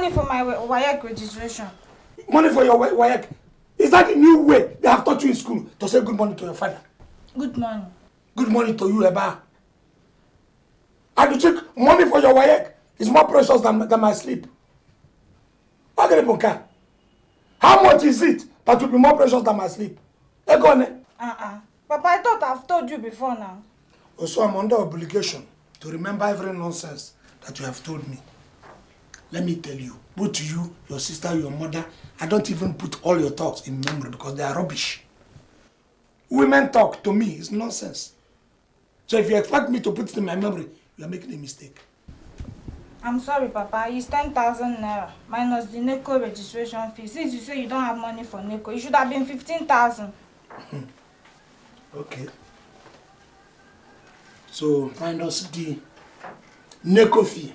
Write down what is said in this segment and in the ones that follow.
money for my WAEC registration. Money for your WAEC? Is that the new way they have taught you in school to say good morning to your father? Good morning. Good morning to you, Eba. And you think money for your WAEC is more precious than, than my sleep? Ogrebuka, how much is it that will be more precious than my sleep? Egone. Uh-uh. Papa, I thought I've told you before now. Also, I'm under obligation to remember every nonsense that you have told me let me tell you, both you, your sister, your mother, I don't even put all your talks in memory because they are rubbish. Women talk to me is nonsense. So if you expect me to put it in my memory, you are making a mistake. I'm sorry, Papa. It's ten thousand naira minus the NECO registration fee. Since you say you don't have money for NECO, it should have been fifteen thousand. Hmm. okay. So minus the NECO fee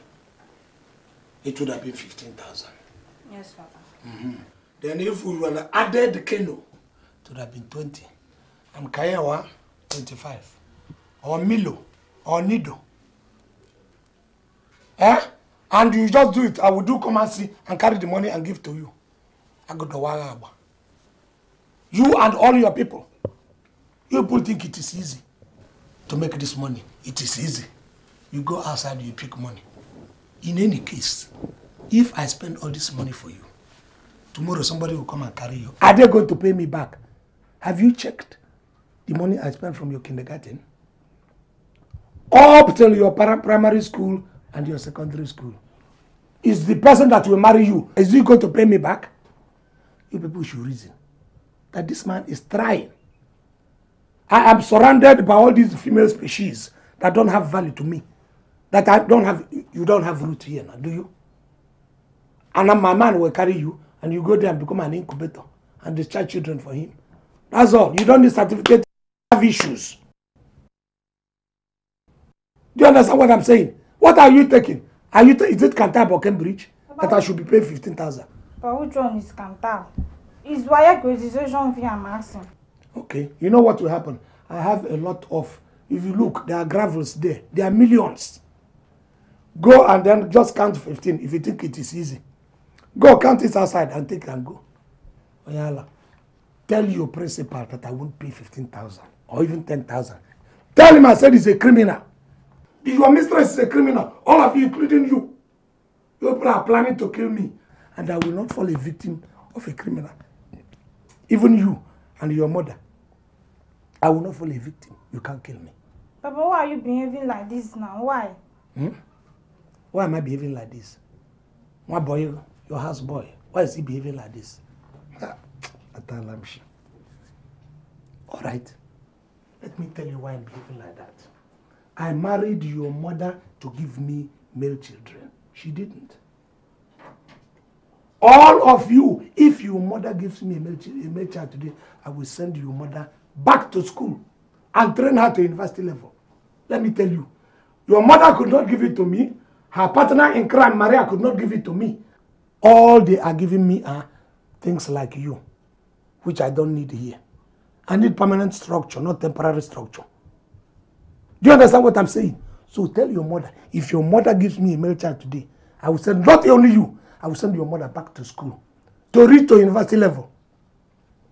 it would have been 15,000. Yes, father. Mm -hmm. Then if we would added the Kano, it would have been 20. And Kayawa, 25. Or Milo, or Nido. Eh? And you just do it. I will do come and see and carry the money and give to you. I go to Waraba. You and all your people. You people think it is easy to make this money. It is easy. You go outside, you pick money. In any case, if I spend all this money for you, tomorrow somebody will come and carry you. Are they going to pay me back? Have you checked the money I spent from your kindergarten? Up till your primary school and your secondary school. Is the person that will marry you, is he going to pay me back? You people should reason that this man is trying. I am surrounded by all these female species that don't have value to me. that I don't have, you don't have root here now, do you? And my man will carry you and you go there and become an incubator and discharge children for him. That's all. You don't need certificate. You have issues. Do you understand what I'm saying? What are you taking? Are you is it Kantab or Cambridge About that I should be paying fifteen thousand? But which one is Kantab? Is why Wayakwezizojon via Maxim. Okay. You know what will happen? I have a lot of, if you look, there are gravels there. There are millions. Go and then just count 15 if you think it is easy. Go count it outside and take and go. Oyala, tell your principal that I won't pay 15,000 or even 10,000. Tell him I said he's a criminal. Your mistress is a criminal, all of you, including you. You people are planning to kill me, and I will not fall a victim of a criminal. Even you and your mother, I will not fall a victim. You can't kill me. Papa, why are you behaving like this now? Why? Hmm? why am I behaving like this? Why boy, your house boy? why is he behaving like this? I tell him. All right. Let me tell you why I'm behaving like that. I married your mother to give me male children. She didn't. All of you, if your mother gives me a male, a male child today, I will send your mother back to school and train her to university level. Let me tell you, your mother could not give it to me Her partner in crime, Maria, could not give it to me. All they are giving me are things like you, which I don't need here. I need permanent structure, not temporary structure. Do you understand what I'm saying? So tell your mother, if your mother gives me a male child today, I will send not only you, I will send your mother back to school to reach to university level.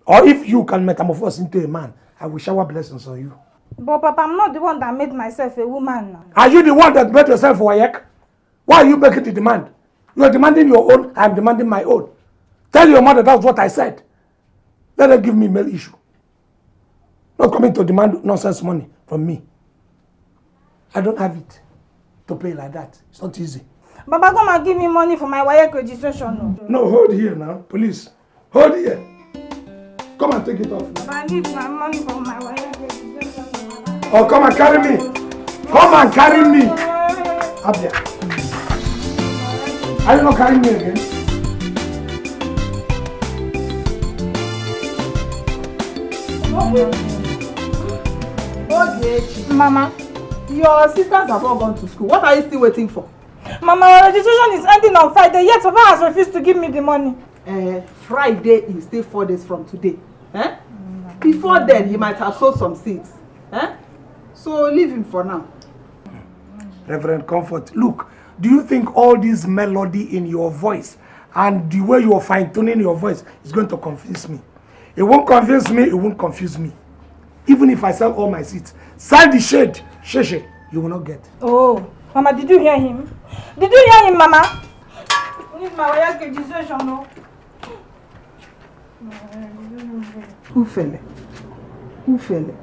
Or if you can metamorphose into a man, I will shower blessings on you. But Papa, I'm not the one that made myself a woman. Now. Are you the one that made yourself a Wayek? Why are you making the demand? You are demanding your own, I am demanding my own. Tell your mother that's what I said. Let her give me mail issue. Not coming to demand nonsense money from me. I don't have it to pay like that. It's not easy. Baba, come and give me money for my wire registration. No, no hold here now. Police, hold here. Come and take it off. Baba, I need my money for my wire registration. Oh, come and carry me. Come and carry me. Up there. Are you not carrying me again? Mama, your sisters have all gone to school. What are you still waiting for? Mama, our registration is ending on Friday, yet Papa has refused to give me the money. Uh, Friday is still four days from today. Eh? Before then, he might have sold some seeds. Eh? So leave him for now. Reverend Comfort, look, do you think all this melody in your voice and the way you are fine-tuning your voice is going to confuse me it won't confuse me it won't confuse me even if i sell all my seats sell the shade sheshe you will not get. oh mama did you hear him did you hear him mama. need my wire cage ufele ufele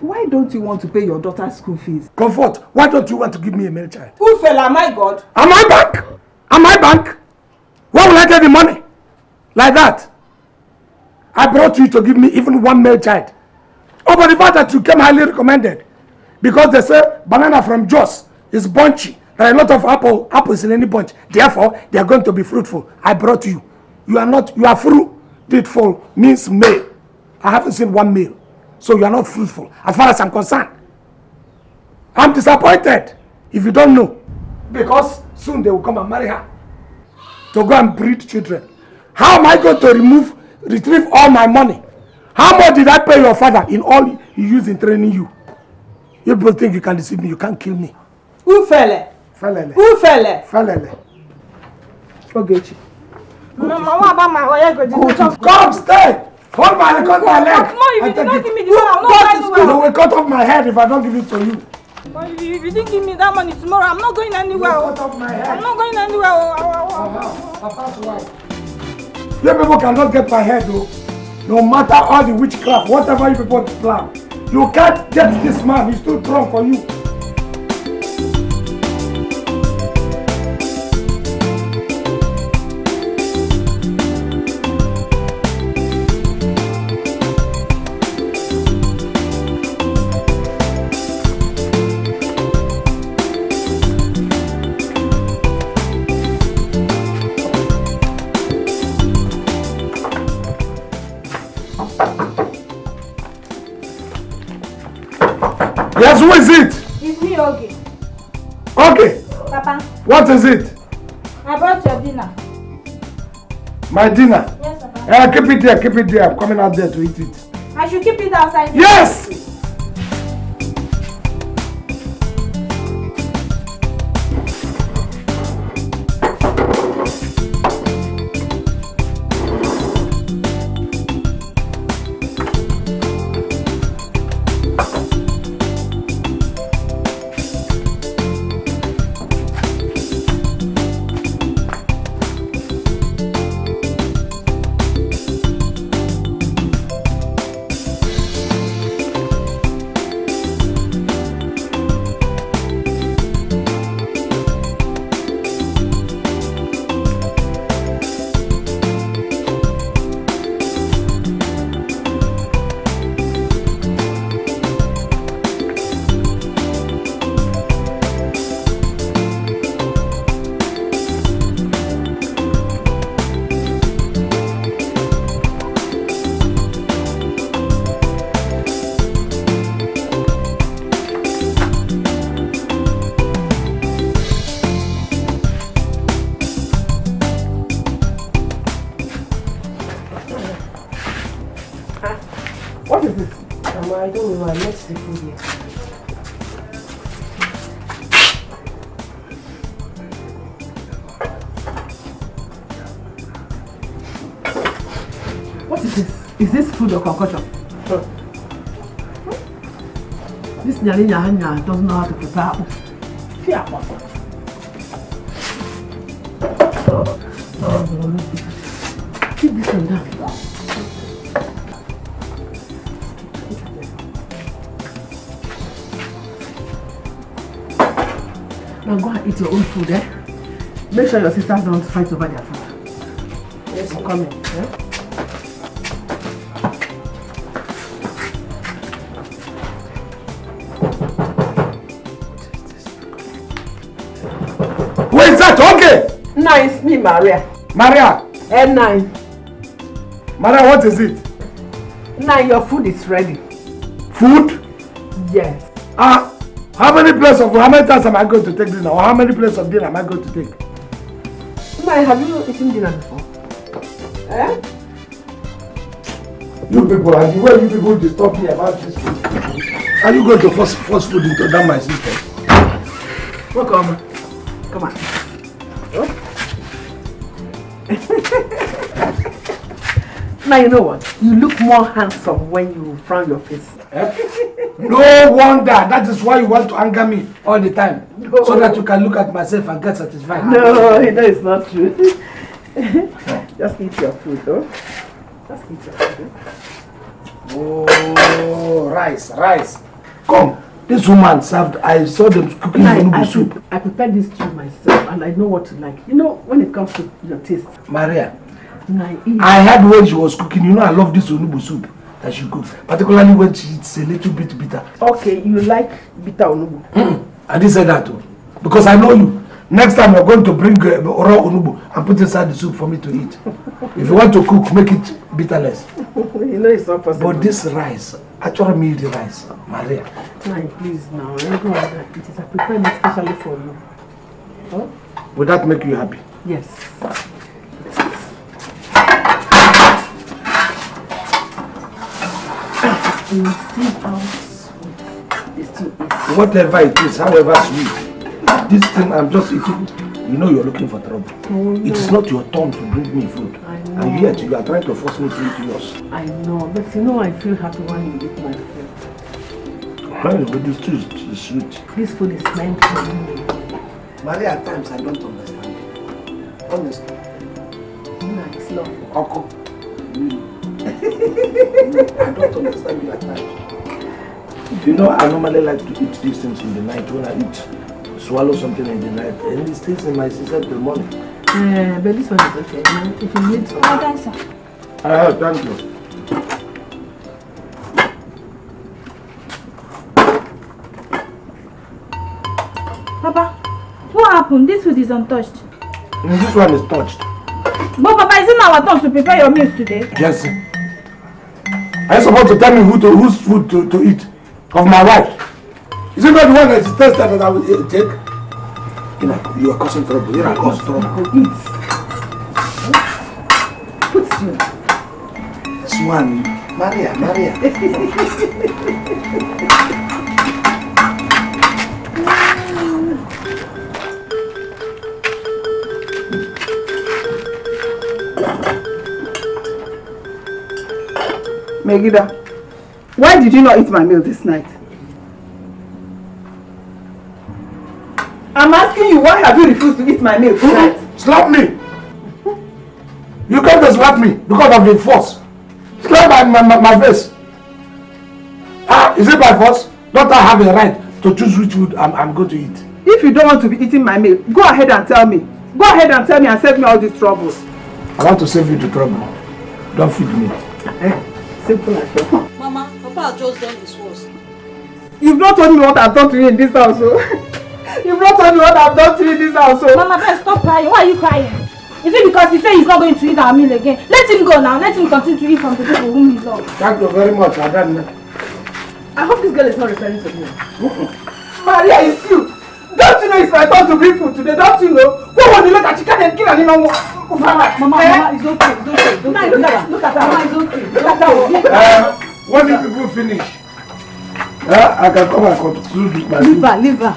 Why don't you want to pay your daughter's school fees? Comfort, why don't you want to give me a male child? Who fell? Am I God? Am I bank? Am I bank? Where will I get the money? Like that. I brought you to give me even one male child. Oh, but the fact that you came highly recommended. Because they say banana from Joss is bunchy. There are a lot of apple, apples in any bunch. Therefore, they are going to be fruitful. I brought you. You are not, you are fruitful. Means male. I haven't seen one male. So you are not fruitful as far as I'm concerned. I'm disappointed if you don't know. Because soon they will come and marry her to go and breed children. How am I going to remove, retrieve all my money? How much did I pay your father in all he used in training you? You both think you can deceive me, you can't kill me. Ufele. Felele. Ufele. Felele. Ogechi. Mama, what about my wife? Come, stay. Hold my, cut my leg. Come if you don't give me this one, I'm not going anywhere. You will cut off my head if I don't give it to you. But if you didn't give me that money tomorrow, I'm not going anywhere. You cut off my head. I'm not going anywhere. Oh, oh, oh, Papa's wife. You people cannot get my head, though. No matter all the witchcraft, whatever you people plan, you can't get this man. He's too strong for you. Who is it? It's me, Oge. Okay. Papa. What is it? I brought your dinner. My dinner? Yes, Papa. Uh, keep it there, keep it there. I'm coming out there to eat it. I should keep it outside. Yes! your concussion. Sure. This Nyari Nyahanya doesn't know how to prepare apple. Fear Keep this one down. Now go and eat your own food, eh? Make sure your sisters don't fight over their food. Yes, I'm coming. Maria. Maria! N9. Maria, what is it? Now your food is ready. Food? Yes. Ah, how many plates of how many times am I going to take dinner? Or how many plates of dinner am I going to take? Nai, have you eaten dinner before? Eh? You people, are the way you people disturb me about this food. Are you going to force, force food into that my system? Welcome. Come on. Now you know what? You look more handsome when you frown your face. Eh? no wonder. That is why you want to anger me all the time. No. So that you can look at myself and get satisfied. No, that is not true. Just eat your food, though. Just eat your food. Oh, rice, rice. Come. This woman served, I saw them cooking I, I, soup. I prepared this to myself and I know what to like. You know, when it comes to your taste. Maria, I had when she was cooking, you know I love this onubu soup that she cooks, particularly when she eats a little bit bitter. Okay, you like bitter onubu? mm I didn't say that too, because I know you. Next time you're going to bring uh, raw onubu and put inside the soup for me to eat. If you want to cook, make it bitterless. you know it's not possible. But this rice, actual meal rice, Maria. Nine, please now, everyone that uh, it is. I prepared it specially for you. Huh? Would that make you happy? Yes. Whatever it is, however sweet, this thing I'm just eating, you know you're looking for trouble. Oh, no. It's not your turn to bring me food. And yet you are trying to force me to eat yours. I know, but you know I feel happy when you eat my food. Well, but this food is sweet. This food is meant for me. Maria, at times I don't understand. Honestly. Nice love. Okay. Mm. I don't understand you at night. you know I normally like to eat these things in the night when I eat, swallow something in the night, and it stays in my system till morning. Yeah, but this one is okay. If you need some. Oh, thanks, sir. Ah, thank you. Papa, what happened? This food is untouched. Mm, this one is touched. But Papa, is it our turn to prepare your meals today? Yes. Sir. Are you supposed to tell me who to, whose food to, to eat? Of my wife? Is it not the one that is tested that I will uh, take? You know, you are causing trouble. You are causing trouble. Eat. Put you. This one, Maria, Maria. Megida, why did you not eat my meal this night? I'm asking you, why have you refused to eat my meal tonight? Mm-hmm. Slap me! You can't just slap me because of the force. Slap my, my, my, my face. Ah, is it by force? Don't I have a right to choose which food I'm, I'm going to eat? If you don't want to be eating my meal, go ahead and tell me. Go ahead and tell me and save me all these troubles. I want to save you the trouble. Don't feed me. Eh? Simple as well. Mama, Papa has just done his worst. You've not told me what I've done to you in this house, oh. so. You've not told me what I've done to you in this house, so. Oh. Mama, please stop crying. Why are you crying? Is it because he said he's not going to eat our meal again? Let him go now. Let him continue to eat from the people whom he loves. Thank you very much, Madam. I hope this girl is not referring to me. Maria, it's you. Don't you know it's my turn to bring food today? Don't you know? Who you the letter? Chicken and kill and you Mama, eh? mama, mama, it's okay, it's okay, Don't, okay. Look at her, look at her, mama, it's okay. Look at her. Uh, when you people finish, uh, I can come and conclude my Leave her, leave her.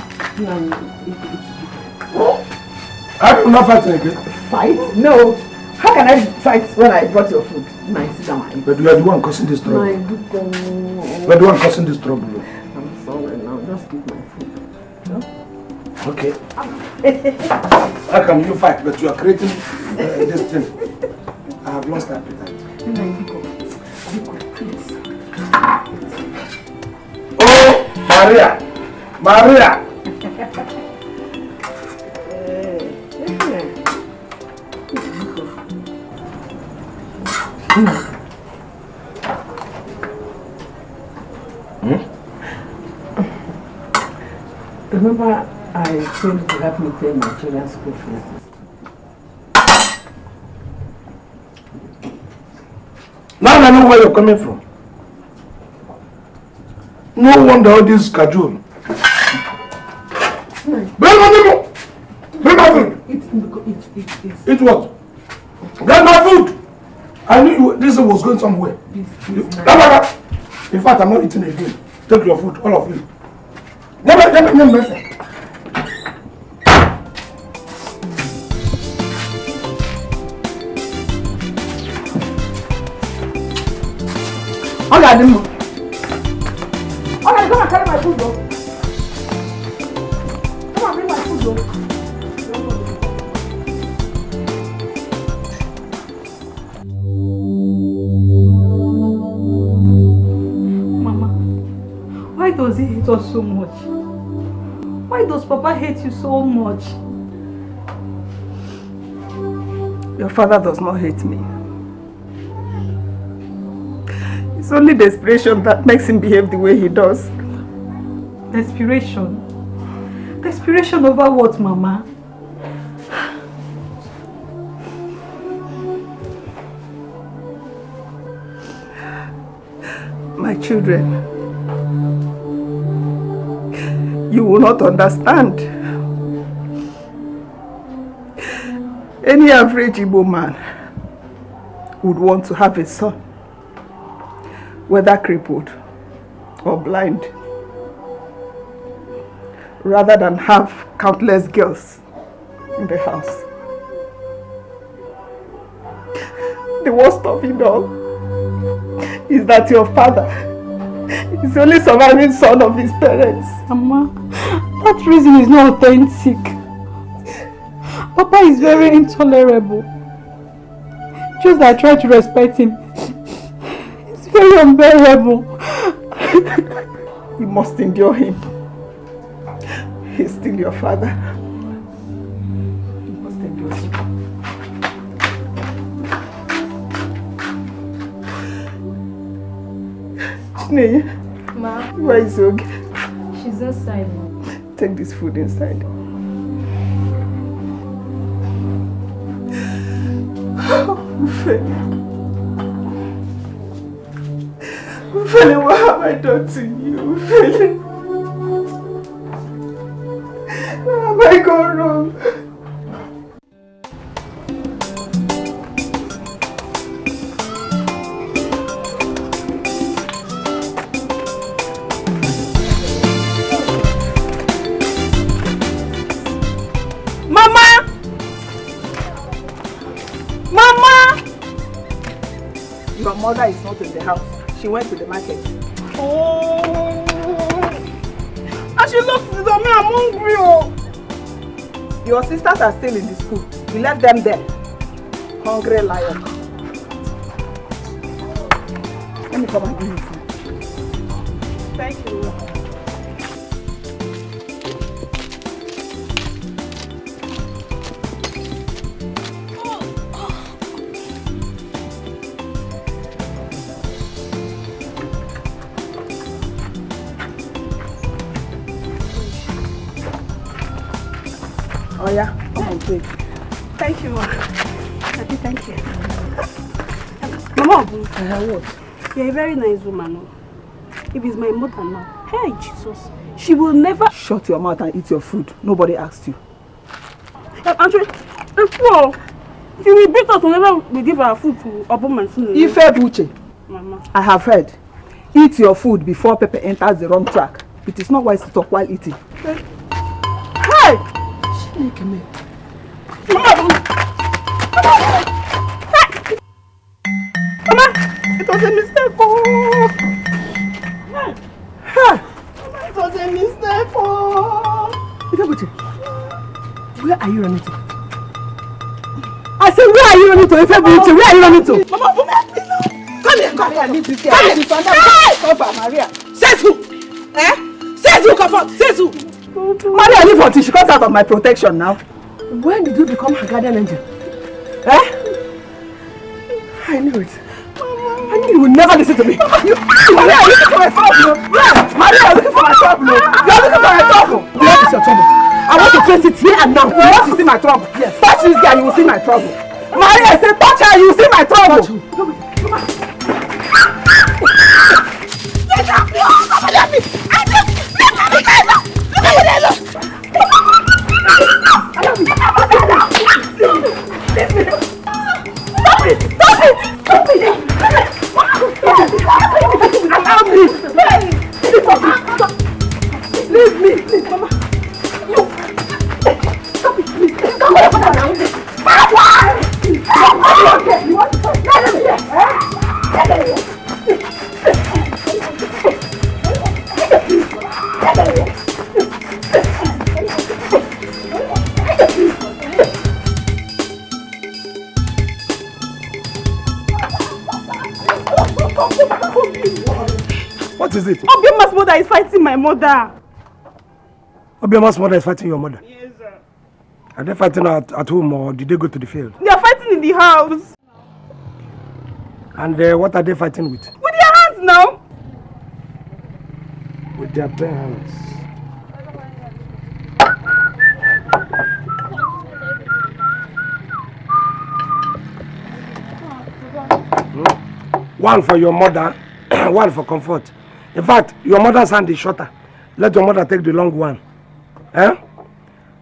I will not fight again. Fight? No. How can I fight when I brought your food? My sister, my But you are the one causing this trouble. My God. You are the one causing this trouble. I'm sorry now. Just give me. Okay. How come you fight, but you are creating uh, this thing? I have lost appetite. Oh, Maria! Maria! hmm? Remember I told you to help me pay my children's school fees. Now I know where you're coming from. No wonder all this schedule. Bring money more. Bring my food. It, it, it, it, it what? Bring my food. I knew you, this was going somewhere. Please, please, you, In fact, I'm not eating again. Take your food, all of you. Never, never, never. olha ali, mano. Olha ali, toma a cara mais pro jogo. Toma a mais pro Why does he hate us so much? Why does Papa hate you so much? Your father does not hate me. It's only desperation that makes him behave the way he does. Desperation? Desperation over what, Mama? My children, you will not understand. Any average Igbo man would want to have a son whether crippled or blind, rather than have countless girls in the house. The worst of it all is that your father is the only surviving son of his parents. Mama, that reason is not authentic. Papa is very intolerable. Just I try to respect him very unbearable. you must endure him. He's still your father. You must endure him. Chineye. Ma. Where is Oge? She's outside. Take this food inside. Oh, Ufele, what have I done to you? Ufele. Where have I gone wrong? Mama! Your mother is not in the house. She went to the market. Oh! And she looked at me, I'm hungry. Oh. Your sisters are still in the school. You left them there. Hungry lion. Let me come and give you. marry Naizuma now. Oh. If it's my mother now, hey Jesus, she will never. Shut your mouth and eat your food. Nobody asked you. Eh, Andre, eh, if you She will beat us whenever we give our food to Obomansu. Eh? Ife Buche, Mama. I have heard. Eat your food before Pepe enters the wrong track. It is not wise to talk while eating. Hey! Hey! Mama! you running to? I said, where are you running to? If I'm to, where are you running to? Mama, come here, come here, come here, come here, come here, come here, Maria. Says who? Eh? Says who? Come on, says who? Maria, leave her till she comes out of my protection now. When did you become her guardian angel? Eh? I knew it. I knew you would never listen to me. You, Maria, you're looking for my trouble. Yes, Maria, you're looking for my trouble. You're looking for my trouble. What is your trouble? I want to face it here and now. You want to see my trouble? Yes. Touch this guy, you will see my trouble. Maria, I say touch her, you will see my trouble. Touch who? mother. Obiama's mother is fighting your mother? Yes, sir. Are they fighting at, at home or did they go to the field? They are fighting in the house. And uh, what are they fighting with? With their hands now. With their bare hands. Hmm? One for your mother, one for comfort. In fact, your mother's hand is shorter. Let your mother take the long one. Eh?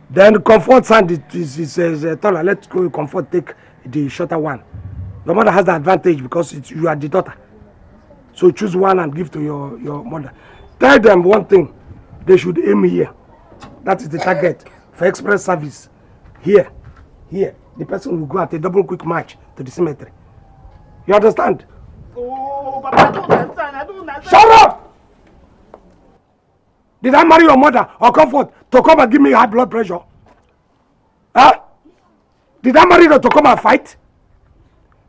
Then comfort hand is, is, is uh, taller. Let comfort take the shorter one. Your mother has the advantage because it, you are the daughter. So choose one and give to your, your mother. Tell them one thing. They should aim here. That is the target for express service. Here, here. The person will go at a double quick march to the cemetery. You understand? Oh, but I don't understand. Shut up! Did I marry your mother or comfort to come and give me high blood pressure? Huh? Did I marry her to come and fight?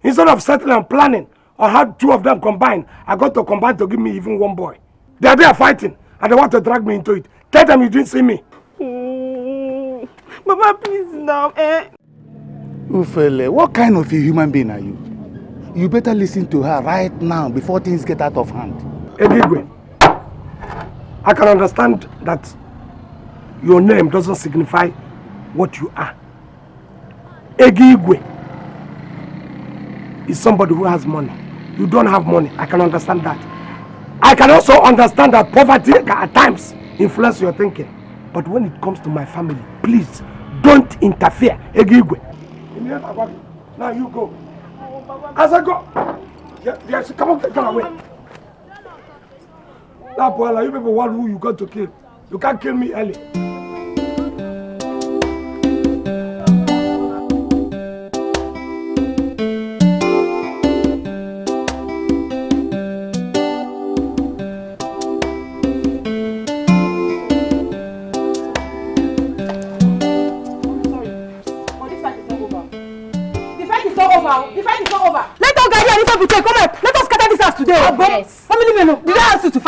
Instead of settling and planning on how two of them combine, I got to combine to give me even one boy. They are there fighting and they want to drag me into it. Tell them you didn't see me. Mm. Mama, please now. Eh? Ufele, what kind of a human being are you? You better listen to her right now before things get out of hand. Edigwe, I can understand that your name doesn't signify what you are. Egigwe is somebody who has money. You don't have money. I can understand that. I can also understand that poverty at times influence your thinking. But when it comes to my family, please don't interfere. Egigwe. Now you go. As I go, yes, yes, come on, come away. That boy, Paula, you people want who you got to kill. You can't kill me early.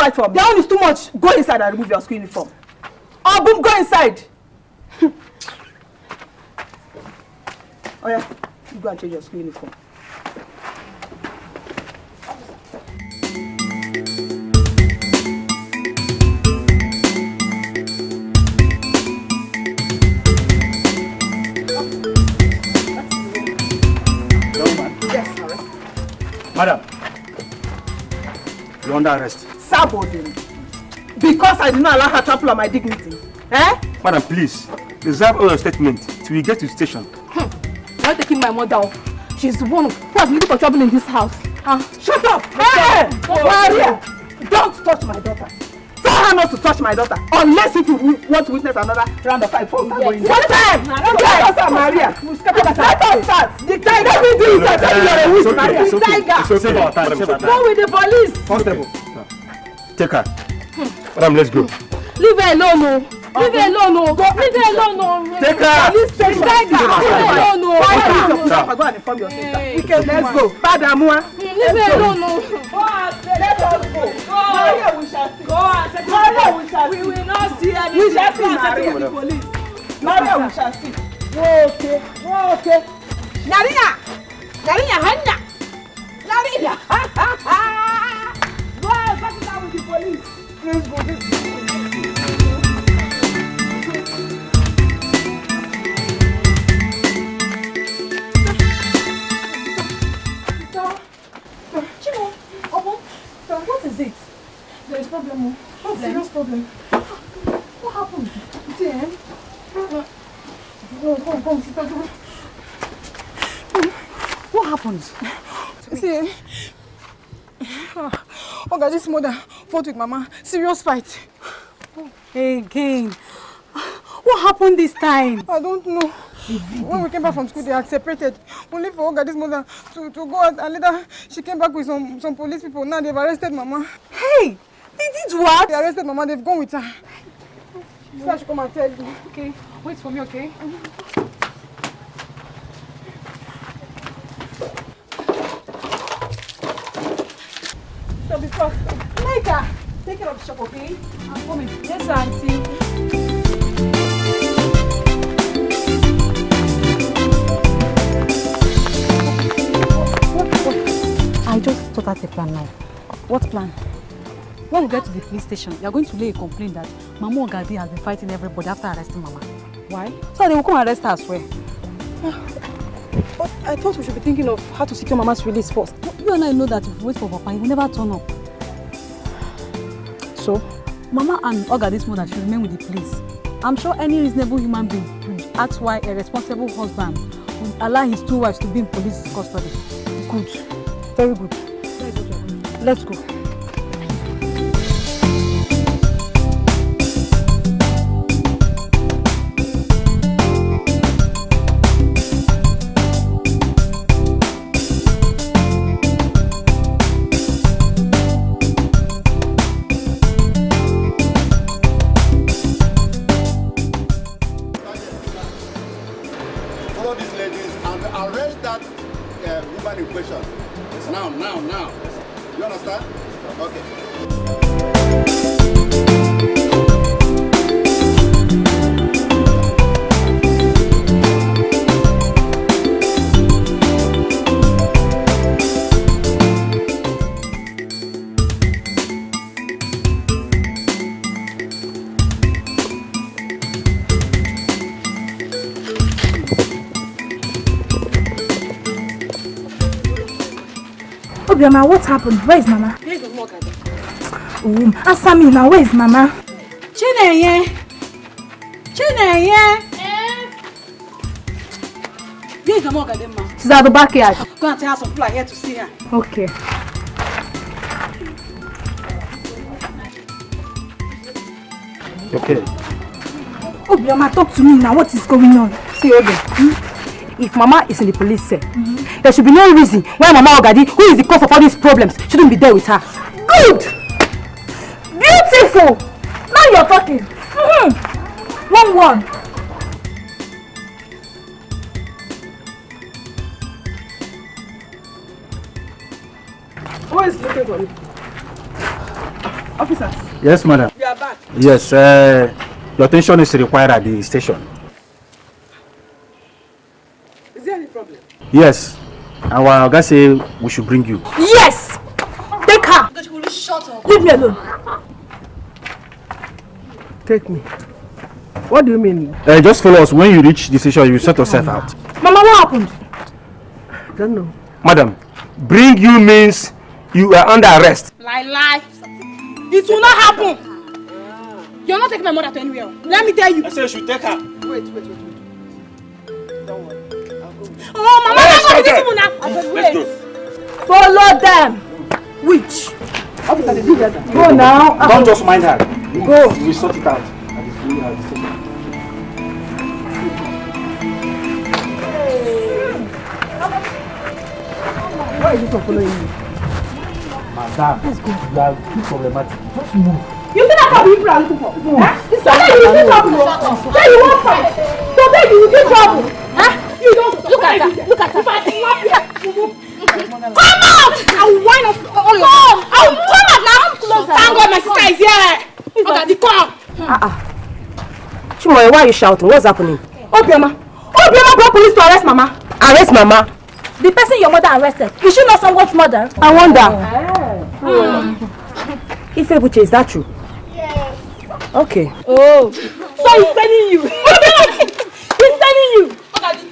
fight for me. That one is too much. Go inside and remove your school uniform. Oh, boom, go inside. oh, yeah. You go and change your school uniform. Madam, you're under arrest. subordinate because I did not allow her to trample on my dignity. Eh? Madam, please, reserve all your statement till we get to the station. Hmm. You're taking my mother off. She's the one who has been looking for trouble in this house. Huh? Shut up! Hey! Oh, Maria! Don't touch my daughter. Tell her not to touch my daughter unless if you want to witness another round of fight before we start What time? Let us start, Maria. Let us start. The tiger will do it. I tell you, you're a witch, Maria. The tiger. Go with the police. Constable. Take her. Ram. let's go. Leave her alone, no. Oh. Leave her alone, no. Oh. Go, leave her alone, no. Oh. Take her. Please Take her. Leave her alone, no. Father, no. go and inform your sister. Hey. We can, let's go. Father, Mua. Leave her alone, no. Go and let us go. Go. Maria, we shall see. Go and we shall see. We will not see any We shall see Maria. The police. Maria, we shall see. Okay. Okay. Naria. Naria, Hanya. Naria. Ha, ha, ha. bon. c'est What is it? There is problem. What serious problem? What happened? bon, c'est What happened? Oga, this more than fourth week, Mama. Serious fight. Again. What happened this time? I don't know. When we came back from school, they had separated. Only for Oga, this mother, to, to go out. And later, she came back with some, some police people. Now they've arrested Mama. Hey! They did what? They arrested Mama. They've gone with her. No. So I come and tell me. Okay. Wait for me, okay? Mm -hmm. So because later, take care of the shop, okay? I'm coming. Yes, auntie. I just thought out a plan now. What plan? When we get to the police station, you are going to lay a complaint that Mama Ogadi has been fighting everybody after arresting Mama. Why? So they will come arrest her, I swear. But I thought we should be thinking of how to secure Mama's release first. You and I know that if we wait for Papa, he will never turn up. So? Mama and Oga this mother should remain with the police. I'm sure any reasonable human being would ask why a responsible husband would allow his two wives to be in police custody. Good. Very good. Very good. Let's go. follow these ladies and arrest that uh, woman in question. Yes, now, now, now. You understand? Okay. Grandma, what happened? Where is Mama? Where is Mama? Oh, answer me now. Where is Mama? Chineye! Chineye! Where is Mama Ogadema? She's at the backyard. Go and tell her some people are here to see her. Okay. Okay. Obioma, oh, talk to me now. What is going on? See, Obi, hmm? if Mama is in the police cell, eh, mm -hmm. There should be no reason why Mama Ogadi, who is the cause of all these problems, shouldn't be there with her. Good! Beautiful! Now you're talking. Mm -hmm. One one. Who is looking for you? officers? Yes, madam. You are back. Yes, uh, your attention is required at the station. Is there any problem? Yes. Our guy say we should bring you. Yes! Take her! Leave me alone. Take me. What do you mean? Uh, just follow us. When you reach the station, you set yourself out. Mama, what happened? I don't know. Madam, bring you means you are under arrest. Lie, lie. It will not happen. Yeah. You're not taking my mother to anywhere. Let me tell you. I said you should take her. Wait, wait, wait. wait. Don't worry. I'll go Oh, Mama! Follow them. Which? Officer, they do that. Go now. Don't just mind her. go. We sort it out. Why are you one following me? Madam, Let's go. you are too problematic. Just move. You think I can't be people are looking for? Huh? This is you will see trouble. Then you won't fight. So then you will see trouble. Huh? You don't look at her. Look at her. come out! I will wind up all your. Come! I'll come out now. Thank God my sister is here. Look at the car. Ah ah. Chimoy, why are you shouting? What's happening? Obioma. Obioma brought police to arrest Mama. Arrest Mama. The person your mother arrested. Is she not someone's mother? I wonder. Oh. Mm. Ifebuche, is that true? Yes. Okay. Oh. So he's telling you. he's telling you.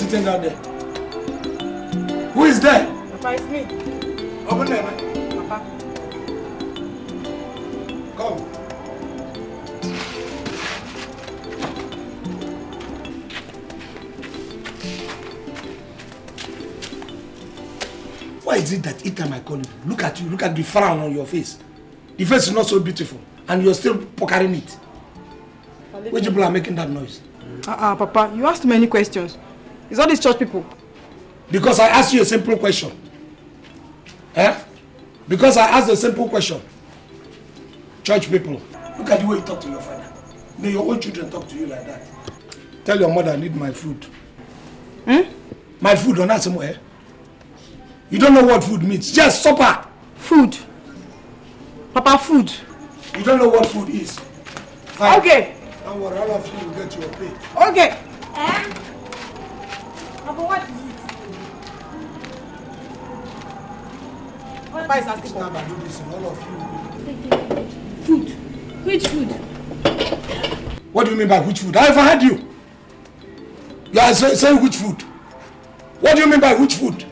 is sitting down there? Who is there? Papa, it's me. Open there, man. Papa. Come. Why is it that each time I call you, look at you, look at the frown on your face. The face is not so beautiful, and you're still pokering it. Which people are making that noise? Ah, uh, uh, Papa, you asked many questions. It's all these church people. Because I asked you a simple question. Eh? Because I asked a simple question. Church people, look at the way you talk to your father. May your own children talk to you like that. Tell your mother I need my food. Hmm? My food on that somewhere. You don't know what food means. Just supper. Food. Papa, food. You don't know what food is. Fine. Okay. Don't worry, all of you will get your pay. Okay. Eh? what is it? Papa is asking for Stand do this in all of you. Food. Which food? What do you mean by which food? I overheard you. You are saying which food? What do you mean by which food?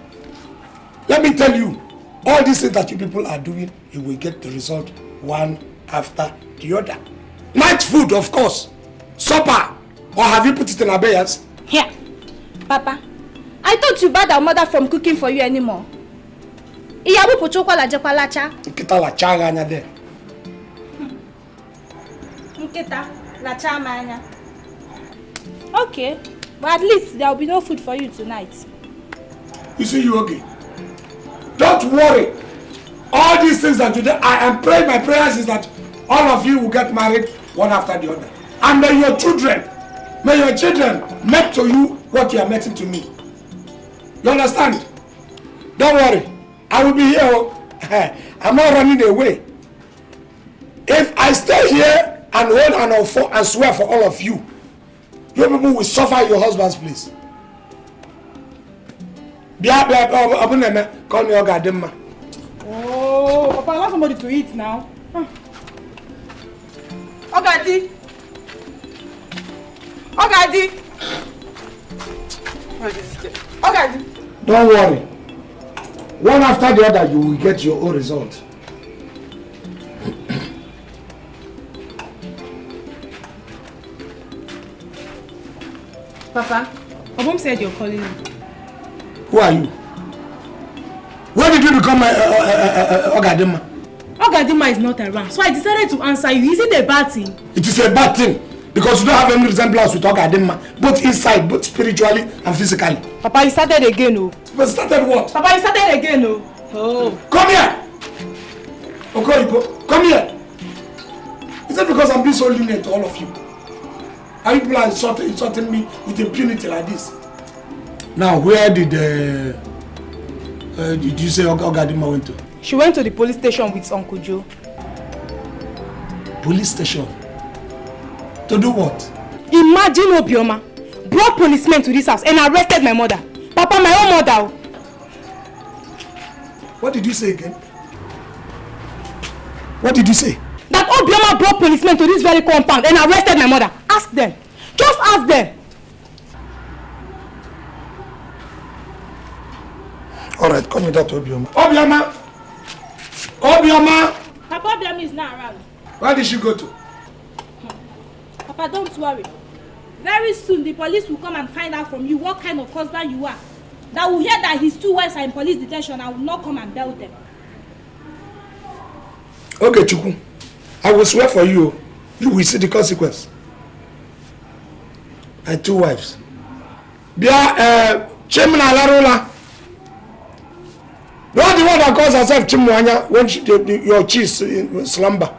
Let me tell you, all these things that you people are doing, you will get the result one after the other. Night food, of course. Supper. Or have you put it in abeyance? Here. Papa, I thought you barred our mother from cooking for you anymore. Ìyàwó Pochokwa la jepa lacha. Nkịta lacha anya there. Nkịta lacha ma anya. Okay, but at least there will be no food for you tonight. You see you okay? Don't worry. All these things that you do, I am praying, my prayers is that all of you will get married one after the other. And may your children, may your children make to you what you are making to me. You understand? Don't worry. I will be here. Oh. I'm not running away. If I stay here and hold and, for, and swear for all of you, you people will suffer your husband's place. Bia bia abuneme call me Oga Demma. Oh, Papa, I want somebody to eat now. Oga Di. Oga Di. Oga Di. Don't worry. One after the other, you will get your own result. Papa, Obum said you're calling me. Who are you? Where did you become uh, uh, uh, Ogadima? Ogadima is not around, so I decided to answer you. Is it a bad thing? It is a bad thing because you don't have any resemblance with Ogadema, both inside, both spiritually and physically. Papa, you started again, oh. But started what? Papa, you started again, oh. Oh. Come here. Okoyibo, come here. Is it because I'm being so lenient to all of you? Are you people are insulting, insulting me with impunity like this? Now, where did uh, uh, did you say Og went to? She went to the police station with Uncle Joe. Police station? To do what? Imagine Obioma brought policemen to this house and arrested my mother. Papa, my own mother. What did you say again? What did you say? That Obioma brought policemen to this very compound and arrested my mother. Ask them. Just ask them. All right, call me that Obioma. Obioma! Obioma! Papa Obioma is not around. Where did she go to? Papa, don't worry. Very soon, the police will come and find out from you what kind of husband you are. That will hear that his two wives are in police detention I will not come and bail them. Okay, Chukwu. I will swear for you. You will see the consequence. My two wives. Bia, uh, eh, Chimna Larula. are the one that calls herself Chimwanya when she, the, the, your cheese in slumber.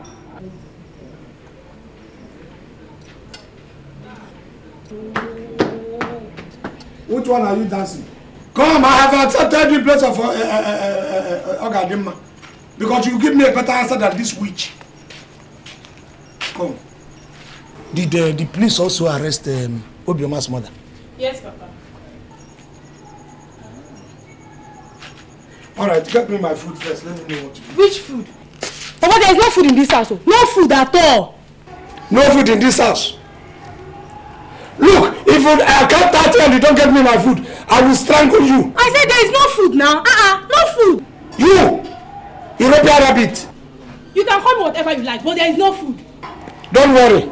Which one are you dancing? Come, I have accepted the place of uh, uh, uh, uh, Ogadima. Because you give me a better answer than this witch. Come. Did uh, the police also arrest um, Obioma's mother? Yes, Papa. All right, get me my food first. Let me know what to do. Which food? Papa, there is no food in this house. No food at all. No food in this house? Look, if you, I count 30 and you don't get me my food, I will strangle you. I said there is no food now. Uh-uh, no food. You, European rabbit. You can call me whatever you like, but there is no food. Don't worry.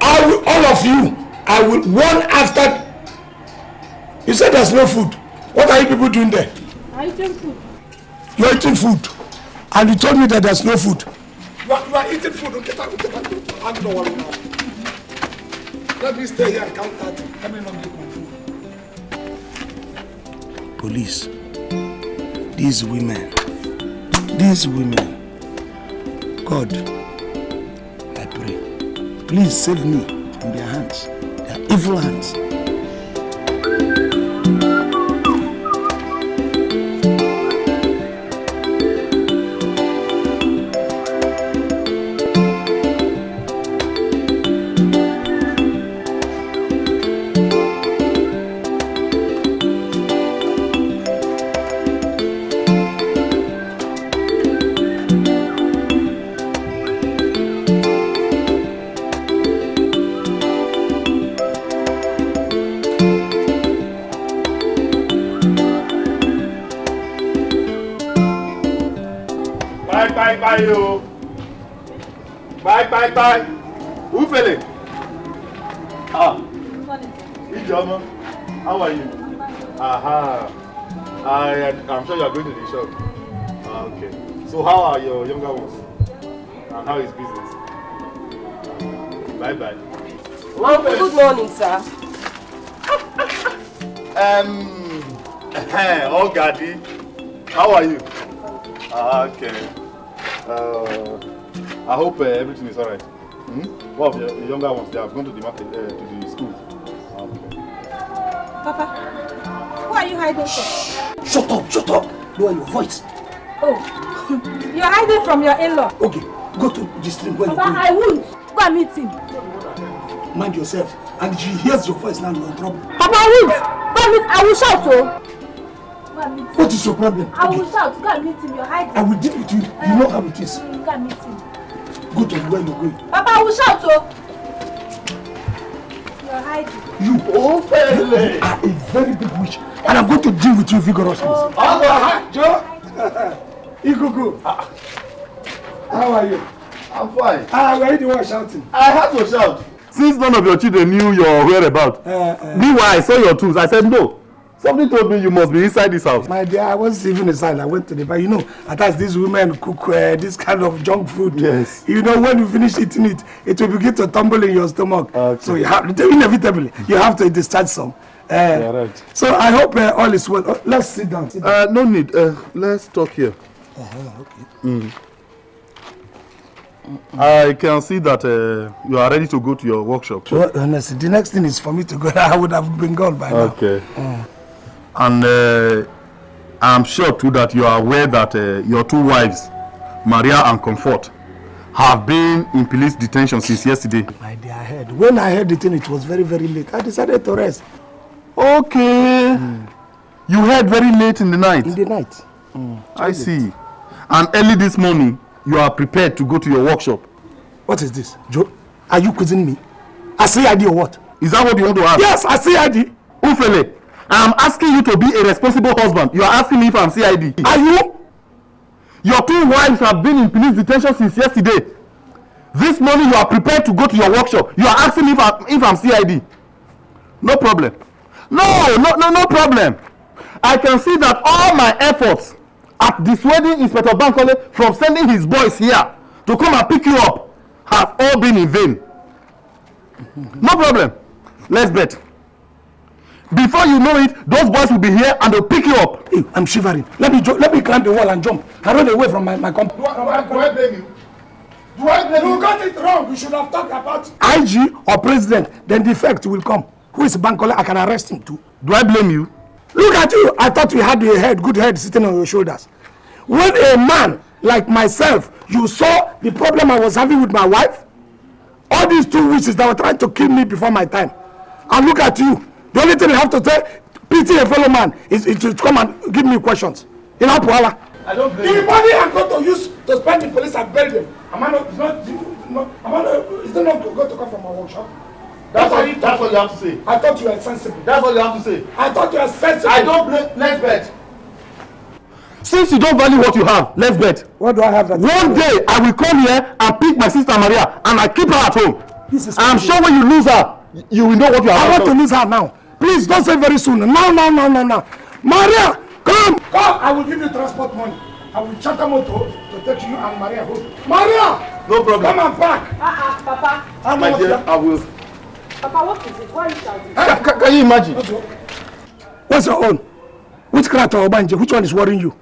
I will, all of you, I will, one after... You said there's no food. What are you people doing there? I'm eating food. You're eating food. And you told me that there's no food. You are, you are eating food. Get out, get out. I'm not worried now. Let me stay here and count 30. Let me not get confused. Police. These women. These women. God, I pray. Please save me from their hands, their evil hands. hope uh, everything is alright. right. Hmm? One of your, younger ones, they have gone to the market, uh, to the school. Ah, okay. Papa, what are you hiding from? Shut up, shut up! Lower your voice. Oh, you're hiding from your in-law. Okay, go to the stream where Papa, I won't. Go and meet him. Mind yourself. And she hears your voice now, you're in trouble. Papa, I won't. Go and meet I will shout, oh. What is your problem? I okay. will shout. Go and meet him. You're hiding. I will deal with you. you uh, know how it is. Mm, go and meet him. Go to where you going. Papa, we shout o. Oh. You're hiding. You Ofele. are a very big witch. and I'm going to deal with you vigorously. Oh, okay. Joe. Igugu. How are you? I'm fine. Ah, where were you the shouting? I have to shout. Since none of your children knew your whereabouts, uh, eh, uh, eh. meanwhile I saw your tools, I said no. Somebody told me you must be inside this house. My dear, I was even inside. I went to the bar. You know, at times these women cook uh, this kind of junk food. Yes. You know, when you finish eating it, it will begin to tumble in your stomach. Okay. So you have, inevitably, you have to discharge some. Uh, yeah, right. So I hope uh, all is well. Uh, let's sit down. Sit down. Uh, no need. Uh, let's talk here. Uh okay. Mm. Mm -mm. I can see that uh, you are ready to go to your workshop. Well, honestly, the next thing is for me to go. I would have been gone by okay. now. Okay. Mm. And uh, I'm sure too that you are aware that uh, your two wives, Maria and Comfort, have been in police detention since yesterday. My dear head, when I heard the thing, it was very, very late. I decided to rest. Okay. Mm. You heard very late in the night? In the night. Mm. I see. And early this morning, you are prepared to go to your workshop. What is this? Joe, are you quizzing me? I say ID or what? Is that what you want to ask? Yes, I say ID. Ufele, am asking you to be a responsible husband. You are asking me if I'm CID. Are you? Your two wives have been in police detention since yesterday. This morning you are prepared to go to your workshop. You are asking me if I'm, if CID. No problem. No, no, no, no problem. I can see that all my efforts at dissuading Inspector Bankole from sending his boys here to come and pick you up have all been in vain. No problem. Let's bet. Before you know it, those boys will be here and they'll pick you up. Hey, I'm shivering. Let me let me climb the wall and jump. I run away from my, my company. Do, I, do I blame you? Do I blame you? You got it wrong. You should have talked about IG or president, then defect will come. Who is Bankole? I can arrest him too. Do I blame you? Look at you. I thought you had a head, good head sitting on your shoulders. When a man like myself, you saw the problem I was having with my wife, all these two witches that were trying to kill me before my time. And look at you. The only thing you have to tell, pity a fellow man is, to come and give me questions. In Apuala. I don't blame you. The money I'm going to use to spend the police and bury them. Am I not, Is not, no, am I not, is it not going to come from my workshop? That's, that's, what, that's what you have to say. I thought you were sensible. That's what you have to say. I thought you were sensible. I don't blame, Left bed. Since you don't value what you have, left bed. What do I have that One day, I will come here and pick my sister Maria and I keep her at home. This is I'm crazy. sure when you lose her, you will know what you have. I want to lose her now. Please don't say very soon. Now, now, now, now, now. Maria, come. Come, I will give you transport money. I will charter motor to take you and Maria home. Maria! No problem. Come and pack. Ah, uh -uh, Papa. How My dear, I will. Papa, what is it? Why you shouting? Hey, can, you imagine? What's your own? Which character or banje? Which one is worrying you?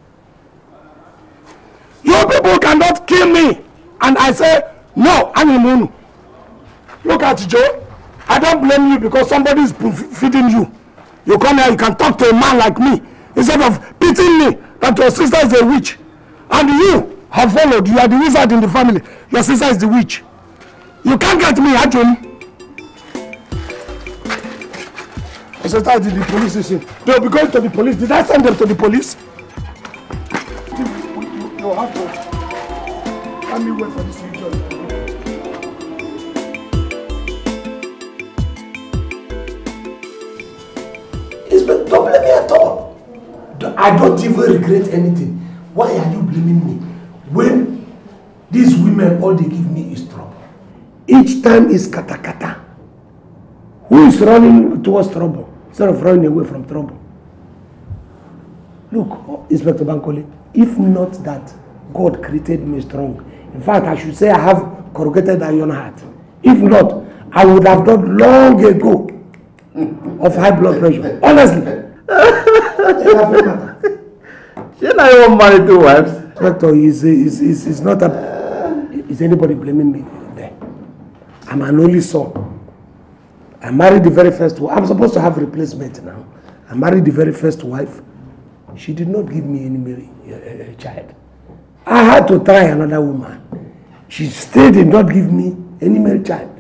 Your people cannot kill me. And I say, no, I'm immune. Look at Joe. I don't blame you because somebody is feeding you. You come here, you can talk to a man like me instead of pitying me that your sister is a witch. And you have followed. You are the wizard in the family. Your sister is the witch. You can't get me, actually. Your sister is in the police station. They will be going to the police. Did I send them to the police? You have to. Let me wait for this It's been troubling me at all. I don't even regret anything. Why are you blaming me? When these women, all they give me is trouble. Each time is kata kata. Who is running towards trouble instead of running away from trouble? Look, Inspector Bankole, if not that God created me strong, in fact, I should say I have corrugated iron heart. If not, I would have done long ago Mm. of high blood pressure. Honestly. Shouldn't I want marry two wives? Doctor, it's, it's, it's, it's not a... Is anybody blaming me there? I'm an only son. I married the very first wife. I'm supposed to have replacement now. I married the very first wife. She did not give me any marry, uh, eh, uh, eh, child. I had to try another woman. She still did not give me any male child.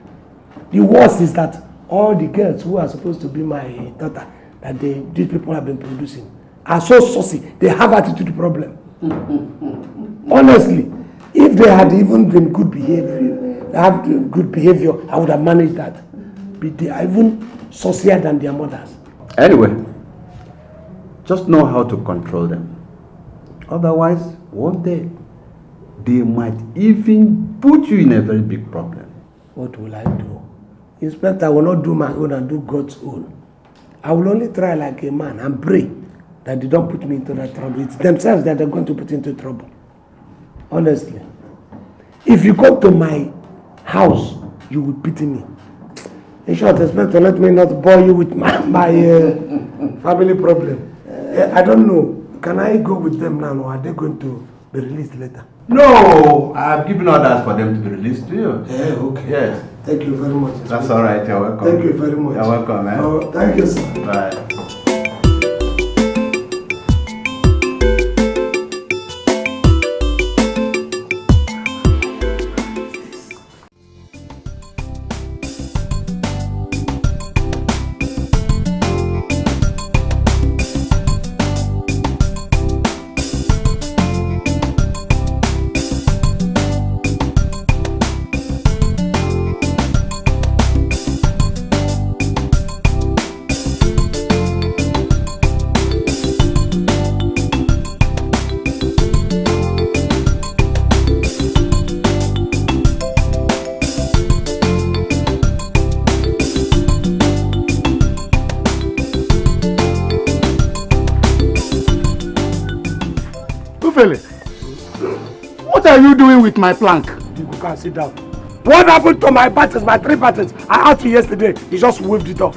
The worst is that all the girls who are supposed to be my daughter that they, these people have been producing are so saucy. They have attitude problem. Honestly, if they had even been good behavior, they have good behavior, I would have managed that. But they are even saucier than their mothers. Anyway, just know how to control them. Otherwise, one day, they might even put you in a very big problem. What will I do? Inspector, I will not do my own and do God's own. I will only try like a man and pray that they don't put me into that trouble. It's themselves that are going to put into trouble. Honestly. If you come to my house, you will pity me. In short, Inspector, let me not bore you with my, my uh, family problem. Uh, I don't know. Can I go with them now or are they going to be released later? No, I've given orders for them to be released to you. Yeah, okay. Yes. Thank you very much. That's all right. You're welcome. Thank you very much. You're welcome, man. Eh? Oh, thank you, sir. Bye. are you doing with my plank? You can sit down. What happened to my buttons, my three buttons? I asked you yesterday. You just waved it off.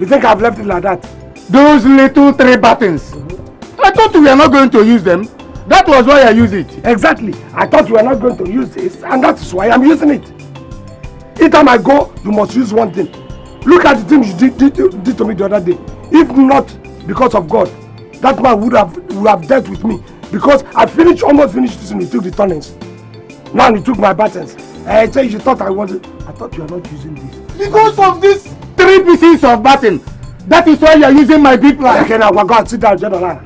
You think I've left it like that? Those little three buttons. Mm -hmm. I thought we were not going to use them. That was why I used it. Exactly. I thought we were not going to use this, and that's why I'm using it. Each time I go, you must use one thing. Look at the thing you did, did, did to me the other day. If not because of God, that man would have, would have dealt with me Because I finished, almost finished this and you took the tonnage. Now you took my buttons. I eh, tell you, you thought I wanted. I thought you are not using this. Because of this three pieces of button. That is why you are using my big plan. Okay, now, God, sit down, General.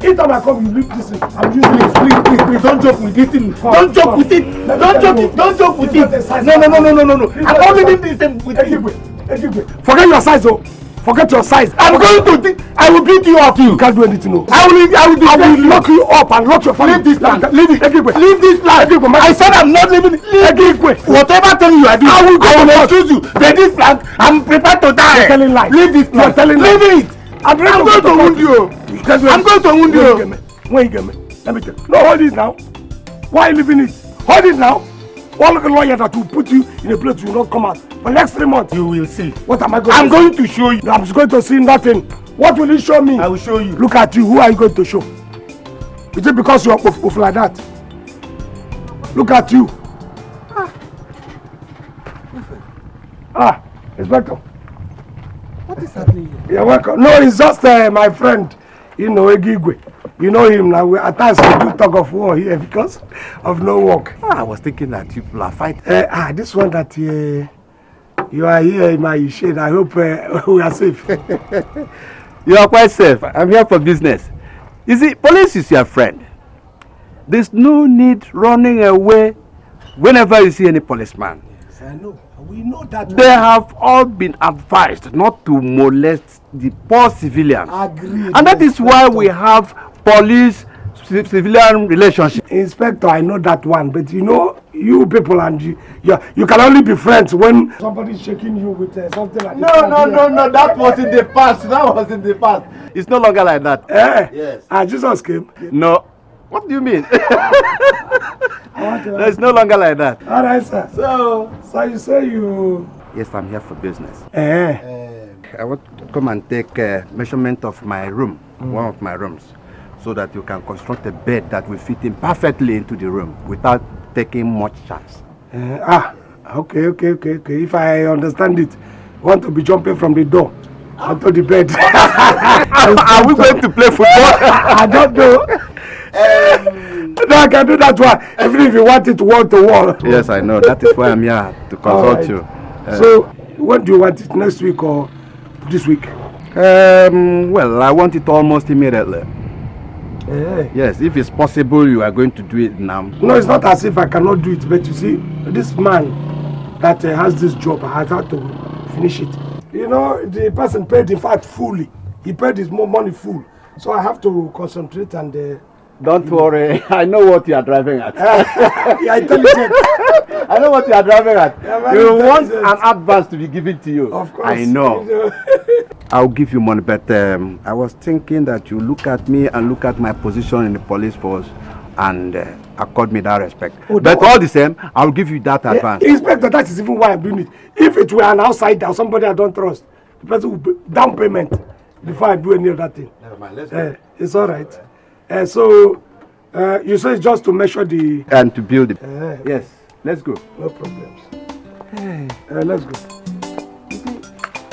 Each time I come, you leave this I'm using it. Please, please, please, don't joke with this thing. Don't joke with it. Don't joke with it. Don't joke with it. No, no, no, no, no, no. I'm only leaving this with it. Forget your size, though. Forget your size. I'm going to I will beat you up. You can't do anything. No. I will I will, I will lock you up and lock your family. Leave this land. Leave it. Egigwe. Leave this land. Egigwe. I said I'm not leaving. Egigwe. Whatever thing you are doing, I will, go I will excuse you. Leave this land, I'm prepared to die. You're telling lies. Leave this land. You're telling lies. Leave it. I'm, I'm going to wound you. I'm going to wound you. When you get me. Let me tell you. No, hold it now. Why leaving it? Hold it now all the lawyer that will put you in a place will not come out. For next three months. You will see. What am I going I'm to going to show you. I'm going to see nothing. What will you show me? I will show you. Look at you. Who are you going to show? Is it because you're are off, off like that? Look at you. Ah, ah Inspector. What is happening here? You're welcome. No, it's just uh, my friend you know Egigwe. You know him now. At times we do talk of war here because of no work. Ah, I was thinking that you people are fighting. Uh, ah, this one that uh, you are here in my shade. I hope uh, we are safe. you are quite safe. I'm here for business. You see, police is your friend. There's no need running away whenever you see any policeman know. We know that. They one. have all been advised not to molest the poor civilians. Agreed. And that is why we have police civilian relationship. Inspector, I know that one, but you know, you people and you, you, you can only be friends when somebody's shaking you with uh, something like no, that. No, no, no, no, that was in the past. That was in the past. It's no longer like that. Eh? Yes. Ah, Jesus came. No, What do you mean? no, it's no longer like that. All right, sir. So, so you say you... Yes, I'm here for business. Eh. Uh, I want to come and take a measurement of my room, mm. one of my rooms, so that you can construct a bed that will fit in perfectly into the room without taking much chance. Uh, eh, ah, okay, okay, okay, okay. If I understand it, I want to be jumping from the door onto the bed. Are we going to play football? I don't know. Um, no, I can do that one. Even if you want it wall to wall. Yes, I know. That is why I'm here to consult right. you. Uh, so, when do you want it? Next week or this week? Um, well, I want it almost immediately. Yeah. Yes, if it's possible, you are going to do it now. No, it's not as if I cannot do it, but you see, this man that uh, has this job has had to finish it. You know, the person paid in fact fully. He paid his more money full. So I have to concentrate and uh, Don't worry, I know what you are driving at. yeah, intelligent. I know what you are driving at. Yeah, you want an advance to be given to you. Of course. I know. I'll give you money, but um, I was thinking that you look at me and look at my position in the police force and uh, accord me that respect. Oh, but all the same, I'll give you that yeah, advance. Inspector, that is even why I'm doing it. If it were an outsider, somebody I don't trust, the person will down payment before I do any other thing. Never mind, let's eh, go. Uh, it's all right. All right. And uh, so uh, you say just to measure the... And to build it. Uh, yes, let's go. No problems. Hey. Uh, let's go.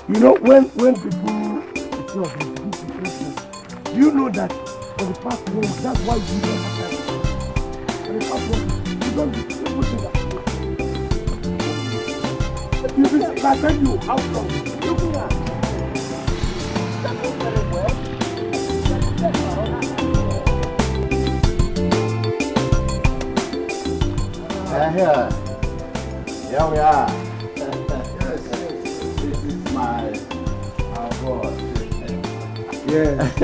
You know, when, when people, do you know that for the past one, that's why you don't have For the past one, you don't do everything. You will see, I tell you how long. You will see. That's not very well. That's very well. Yeah, here. Here we are. yes, This is my house. Yes.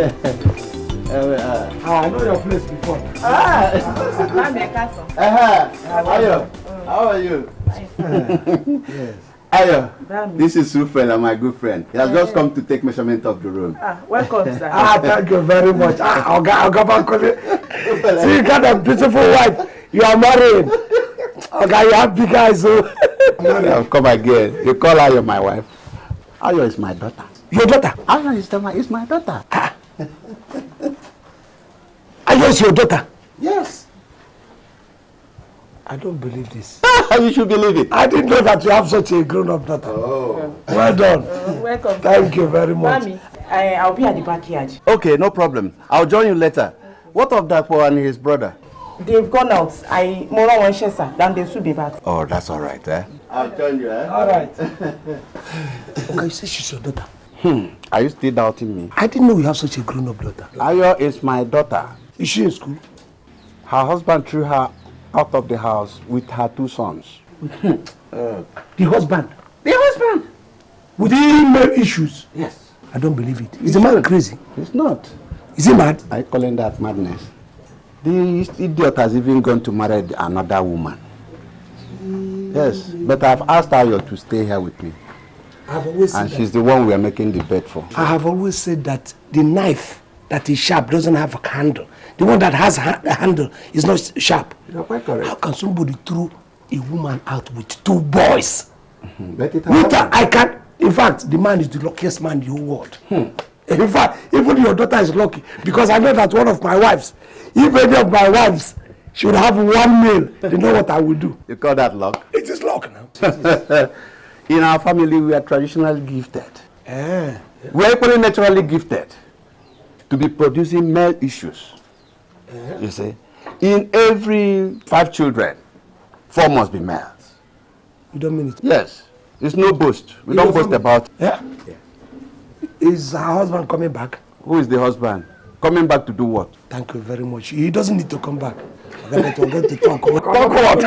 here we are. Ah, I know your place before. Ah! I'm your castle. Uh-huh. How are you? How are you? yes. Ayo, this is Sufela, my good friend. He has just come to take measurement of the room. Ah, welcome, sir. ah, thank you very much. Ah, I'll go, I'll go back. See, you got a beautiful wife. You are married. Oga, you have big eyes, so. Oh. no, come again. You call Ayo my wife. Ayo is my daughter. Your daughter? Ayo is, the, It's my daughter. Ah. Ayo is your daughter? Yes. I don't believe this. Ah, you should believe it. I didn't know that you have such a grown-up daughter. Oh. Well done. Uh, welcome. Thank you very much. Mommy, I, I'll be at the backyard. Okay, no problem. I'll join you later. What of Dapo and his brother? They've gone out. I more on Chester, then they should be back. Oh, that's all right, eh? I'll join you, eh? All right. okay, you say she's your daughter. Hmm. Are you still doubting me? I didn't know you have such a grown-up daughter. Ayo is my daughter. Is she in school? Her husband threw her out of the house with her two sons. uh, the husband? The husband? With email issues? Yes. I don't believe it. Is the man crazy? He's not. Is he mad? I call him that madness. This idiot has even gone to marry another woman. Yes, but I've asked Ayo to stay here with me. I've always and said she's that. the one we are making the bed for. I have always said that the knife that is sharp doesn't have a handle. The one that has ha a handle is not sharp. You're quite correct. How can somebody throw a woman out with two boys? Mm -hmm. Let it happen. I can't. In fact, the man is the luckiest man in the whole world. Hmm. In fact, even your daughter is lucky because I know that one of my wives, if any of my wives should have one male, you know what I will do. You call that luck? It is luck now. In our family, we are traditionally gifted. Eh. We are equally naturally gifted to be producing male issues. Eh. You see? In every five children, four must be males. You don't mean it? Yes. It's no boast. We you don't boast about it. Eh? Yeah? yeah. Is her husband coming back? Who is the husband? Coming back to do what? Thank you very much. He doesn't need to come back. We're going to, talk. talk what?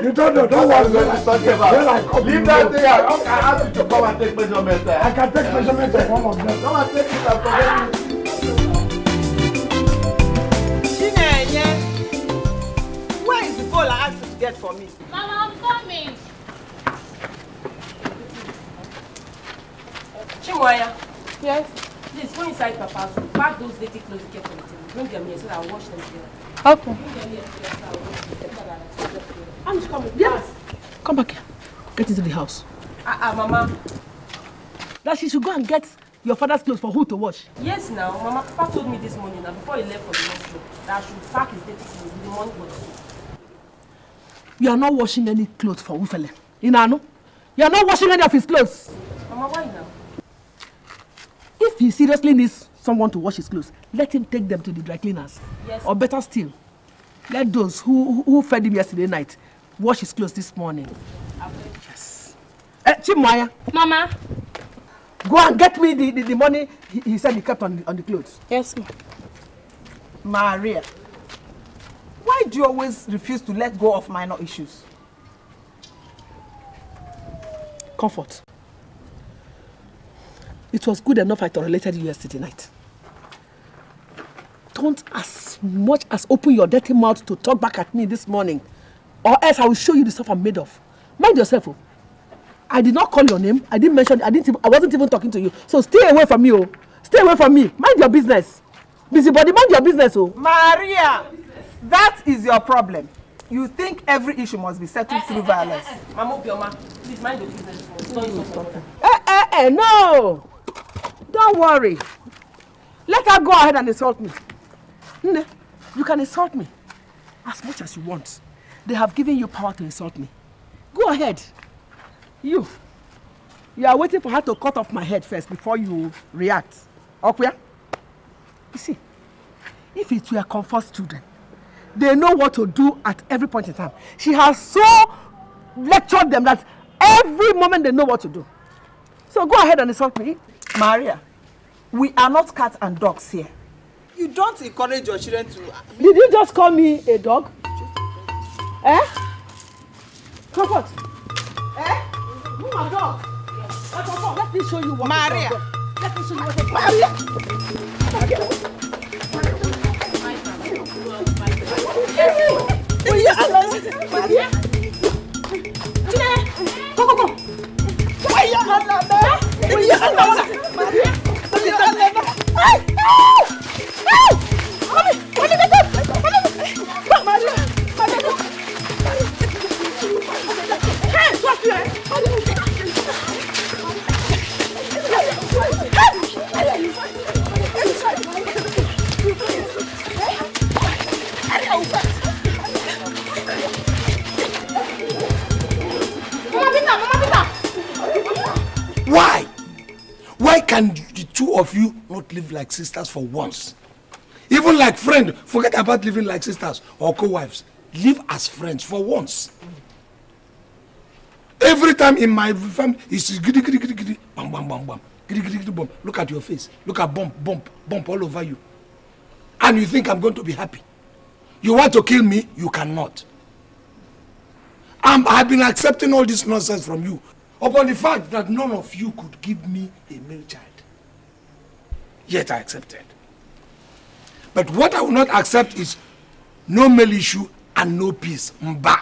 you don't know. Don't worry. Leave that thing out. I ask you to come and take measurements. Eh? I can take measurements of one of them. Come and take it and forget it. where is the bowl I asked you to get for me? Mama, Chimoya. Yes? Please, go inside Papa's room. Pack those dirty clothes you kept on the table. Bring them here so that I'll wash them together. Okay. Bring them here so that I'll wash them together. I'm just coming. Yes. Come back here. Get into the house. Ah, uh, uh, Mama. Now she should go and get your father's clothes for who to wash? Yes, now. Mama, Papa told me this morning, and before he left for the hospital, that I should pack his dirty clothes in the morning bottle. You are not washing any clothes for Ufele. know? You are not washing any of his clothes. Mama, why now? If he seriously needs someone to wash his clothes, let him take them to the dry cleaners. Yes. Or better still, let those who, who fed him yesterday night wash his clothes this morning. Yes. Eh, Chimwaya. Mama. Go and get me the, the, the money he, he said he kept on, on the clothes. Yes, ma. Maria, why do you always refuse to let go of minor issues? Comfort. It was good enough I tolerated you yesterday night. Don't as much as open your dirty mouth to talk back at me this morning. Or else I will show you the stuff I'm made of. Mind yourself. Oh. I did not call your name. I didn't mention. I didn't. I wasn't even talking to you. So stay away from me. Oh. Stay away from me. Mind your business. Busybody, mind your business. Oh. Maria, that is your problem. You think every issue must be settled eh, through eh, violence. Eh, eh, eh. Mama, please mind your business. It's not your Eh, eh, eh, no. Don't worry. Let her go ahead and insult me. you can insult me as much as you want. They have given you power to insult me. Go ahead. You. You are waiting for her to cut off my head first before you react. Okay? You see, if it were comfort student, they know what to do at every point in time. She has so lectured them that every moment they know what to do. So go ahead and insult me. Maria, we are not cats and dogs here. You don't encourage your children to. Uh, Did you just call me a dog? A dog. Eh? Comfort. Eh? Who my dog? Yes. let me show you what. Maria. Let me show you what. Maria. Maria. Why? Why can the two of you not live like sisters for once? like friend. Forget about living like sisters or co-wives. Live as friends for once. Every time in my family, it's giddy, giddy, giddy, giddy, bam, bam, bam, bam, giddy, giddy, giddy, bump. Look at your face. Look at bump, bump, bump all over you. And you think I'm going to be happy. You want to kill me? You cannot. I'm, I've been accepting all this nonsense from you upon the fact that none of you could give me a male child. Yet I accepted. But what I will not accept is no male issue and no peace. Mba.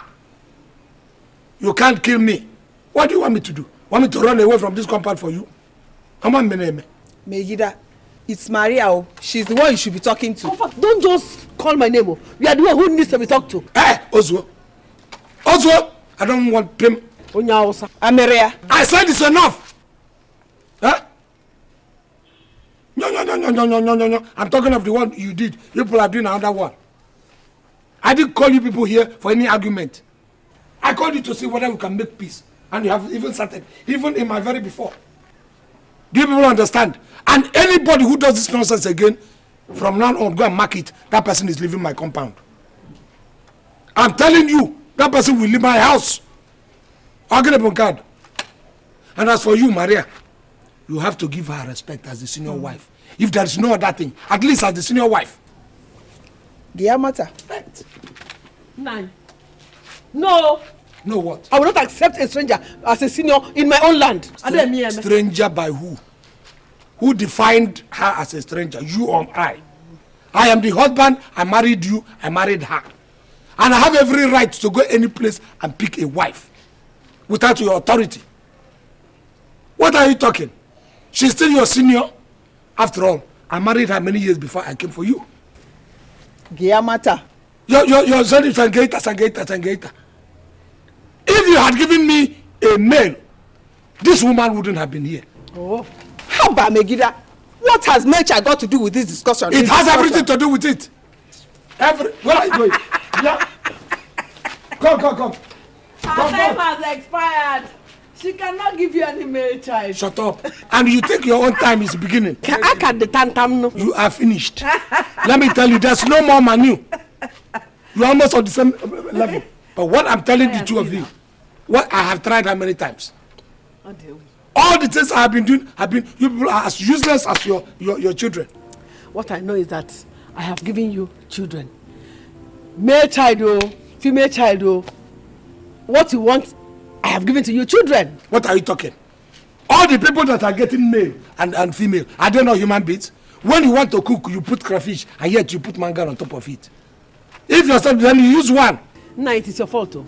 You can't kill me. What do you want me to do? Want me to run away from this compound for you? Come on, Meneme. Megida, it's Maria. Oh. She's the one you should be talking to. Oh, don't just call my name. Oh. You are the one who needs to be talked to. Hey, eh, Ozo. Ozo, I don't want him. Onya Osa. Amaria. I said it's enough. No, no, no, no, no, no, no, no, no. I'm talking of the one you did. people are doing another one. I didn't call you people here for any argument. I called you to see whether we can make peace. And you have even started, even in my very before. Do you people understand? And anybody who does this nonsense again, from now on, go and mark it. That person is leaving my compound. I'm telling you, that person will leave my house. I'll get a card. And as for you, Maria, you have to give her respect as the senior mm. wife. If there is no other thing, at least as the senior wife. Dear matter. Right. Nine. No. No what? I will not accept a stranger as a senior in my own land. Str stranger by who? Who defined her as a stranger? You or I? I am the husband. I married you. I married her. And I have every right to go any place and pick a wife without your authority. What are you talking? She's still your senior. After all, I married her many years before I came for you. Giamata. Your, your, your son is Sangeita, Sangeita, Sangeita. If you had given me a male, this woman wouldn't have been here. Oh. How about Megida? What has Melcha got to do with this discussion? It this has discussion? everything to do with it. Every, where are you going? yeah. Come, come, come. Her time has expired. She cannot give you any male child. Shut up. and you take your own time is beginning. I can the tantam no. You are finished. Let me tell you, there's no more manu. You're almost on the same level. But what I'm telling I the two of you, what I have tried how many times? All the things I have been doing have been you people are as useless as your, your, your children. What I know is that I have given you children. Male child, oh, female child, oh. What you want I have given to you children. What are you talking? All the people that are getting male and, and female, are they not human beings? When you want to cook, you put crayfish and yet you put manga on top of it. If you're sad, then you use one. No, it is your fault. Oh.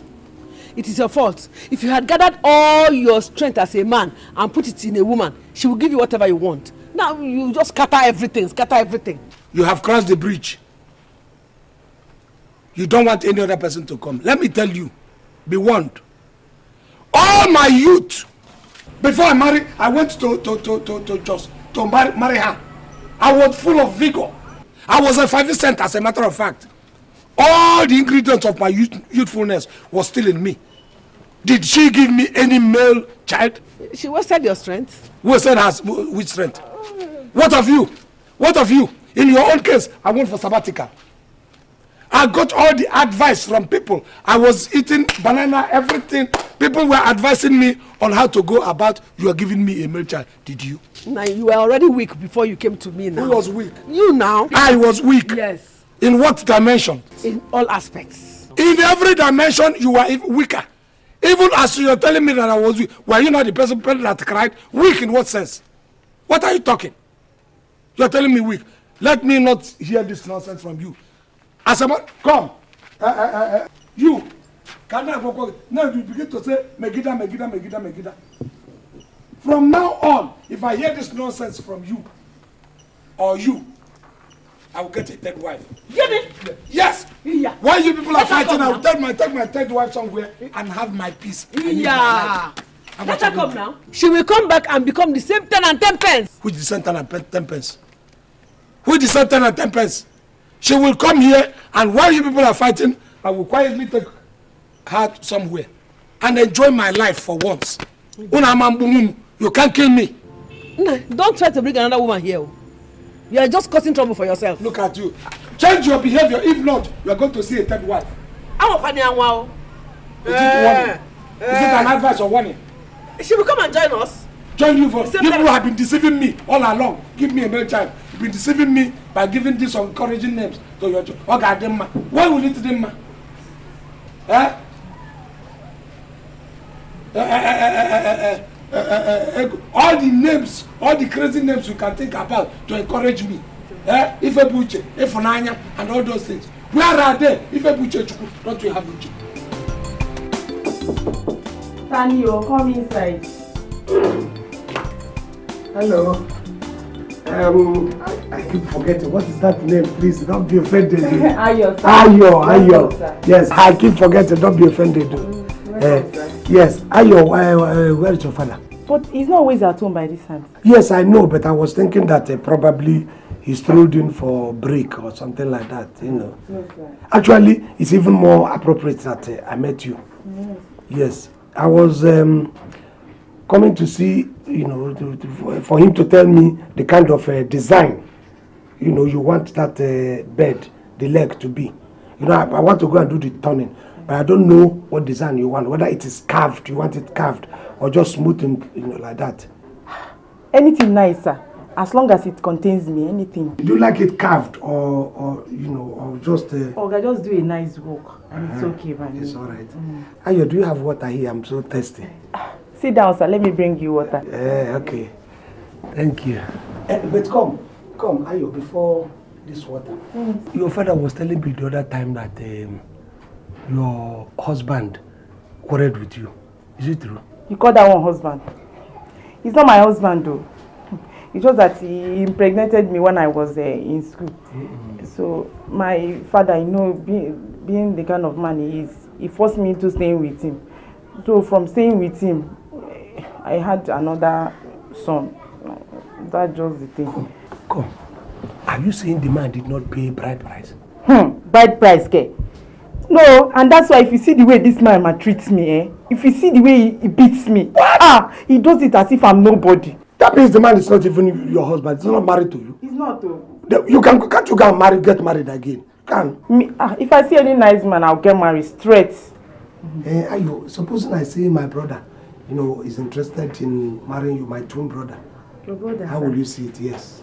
It is your fault. If you had gathered all your strength as a man and put it in a woman, she will give you whatever you want. Now you just scatter everything, scatter everything. You have crossed the bridge. You don't want any other person to come. Let me tell you, be warned all my youth before I marry I went to to to to to just to marry marry her I was full of vigor I was a five cent as a matter of fact all the ingredients of my youth youthfulness was still in me did she give me any male child. she wasted your strength. wasted her which strength what of you what of you in your own case I went for sabbatical I got all the advice from people. I was eating banana, everything. People were advising me on how to go about. You are giving me a miracle, child. Did you? Now, you were already weak before you came to me now. Who was weak? You now. I was weak. Yes. In what dimension? In all aspects. In every dimension, you were even weaker. Even as you are telling me that I was weak, were you not the person that cried? Weak in what sense? What are you talking? You are telling me weak. Let me not hear this nonsense from you. Asamo, come. Uh, uh, uh, you, can I go? Now you begin to say, Megida, Megida, Megida, Megida. From now on, if I hear this nonsense from you, or you, I will get a third wife. Get it? Yes. Yeah. Why you people are fighting, I will take my, take my third wife somewhere and have my peace. Yeah. Let her come now. She will come back and become the same ten and ten pence. Who is the same ten and ten pence? Who is the same ten and ten pence? She will come here, and while you people are fighting, I will quietly take her somewhere and enjoy my life for once. You can't kill me. No, don't try to bring another woman here. Oh. You are just causing trouble for yourself. Look at you. Change your behavior. If not, you are going to see a third wife. I'm a funny one. Is it warning? Eh, Is it an eh. advice or warning? She will come and join us. Join you for. People who have been deceiving me all along. Give me a male child. You've been deceiving me by giving these encouraging names to your children ọ ga why will it dị mma all the names all the crazy names you can think about to encourage me ifebuche ịfụnanya and all those things where are they ifebuche chukwu Don't you have uche. Tani, come inside. Hello. Um, I keep forgetting. What is that name? Please don't be offended. Ayo. Ayo. Ayo. Yes, I keep forgetting. Don't be offended. Mm, uh, yes, Ayo. Uh, where is your father? But he's not always at home by this time. Yes, I know, but I was thinking that uh, probably he's strolled in for break or something like that. You know. Yes, sir. Actually, it's even more appropriate that uh, I met you. Yes. yes, I was. Um, coming to see, you know, to, to, for him to tell me the kind of uh, design, you know, you want that uh, bed, the leg to be. You know, I, I want to go and do the turning, but I don't know what design you want, whether it is carved, you want it carved, or just smooth and, you know, like that. Anything nicer, as long as it contains me, anything. Do you like it carved or, or you know, or just... Uh... Or just do a nice walk, and uh -huh. it's uh-huh. okay, man. It's all right. Mm. Ayo, do you have water here? I'm so thirsty. Ah. Sit down, sir. Let me bring you water. Uh, okay. Thank you. Uh, but come, come, Ayo, before this water. Mm. Your father was telling me the other time that um, your husband quarreled with you. Is it true? You call that one husband? He's not my husband, though. It was that he impregnated me when I was uh, in school. Mm-hmm. So my father, you know, being, being the kind of man he is, he forced me into staying with him. So from staying with him, I had another son. That's just the thing. Come, come. Are you saying the man did not pay bride price? Hmm, bride price, ke. No, and that's why if you see the way this man treats me, eh? If you see the way he, he beats me, what? ah, he does it as if I'm nobody. That means the man is not even your husband. He's not married to you. He's not. Oh. you can can't you go and marry, get married again? Can? Me, ah, if I see any nice man, I'll get married straight. Mm -hmm. Eh, hey, you supposing I see my brother? you know, is interested in marrying you, my twin brother. Your brother? How sir? will you see it? Yes.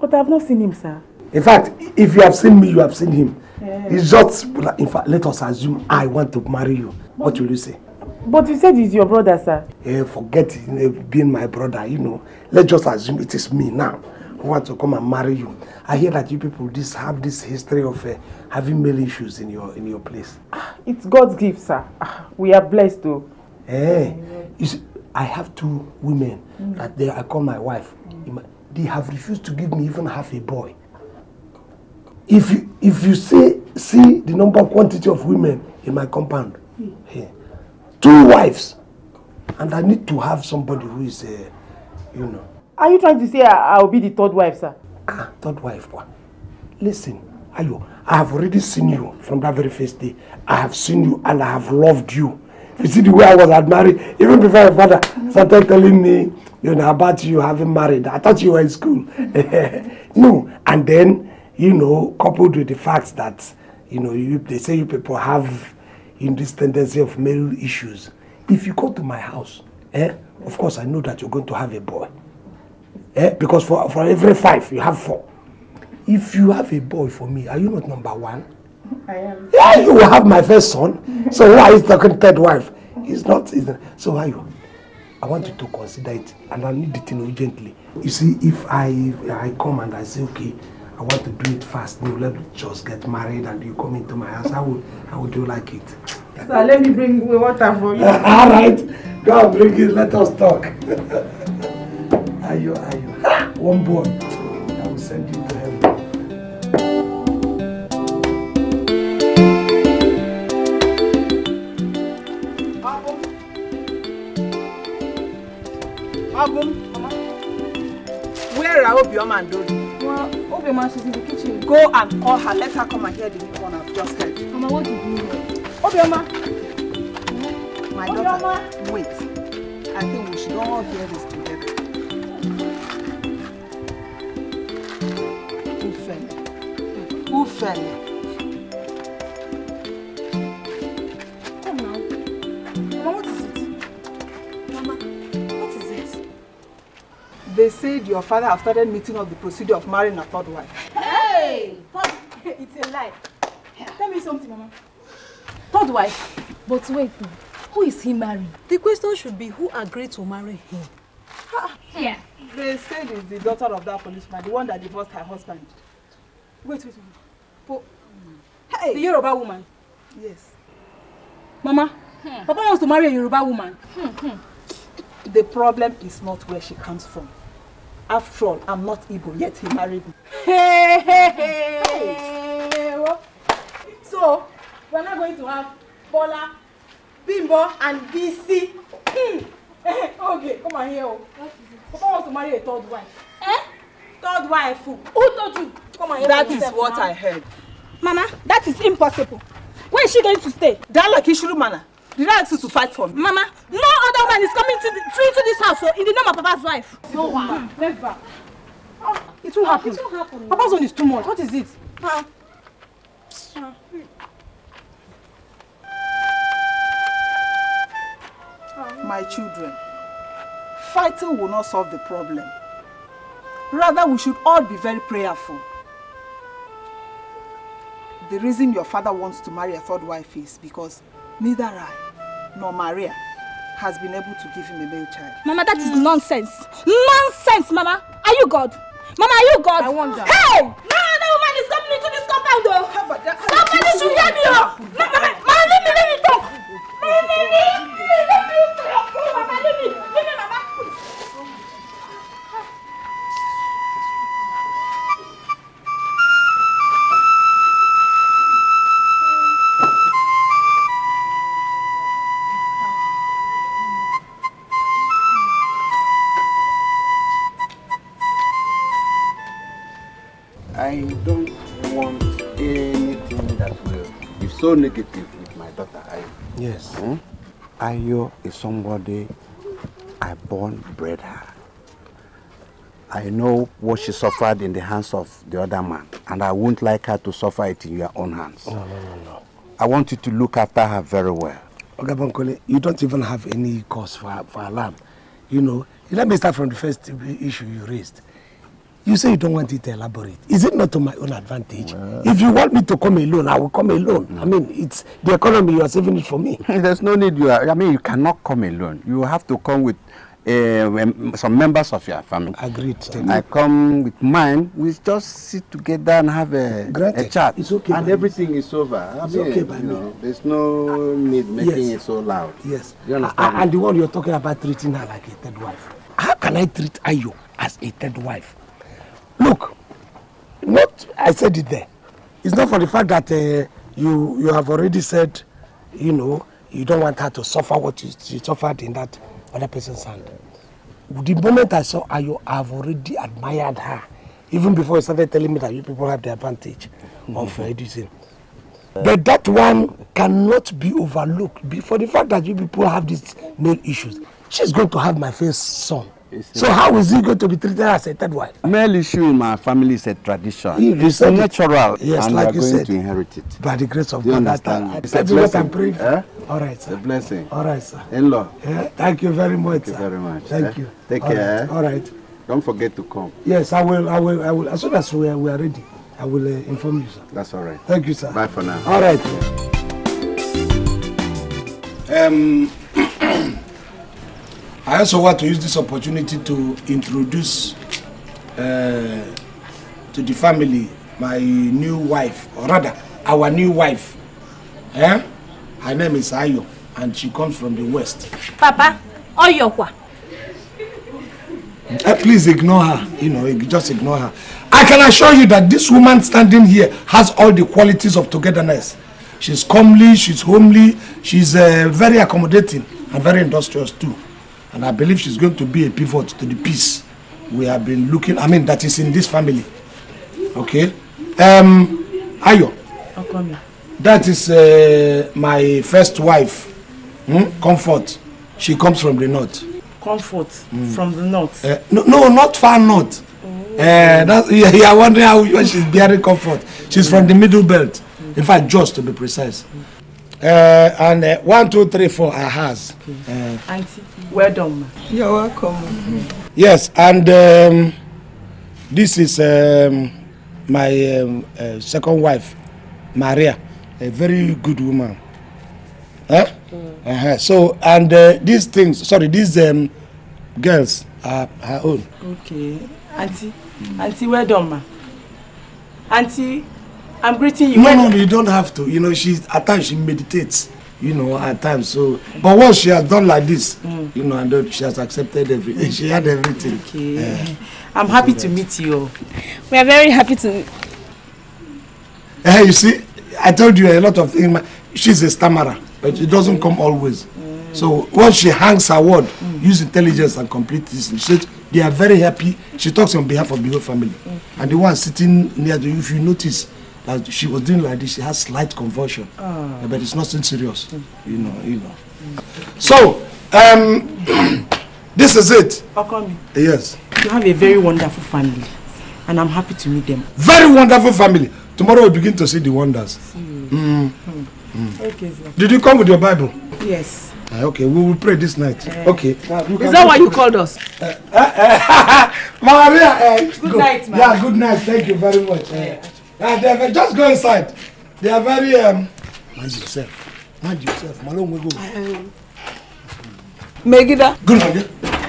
But I have not seen him, sir. In fact, if you have seen me, you have seen him. Yeah. He's just, in fact, let us assume I want to marry you. But, what will you say? But you said he's your brother, sir. Yeah, forget eh, being my brother, you know. Let's just assume it is me now who want to come and marry you. I hear that you people this have this history of uh, having male issues in your in your place. Ah, it's God's gift, sir. Ah, we are blessed, though. Eh, see, I have two women mm. that they, I call my wife. Mm. They have refused to give me even half a boy. If you, if you see, see the number quantity of women in my compound, mm. here, two wives, and I need to have somebody who is, uh, you know. Are you trying to say I, will be the third wife, sir? Ah, third wife. What? Listen, Ayo, I have already seen you from that very first day. I have seen you and I have loved you. You see the way I was admiring, even before your father started telling me, you know, about you having married. I thought you were in school. no, and then, you know, coupled with the fact that, you know, you, they say you people have in this tendency of male issues. If you go to my house, eh, of course I know that you're going to have a boy. Eh? Because for, for every five, you have four. If you have a boy for me, are you not number one? I am. Yeah, you have my first son. so why is talking third wife? He's not. It's not. So why you? I want you to consider it, and I need it urgently. You see, if I I come and I say okay, I want to do it fast. You let me just get married, and you come into my house. I would I would you like it? So let me bring water for you. All right, go and bring it. Let us talk. Are you? Are you? Ah, one boy, I will send you. oven. Mama. Where are Obioma and Dodi? Well, Obioma, she's in the kitchen. Go and call her. Let her come and hear the new one I've just heard. Mama, what do you mean? Obioma. Mm-hmm. My Obioma. daughter, wait. I think we should all hear this together. Ufele. Ufele. They said your father has started meeting up the procedure of marrying a third wife. Hey! it's a lie. Tell me something, Mama. Third wife? But wait, who is he marrying? The question should be who agreed to marry him. Yeah. They said it's the daughter of that policeman, the one that divorced her husband. Wait, wait, wait. hey. The Yoruba woman? Yes. Mama, hmm. Papa wants to marry a Yoruba woman. Hmm, hmm. The problem is not where she comes from. After all, I'm not Igbo, yet he married me. Hey, hey, hey. Oh. So, are not going to have Bola, Bimbo, and BC. Mm. okay, come on here. Oh. What Papa wants to marry a third wife. Eh? Third wife. Oh. Who told you? Come on here. That is what now. I heard. Mama, that is impossible. Where is she going to stay? Dala Kishuru Mana the right to, to fight for me. Mama, no other man is coming to, the, to into this house so in the name of Papa's wife. No one, hmm, never. Oh, it will happen. It will happen. Papa's one is too much. What is it? Ah. My children, fighting will not solve the problem. Rather, we should all be very prayerful. The reason your father wants to marry a third wife is because neither I nor Maria has been able to give him a male child. Mama, that mm. is nonsense. Nonsense, Mama. Are you God? Mama, are you God? I wonder. Hey! No, that woman is coming into this compound, though. Somebody should hear me. Mama, Mama, let me, let me talk. Mama, let me, let me talk. Mama, let me, let me so negative with my daughter, are you? Yes. Hmm? Ayo is somebody I born bred her. I know what she suffered in the hands of the other man, and I wouldn't like her to suffer it in your own hands. No, no, no, no. I want you to look after her very well. Okay, Bankole, you don't even have any cause for, for alarm. You know, let me start from the first issue you raised. You say you don't want it to elaborate. Is it not to my own advantage? Well, if you want me to come alone, I will come alone. Mm. I mean, it's the economy, you are saving it for me. There's no need. You are, I mean, you cannot come alone. You have to come with uh, some members of your family. Agreed. Sir. I come with mine. We just sit together and have a, Granted, a chat. It's okay. And everything me. is over. I it's mean, okay by me. Know, there's no need making yes. it so loud. Yes. You understand? I, and the one you're talking about treating her like a third wife. How can I treat Ayo as a third wife? Look, not I said it there. It's not for the fact that uh, you you have already said, you know, you don't want her to suffer what you, you suffered in that other person's hand. The moment I saw her, you have already admired her. Even before you started telling me that you people have the advantage mm -hmm. of uh, but that one cannot be overlooked. For the fact that you people have these male issues, she's going to have my first son. So how is he going to be treated as a third wife? Male issue in my family is a tradition. It's natural. Yes, and like you said. to inherit it. By the grace of God. That, uh, it's a blessing. eh? All right, sir. It's a blessing. All right, sir. In-law. Yeah. Thank you very much, Thank sir. you very much. Thank eh? you. Take All care. Right. Eh? All right. Don't forget to come. Yes, I will. I will. I will. As soon as we are, we are ready, I will uh, inform you, sir. That's all right. Thank you, sir. Bye for now. All right. Um. I also want to use this opportunity to introduce uh, to the family my new wife, or rather, our new wife. Eh? Her name is Ayo, and she comes from the West. Papa, Oyokwa. Uh, eh, please ignore her, you know, just ignore her. I can assure you that this woman standing here has all the qualities of togetherness. She's comely, she's homely, she's uh, very accommodating and very industrious too. And I believe she's going to be a pivot to the peace we have been looking, I mean, that is in this family. Okay? Um, Ayo. Okomi. That is uh, my first wife, hmm? Comfort. She comes from the north. Comfort mm. from the north? Uh, no, no, not far north. Oh. Uh, that, you, are wondering how she's bearing comfort. She's from the middle belt. Hmm. In fact, just to be precise. Uh, and uh, one, two, three, four are hers. Uh, Auntie. Well done, ma. You're welcome. Mm-hmm. Yes, and um, this is um, my um, uh, second wife, Maria, a very good woman. Huh? Mm. Uh-huh. So, and uh, these things, sorry, these um, girls are her own. Okay. Auntie, mm. Auntie, well done, ma. Auntie, I'm greeting you. No, well no, you don't have to. You know, she's, attached. she meditates you know, at times. So, but once she has done like this, mm. you know, and she has accepted everything. She had everything. Okay. Yeah. I'm happy to meet you. We are very happy to. Hey, eh, you see, I told you a lot of things. She's a stammerer, but it doesn't come always. Mm. So once she hangs her word, mm. use intelligence and complete this. She they are very happy. She talks on behalf of the whole family. Okay. Mm. And the one sitting near you, if you notice, that she was doing like this. She has slight convulsion, oh. but it's nothing serious. Hmm. You know, you know. So, um, this is it. Okomi. Yes. You have a very wonderful family, and I'm happy to meet them. Very wonderful family. Tomorrow we'll begin to see the wonders. Mm. Hmm. Mm. Okay, sir. Did you come with your Bible? Yes. Uh, okay, we will pray this night. Uh, okay. Uh, is that why you called us? Uh, uh, Maria, uh, good, night, man. Yeah, good night. Thank you very much. Uh, yeah. Uh, David, uh, just go inside. They are very. Um... Mind yourself. Mind yourself. Malone will go. Um, Megida. Good, Megida.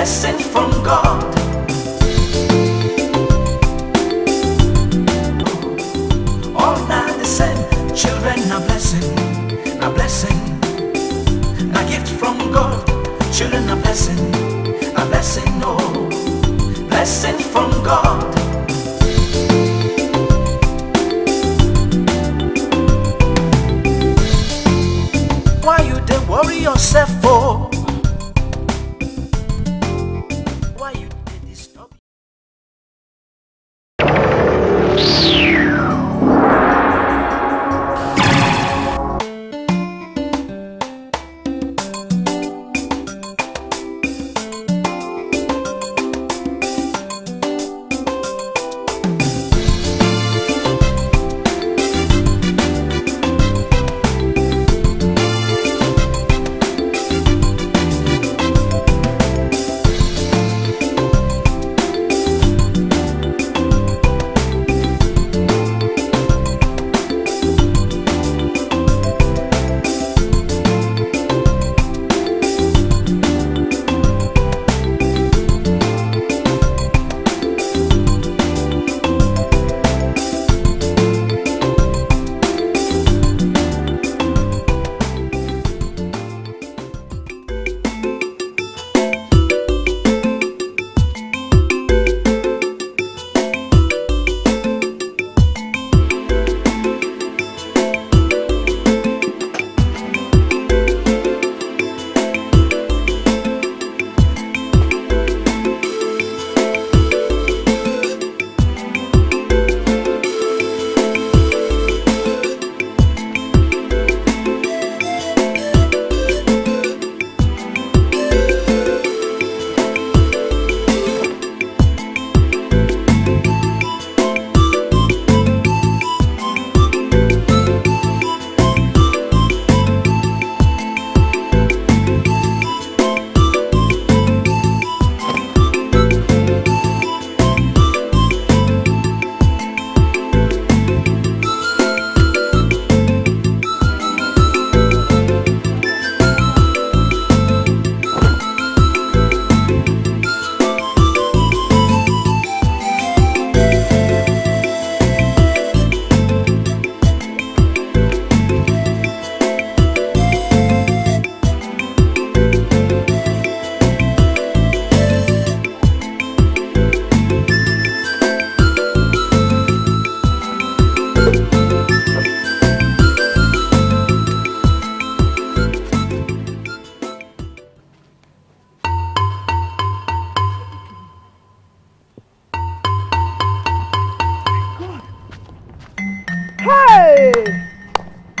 blessing from God. All now listen, children are blessing, a blessing, a gift from God. Children are blessing, a blessing, oh, blessing from God.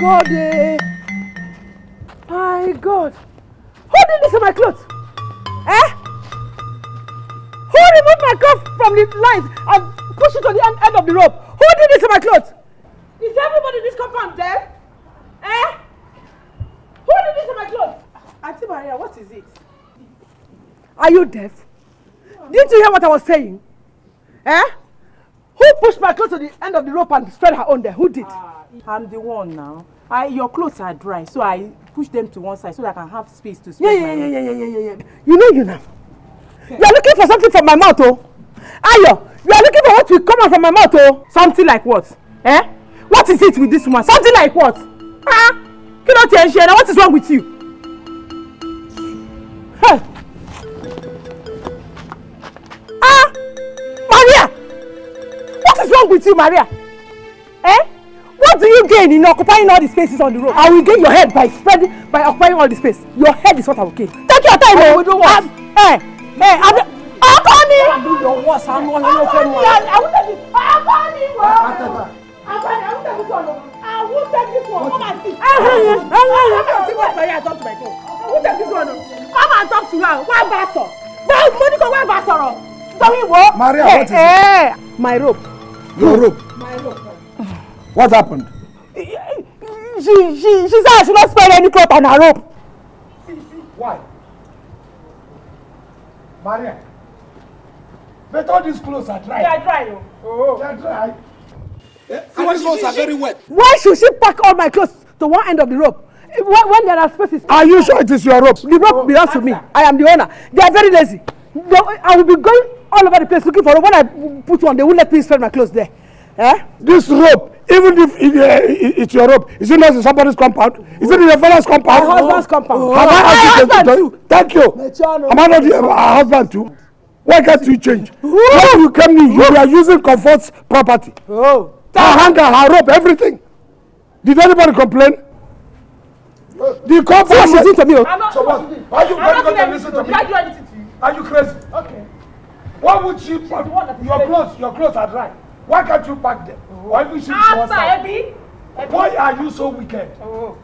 body. My God. Who did this to my clothes? Eh? Who removed my clothes from the lines and pushed it to the end of the rope? Who did this to my clothes? Is everybody in this compound dead? Eh? Who did this to my clothes? Auntie Maria, what is it? Are you deaf? No, Didn't you hear what I was saying? Eh? Who pushed my clothes to the end of the rope and spread her own there? Who did? Uh, I'm the one now. I your clothes are dry, so I push them to one side so that I can have space to spread yeah, yeah, my yeah, yeah, yeah, yeah, yeah, yeah. You know you now. Okay. You are looking for something from my mouth, oh. Ayo, you are looking for what will come out from my mouth, oh. Something like what? Eh? What is it with this woman? Something like what? Ah, Cannot ló tiẹ̀ What is wrong with you? Huh. Ah, Maria, what is wrong with you, Maria? Eh? What do you gain in occupying all the spaces on the road? I will gain your head by spreading, by occupying all the space. Your head is what I will gain. Take your time, oh. We do what? Hey, ah, eh, hey, eh, I'm. I'm your worst. Ọkọ ni. Àbí yọ wọ́ sanu ọ̀hún ló fẹ́ wọn. Àwùjọ ni ọkọ ni wọ́n. Àbá ni àwùjọ ni sọ̀rọ̀. Àwùjọ ni sọ̀rọ̀. Come and see. Come and see what's going on. Talk to my phone. Àwùjọ this one. Come and talk to her. Wá bá sọ̀. Mo ní kò wá bá sọ̀rọ̀. Torí Hey, Maria, what is it? Eh, my rope. Your rope. My rope. What happened? She, she, she said I should not spend any cloth on her rope. why? Maria, but all these clothes are dry. They are dry. Oh. oh. They are dry. Yeah, see, and these ones are very wet. Why should she pack all my clothes to one end of the rope? Eh, when, when there are spaces. Are you sure it is your rope? The rope oh, belongs to me. I am the owner. They are very lazy. They, I will be going all over the place looking for rope. When I put one, they won't let me spread my clothes there. Eh? This rope even if it, uh, it's your rope, is it not in somebody's compound? Is it in your father's compound? Her husband's compound. Oh. Am I asking you to too. Thank you. Am I not your uh, husband too? Why can't you change? When you came in, you are using Comfort's property. Oh. Her hanger, her rope, everything. Did anybody complain? The comfort is listening to me. Oh. I'm not, so what? Why you, going to listen to me? Why do anything to you? Are you crazy? Okay. Why would you? Your clothes, your clothes are dry. Why can't you pack them? Everything was Abba, Why are you so wicked? Oh.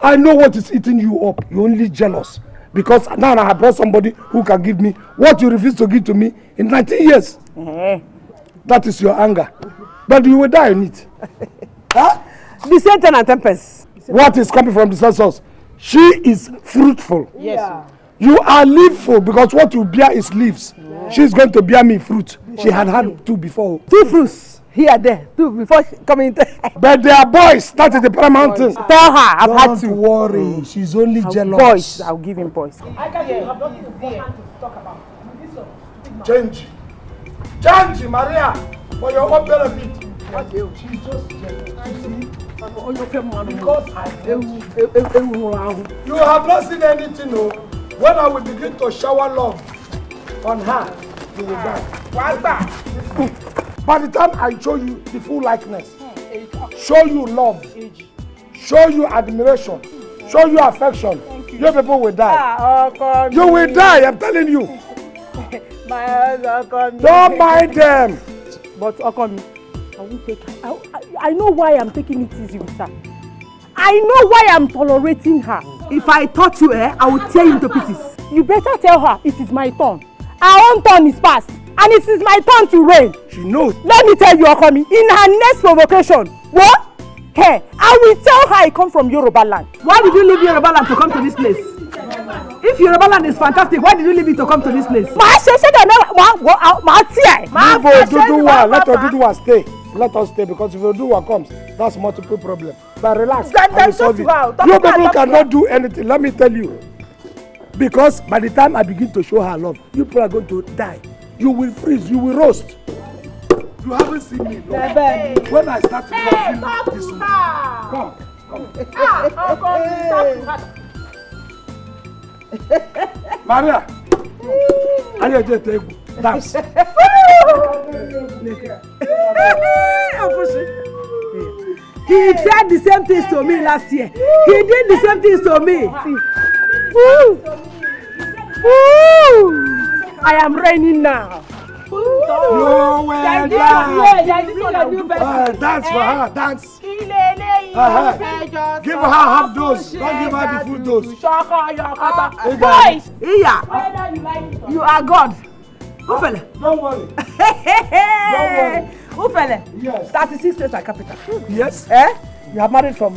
I know what is eating you up. You're only jealous. Because now I have brought somebody who can give me what you refuse to give to me in 19 years. Mm -hmm. That is your anger. But you will die in it. huh? The Satan and Tempest. What is coming from the source? She is fruitful. Yes. Yeah. You are leafful because what you bear is leaves. Yeah. She is going to bear me fruit. She had had two before. Two fruits here there too before coming but they are boys that is the paramount tell her I've Don't had to. don't worry mm. she's only I'll jealous. boys I'll give him boys. I can't you have nothing to talk about. change change Maria for your own benefit. she's just jealous. see. Because I you have not seen anything, no. Oh. When I will begin to shower love on her, you will die. Why that? By the time I show you the full likeness, hmm, show you love, show you admiration, hmm. show you affection, you. your people will die. Ah, you will die, I'm telling you. My Don't mind them. But Okomi, I won't take I, I, I know why I'm taking it easy with her. I know why I'm tolerating her. If I touch you, eh, I will tear you to pieces. You better tell her it is my turn. Our own turn is past and it is my turn to reign. she knows. let me tell you ọkọ in her next provocation wo hey i will tell her i come from Yoruba land. why did you leave Yoruba land to come to this place if Yoruba land is fantastic why did you leave it to come to this place. màá ṣe ṣẹ́dọ̀ náà màá màá tí ẹ̀. leave Oduduwa let Oduduwa stay let us stay because if Oduduwa comes that's multiple problem but relax then, i will solve it well. you people cannot do anything let me tell you because by the time i begin to show her love you people are going to die you will freeze, you will roast. You haven't seen me, no. Hey. When I started hey, laughing this week. Come, come. Ah, oh, uncle, hey. stop Maria, I just take dance. He said the same things to me last year. He did the same things to me. Woo! Woo! I am reigning now. Ooh. No way, dance. Yeah, yeah, this one I do best. Uh, dance for eh? her, dance. Uh-huh. Give her half dose. Don't give her the full dose. Ah, Boys! yeah. You are God. Ufele. Don't worry. Don't worry. Ufele. Yes. 36 states are capital. Yes. Eh? You have married from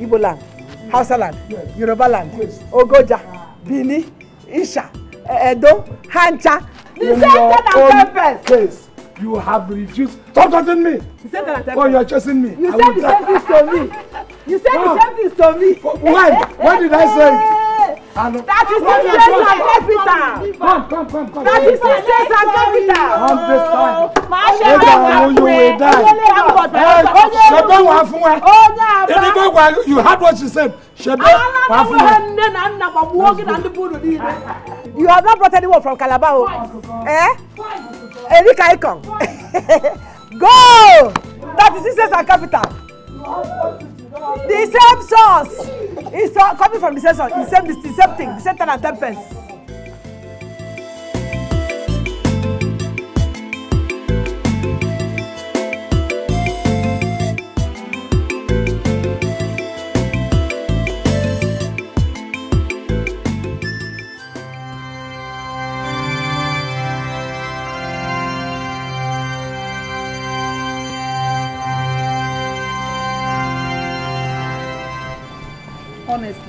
Igbo land, Hausa land, Yoruba land, Ogoja, Bini, Isha. Edo, Hanja. The In your own case, you have reduced. Stop touching me. The same thing oh, you are chasing me. You I said the same thing to me. You said no. the ah. same thing to me. When? When did I say it? That is what says and capital. Come, come, come, come. That is what says and capital. Come this time. Máa ṣe é bá wù ẹ́. Ṣebí wà you oh, heard what she said. Ṣebí wà fún You have not brought anyone from Calabar. Oh. Eh? Erika Ikon. Go! That is Ises and capital. The same source. It's coming from the same source. The same, the same thing. The same ten and tempest.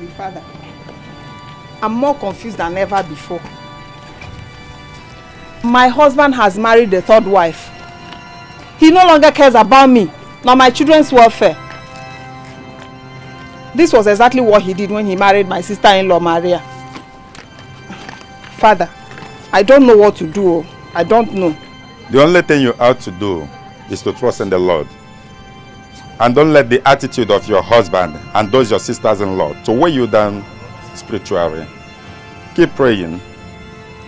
Heavenly Father, I'm more confused than ever before. My husband has married a third wife. He no longer cares about me, nor my children's welfare. This was exactly what he did when he married my sister-in-law, Maria. Father, I don't know what to do. Oh. I don't know. The only thing you have to do is to trust in the Lord. And don't let the attitude of your husband and those your sisters-in-law to weigh you down spiritually. Keep praying.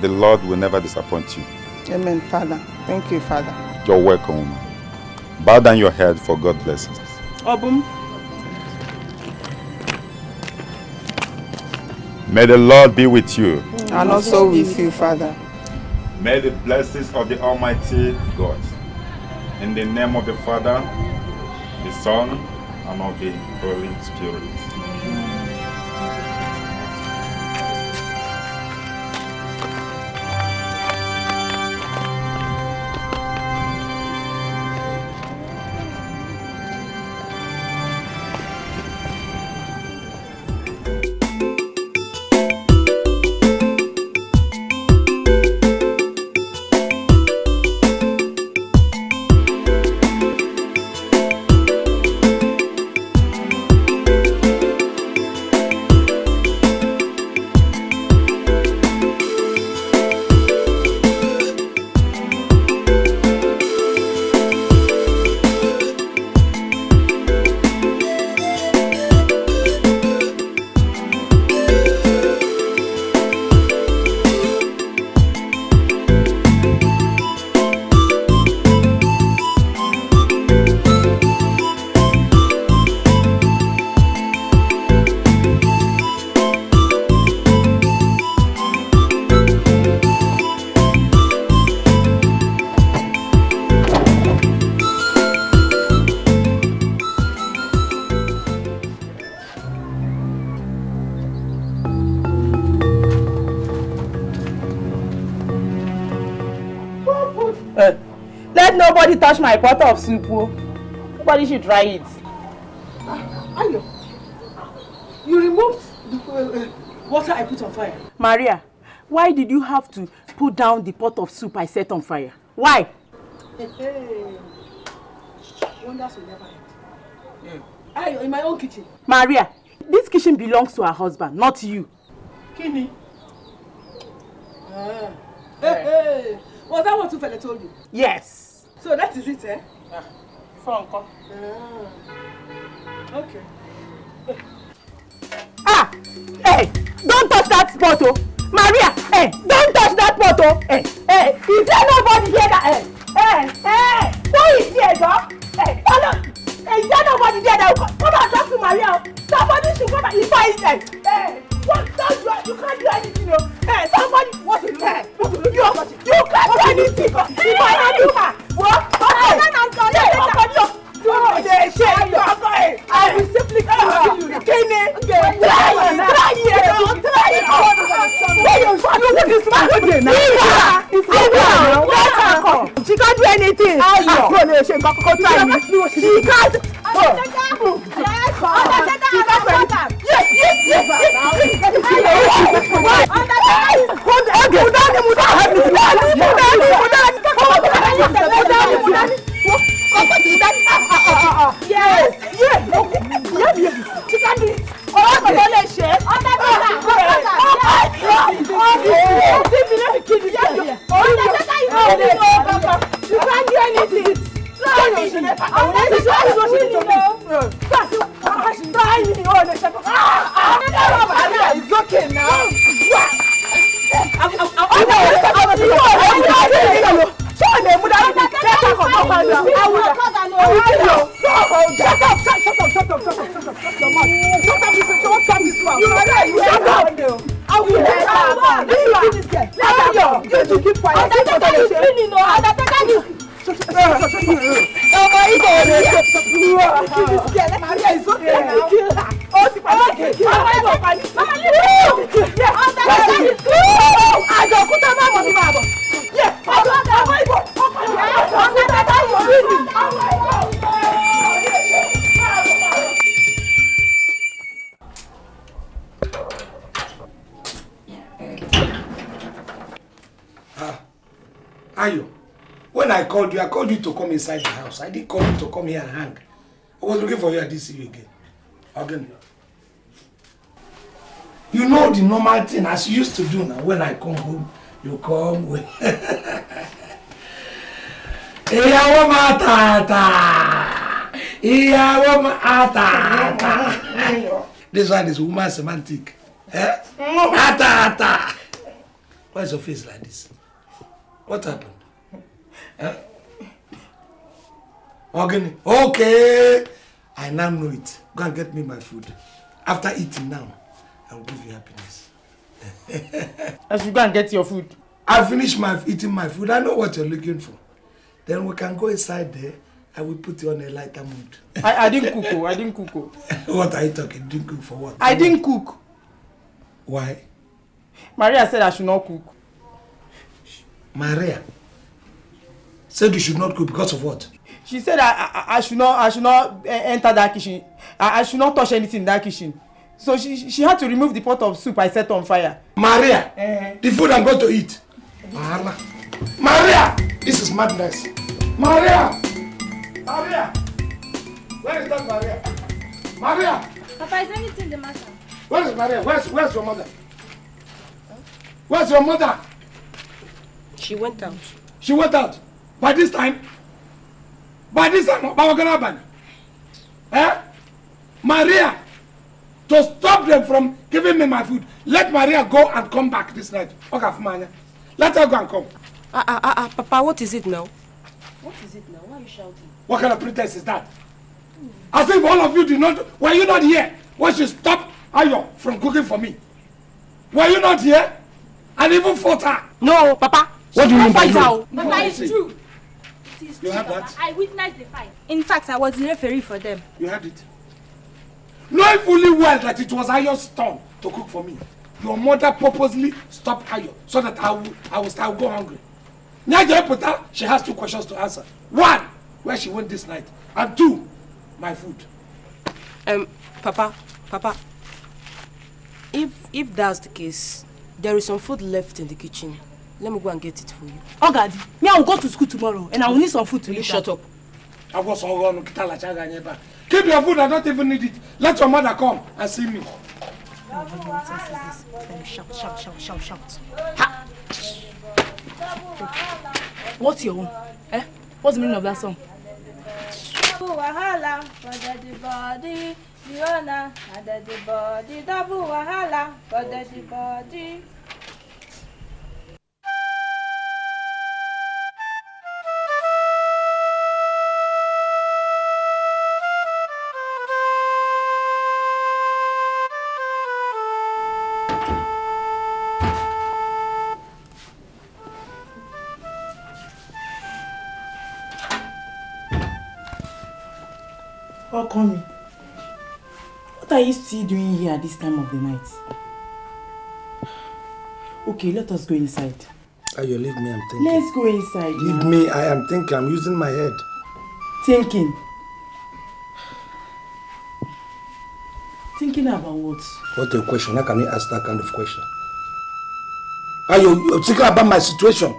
The Lord will never disappoint you. Amen, Father. Thank you, Father. You're welcome. Bow down your head for God's blessings. Obum. May the Lord be with you. And also with you, Father. May the blessings of the Almighty God. In the name of the Father, the Son, and of the Holy Spirit. my pot of soup oh. nobody should try it. Ayo, ah, you removed the uh, uh, water I put on fire. Maria, why did you have to put down the pot of soup I set on fire? Why? Hey, eh, eh. Wonders will never end. Mm. Ayo, in my own kitchen. Maria, this kitchen belongs to her husband, not you. Kini. Ah. Hey, hey. Was that what Tufele told you? Yes so that is it eh? ah fọ Ah, okay. ah hey, eh! don't touch that spot oh. Maria hey, eh! don't touch that pot oh. hey, eh, hey, is there nobody here that hey, hey, hey, who is here dog? Hey, follow. Hey, you're nobody there that will come. Come and talk to Maria. Somebody should come and invite them. Hey, what you can't do anything, you know. Hey, eh, somebody wants to learn. What to do? Eh, you can't do anything. If I hand you her, what? Okay. Hey, hey, hey, hey, hey, hey, yóò ṣe ṣe ìgbàgbọ́ ẹ̀. I will simply kill you. Kíni? Try it, try it, try it. Where you from? You this man go dey now. Iwa, Iwa, let her come. She can't do anything. Ayo. Kò lè ṣe nǹkan kókó try me. She can't. hold on, hold on, hold on, hold on ọkọ ti dá yes yes yes yes chicken di ọwọ́ kan tó lè ṣe ọ̀dà tó ta ọ̀dà tó ta ọ̀dà tó ti mi lórí kìdí yẹn ọ̀dà tó ta yìí ọ̀dà tó ta you can't do anything. Ọ̀dà tó ta yìí ọ̀dà tó inside the house. I didn't call you to come here and hang. I was looking for you. I didn't see you again. Again. You know the normal thing as you used to do now. When I come home, you come with. Ìyàwó máa tààtà. Ìyàwó máa tààtà. This one is woman semantic. Eh? Mm. Ata ata. Why is your face like this? What happened? Ogini. Okay. I now know it. Go and get me my food. After eating now, I will give you happiness. I should go and get your food. I finish my eating my food. I know what you're looking for. Then we can go inside there. I will put you on a lighter mood. I, I didn't cook. Oh, I didn't cook. Oh. What are you talking? Didn't cook for what? I didn't cook. Why? Maria said I should not cook. Maria said you should not cook because of what? she said I, I, I should not I should not eh, enter that kitchen. I, I should not touch anything in that kitchen. So she she had to remove the pot of soup I set on fire. Maria, uh -huh. the food I'm going to eat. Maria, Maria, this is madness. Maria, Maria, where is that Maria? Maria. Papa, is anything the matter? Where is Maria? Where's where's your mother? Where's your mother? She went out. She went out. By this time, badisa no bawagana abani eh maria to stop them from giving me my food let maria go and come back this night okafumanya let her go and come ah ah ah, ah papa what is it now what is it now why are you shouting what kind of pretense is that mm. as if all of you did not were you not here when she stopped ayo from cooking for me were you not here and even fought her no papa what do you mean by you papa it's true fact You had that? I witnessed the fight. In fact, I was the referee for them. You had it? Knowing fully well that it was Ayo's turn to cook for me, your mother purposely stopped Ayo so that I would, I would, I would go hungry. Now, Puta, she has two questions to answer. One, where she went this night, and two, my food. Um, Papa, Papa, if if that's the case, there is some food left in the kitchen. Let me go and get it for you. Oh oh, me I will go to school tomorrow and I will need some food to eat. Shut up. I was on one Keep your food, I don't even need it. Let your mother come and see me. shout, shout, shout, shout, shout. What's your own? Eh? What's the meaning of that song? Double wahala for the body, the and the body. Double wahala for the body. Call me. what are you still doing here at this time of the night? Okay, let us go inside. you leave me, I'm thinking. Let's go inside. Leave now. me, I am thinking. I'm using my head. Thinking? Thinking about what? What a question. How can you ask that kind of question? Are you you're thinking about my situation?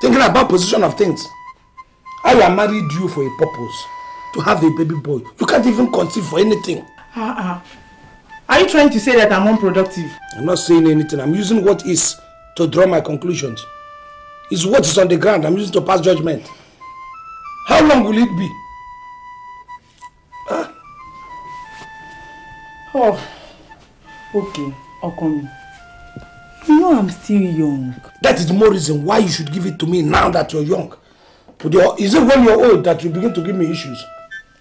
Thinking about position of things? I am married you for a purpose to have a baby boy. You can't even conceive for anything. Uh-uh. Are you trying to say that I'm unproductive? I'm not saying anything. I'm using what is to draw my conclusions. It's what is on the ground. I'm using to pass judgment. How long will it be? Huh? Ah. Oh, okay, Okomi. You know I'm still young. That is more reason why you should give it to me now that you're young. Is it when you're old that you begin to give me issues?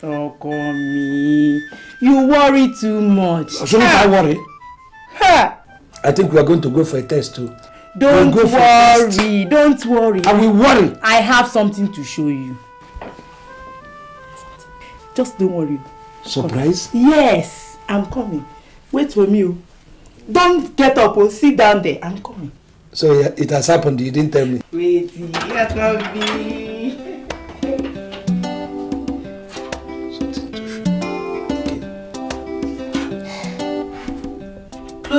ọkọ mi you worry too much. ṣé nípa worry. Ha. I think we are going to go for a test too. Don't we'll worry, don't worry. I will worry. I have something to show you. Just don't worry. Surprise? Come. Yes, I'm coming. Wait for me. Don't get up or sit down there. I'm coming. So it has happened, you didn't tell me. Wait, you cannot be.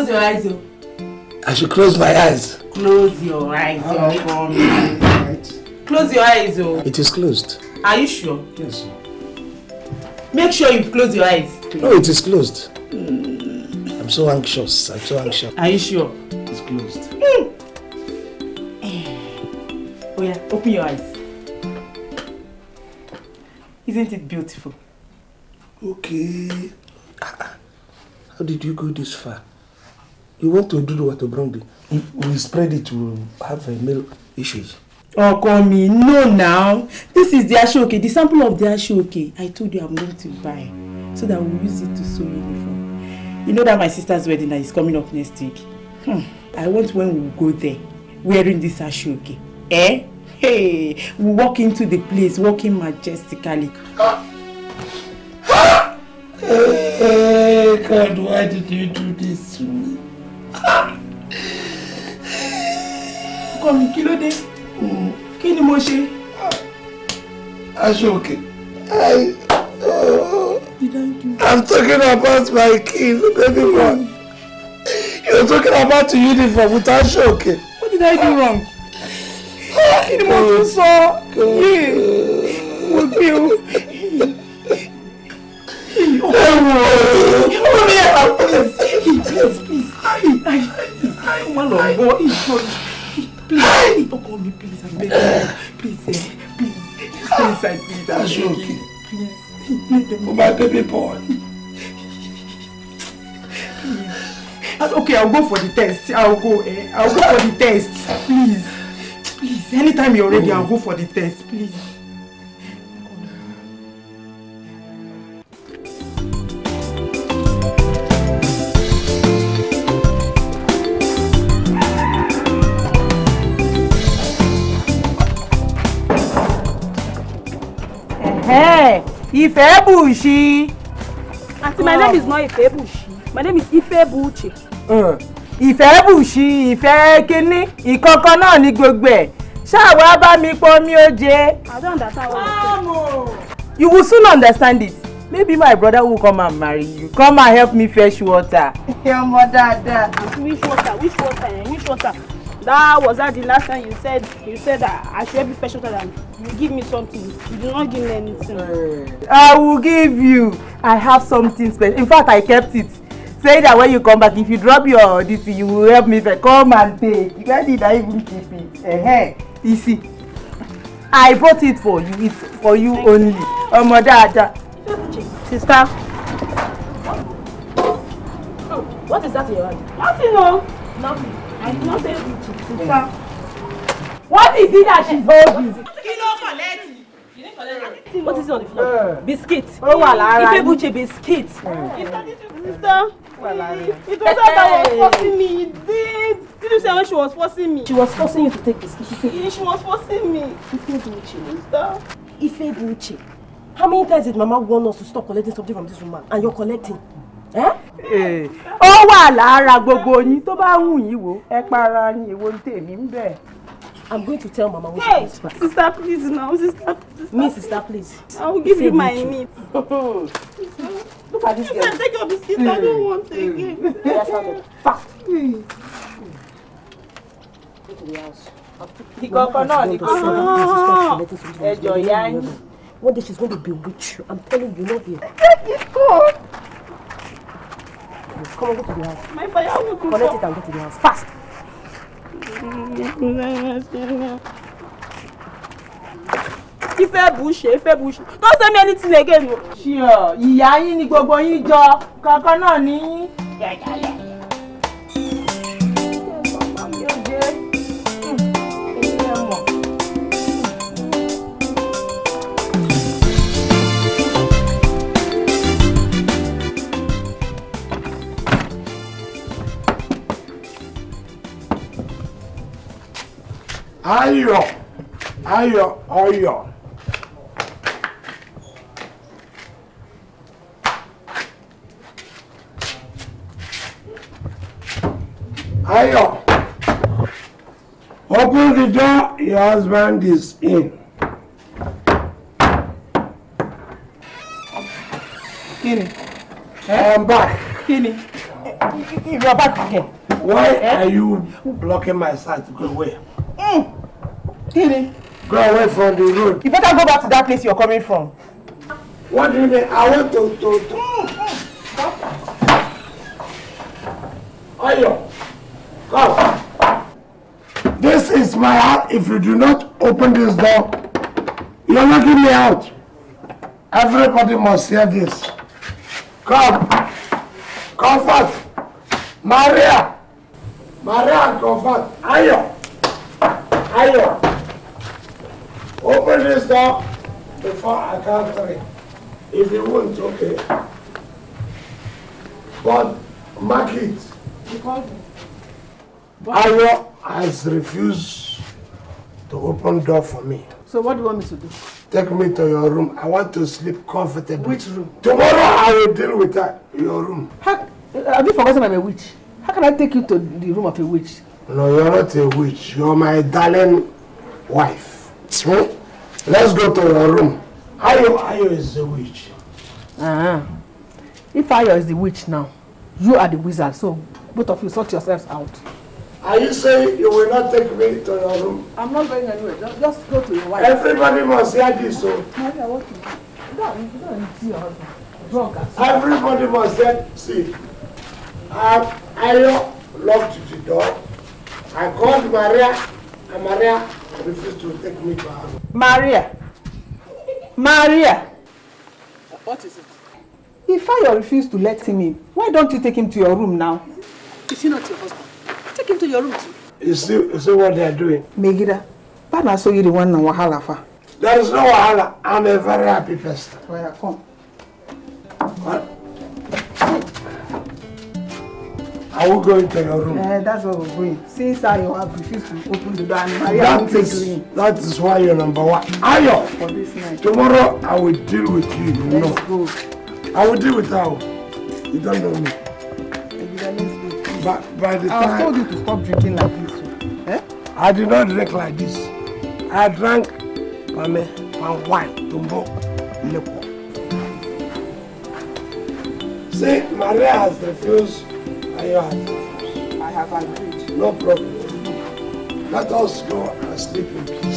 close your eyes. Oh. I should close my eyes. Close your eyes. Oh, All right. Close your eyes. Oh. It is closed. Are you sure? Yes. Make sure you close your eyes. No, it is closed. Mm. I'm so anxious. I'm so anxious. Are you sure? It's closed. Mm. Oh yeah, open your eyes. Isn't it beautiful? Okay. Ah, ah. How did you go this far? you want to do the what Obrandi? We spread it to have a uh, male issues. Oh, call me. no now. This is the ashoke, the sample of the ashoke. I told you I'm going to buy so that we'll use it to sew uniform. You know that my sister's wedding is coming up next week. Hmm. I want when we go there wearing this ashoke. Eh? Hey, we walk into the place walking majestically. hey, ah! ah! eh, God, why did you do this to me? ọkọ mi kí ló dé mm. kí ni mo ṣe. aṣọ I'm talking about my kids, baby one. You're talking about the uniform without Shoke. What did I do wrong? Ah, kí ni mo tún sọ? Yé, mo gbé o ọmọ please, please, please, please please má lọ gbọ́ ìjọjú please ọkọ mi please abeg please please please I beg ask you please for my baby boy. Okay, I'll go for the test. I'll go. Eh? I'll go for the test. Please. Please. Anytime you're ready, I'll go for the test. Please. Ìfẹ́ Bùṣí. Aunty, my name is not Ìfẹ́ Bùṣí. My name is Ìfẹ́ Bùṣí. Ìfẹ́ Bùṣí, ìfẹ́ kínní, ìkọ̀kan náà ni gbogbo ẹ̀. Ṣáàwọ̀ á bá mi pọ́n mi ó I don't understand what you say. You will soon understand it. Maybe my brother will come and marry you. Come and help me fetch water. Ọmọ dáadáa. Which water? Which water? Which water? that was that the last time you said you said that I should be patient and you give me something. You do not give me anything. I will give you. I have something special. In fact, I kept it. Say that when you come back, if you drop your DC, you will help me. Come and take. You guys did not even keep it. Eh, uh You see, I bought it for you. It's for you Thank only. You. Oh, mother, Sister. what is that in your hand? Nothing, no. Nothing. I did not say to serve. What is it that she's holding? Kí ló What is it on the floor? Biscuit. Oh well, wà lára. Ife a biscuit. Sister, it was her that was forcing me. did. you see when she was forcing me? She was forcing you to take biscuit. She was forcing me. Ife buche. Sister. Ife buche. How many times did Mama warn us to stop collecting something from this woman and you're collecting? Eh? Eh. ó wà lára gbogbo yín tó bá wù yín wò ẹ para yín èwo ní tèmi ń bẹ̀. I'm going to tell Mama what hey, to do. Sister, please now. Sister, sister. Me, sister, please. I will give you my meat. Look at this girl. You can take your biscuit. I don't want it mm. again. That's how the fact. Go to ah. the house. Ìkọ̀kọ̀ náà ni kò sọ̀rọ̀. Ẹjọ̀ ìyá yín. One day she's going to bewitch you. I'm telling you, not here. Let it go please. Come on, go to the house. My firewood. Connect it and go to the house. Fast. Ife buṣe, ife buṣe. Don't send me anything again. Sure, ìyá yín ni gbogbo yín jọ, kankan náà ni yín. ayọ̀ ayọ̀ ọyọ̀. ayọ̀ open the door your husband is in. Kini. Eh? I'm back. Kini. You're back again. Why eh? are you blocking my sight to go away? Mm. Kini? Go away from the road. You better go back to that place you're coming from. What do you mean? I want to... to, to. Mm, mm. Ayo, go. This is my house. If you do not open this door, you're not getting me out. Everybody must hear this. Come. Comfort. Maria. Maria and Comfort. Ayo. Ayo. Open this door before I come three. If you won't, okay. But mark it. Ayo has refused to open door for me. So what do you want me to do? Take me to your room. I want to sleep comfortably. Which room? Tomorrow I will deal with that, your room. How, have you forgotten I'm a witch? How can I take you to the room of a witch? No, you're not a witch. You're my darling wife. So, let's go to your room. Ayo, Ayo is the witch. Uh-huh. If Ayo is the witch now, you are the wizard, so both of you sort yourselves out. Are you saying you will not take me to your room? I'm not going anywhere. Just, go to your wife. Everybody must hear this, so. Maria, what don't, you don't see your husband. Drunk Everybody must hear. See, I, um, Ayo locked the door. I called Maria Maria refused to take me to her. Maria. Maria. What is it? If Ifeanyi refused to let him in, why don't you take him to your room now? Is he not your husband? Take him to your room too. You see, you see what they are doing? Megida, Bana so you the one na wahala fa. There is no wahala. I'm a very happy person. Well, come. What? Are we going to your room? Uh, that's what we're going. Since I have refused to open the door and Maria that is, That is why you're number one. Ayo! For this night. Tomorrow I will deal with you. Let's no. go. I will deal with Ayo. You don't know me. By, by the I time, I told you to stop drinking like this. Eh? I did not drink like this. I drank pame, palm wine, tumbo, liquor. See, Maria has refused I have agreed. No problem. Let us go and sleep in peace.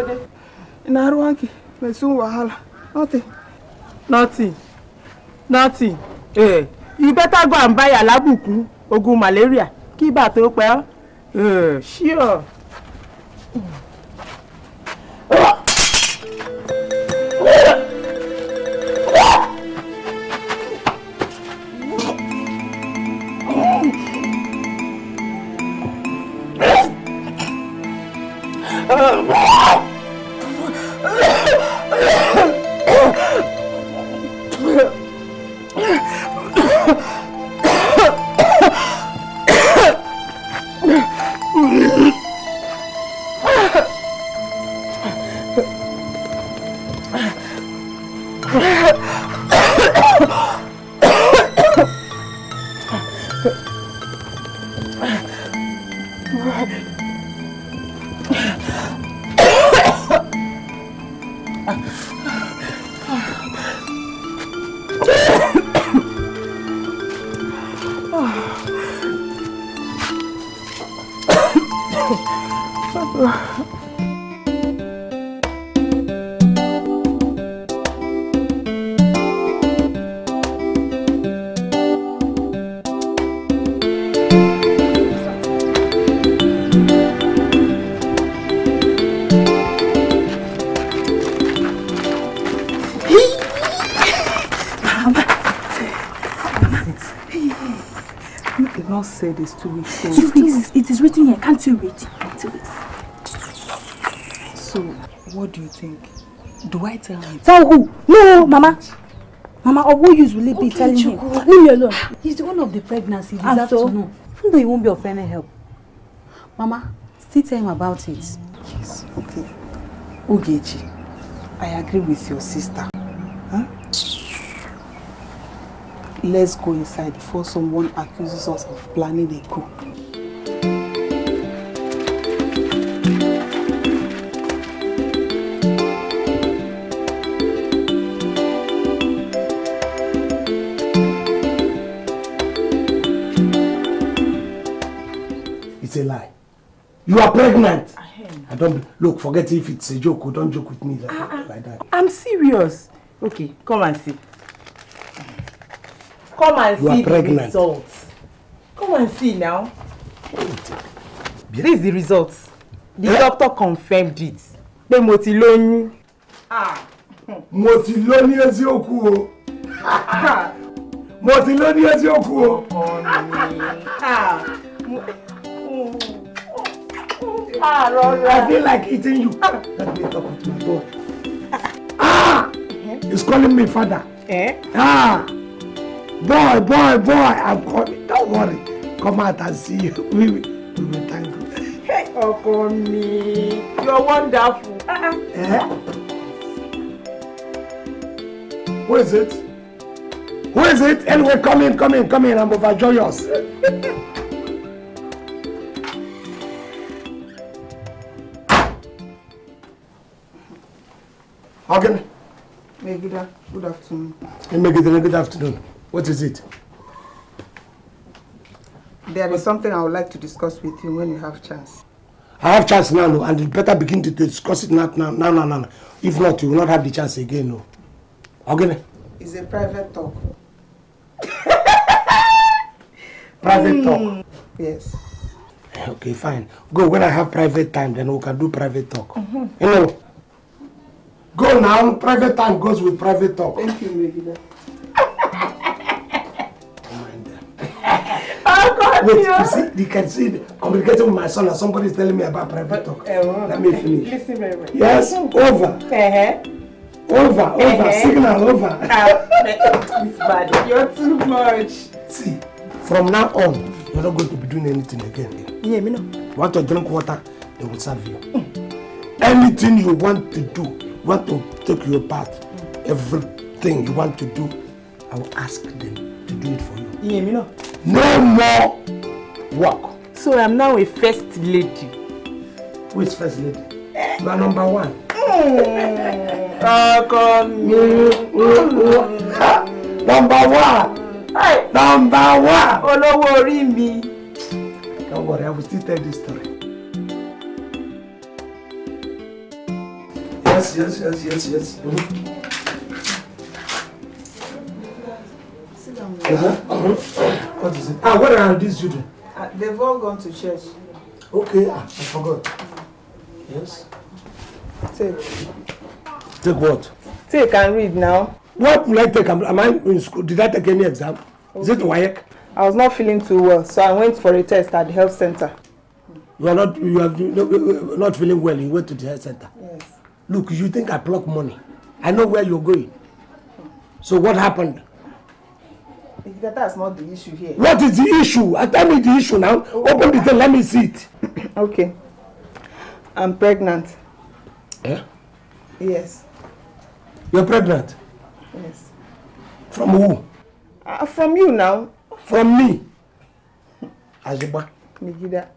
Ị Ina ruwanki, mai sun wahala. Nothing. Nothing. Nothing. Eh, you better go and buy alabuku, oògùn malaria. Kí ibà tó pẹ́ said it's two weeks old. Two weeks. It is written here. Can't you read? Two weeks. So, what do you think? Do I tell him? Tell who? No, Mama. Mama, or who use will it be okay, telling Chuku. him? Leave me alone. He's the one of the pregnancy. He deserves ah, so, to know. Even though he won't be of any help. Mama, still tell him about it. Yes, okay. Ugechi, I agree with your sister. Let's go inside before someone accuses us of planning a coup. It's a lie. You are pregnant. I, don't look. Forget if it's a joke. Oh, don't joke with me like, uh, like that. I'm serious. Okay, come and see. Come and you see the results. Come and see now. This is the results. The eh? doctor confirmed it. Pé mo Ah. Mo ti lọ ní eziokwu o. Mo Ah. Ah, I feel like eating you. Let me talk to my boy. Ah! He's calling me father. Eh? Ah! boy, boy, boy, I'm coming. Don't worry. Come out and see you. We will, we will thank you. Hey, ọkọ mi, you're wonderful. Uh-uh. Eh? Who is it? Who is it? Anyway, come in, come in, come in. I'm overjoyous. Again. Hey, good, good afternoon. Hey, good afternoon. What is it? There is something I would like to discuss with you when you have chance. I have chance now, no, and you better begin to discuss it now, now, now, now, now. If not, you will not have the chance again, no. Okay? It's a private talk. private mm. talk? Yes. Okay, fine. Go, when I have private time, then we can do private talk. Mm -hmm. You know? Go now, private time goes with private talk. Thank you, Megida. Wait, you see, you can see, communicating with my son and somebody is telling me about private talk. Uh, Let me finish. Listen very well. Yes, over. Uh-huh. Over, over, uh-huh. signal over. Uh, it's bad. You're too much. See, from now on, you're not going to be doing anything again. Yeah, me no. Want to drink water, they will serve you. Anything you want to do, want to take your part, everything you want to do, I will ask them to do it for you ìyẹn mi náà. no more work. so i'm now a first lady. who is first lady. you are number one. Hmm. ọkọ number one. number one. olówó orí mi. don't worry i will still tell this story. yes yes yes yes yes. Uh-huh. Uh-huh. What is it? Ah, where are these children? Uh, they've all gone to church. Okay, ah, I forgot. Mm. Yes. Take. Take what? Take and read now. What will I take? Am I in school? Did I take any exam? Okay. Is it WAEC? I was not feeling too well, so I went for a test at the health center. You are not you are not feeling well. You went to the health center. Yes. Look, you think I pluck money? I know where you're going. So what happened? That's not the issue here. What is the issue? Tell me the issue now. Oh. Open the thing, let me see it. Okay. I'm pregnant. Yeah? Yes. You're pregnant? Yes. From who? Uh, from you now. From me? Azuba. Megida.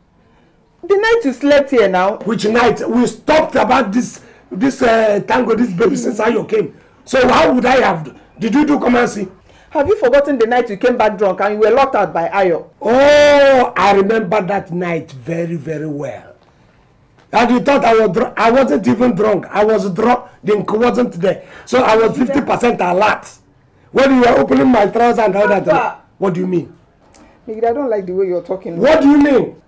The night you slept here now. Which night? We talked about this this uh, tango, this baby since I came. So how would I have... Did you do come and see? Have you forgotten the night you came back drunk and you were locked out by Ayo? Oh, I remember that night very, very well. And you thought I was drunk. I wasn't even drunk. I was drunk. The ink wasn't there. So I was fifty percent alert. When you were opening my trousers and all that. What do you mean? Migida, I don't like the way you're talking. What do you mean?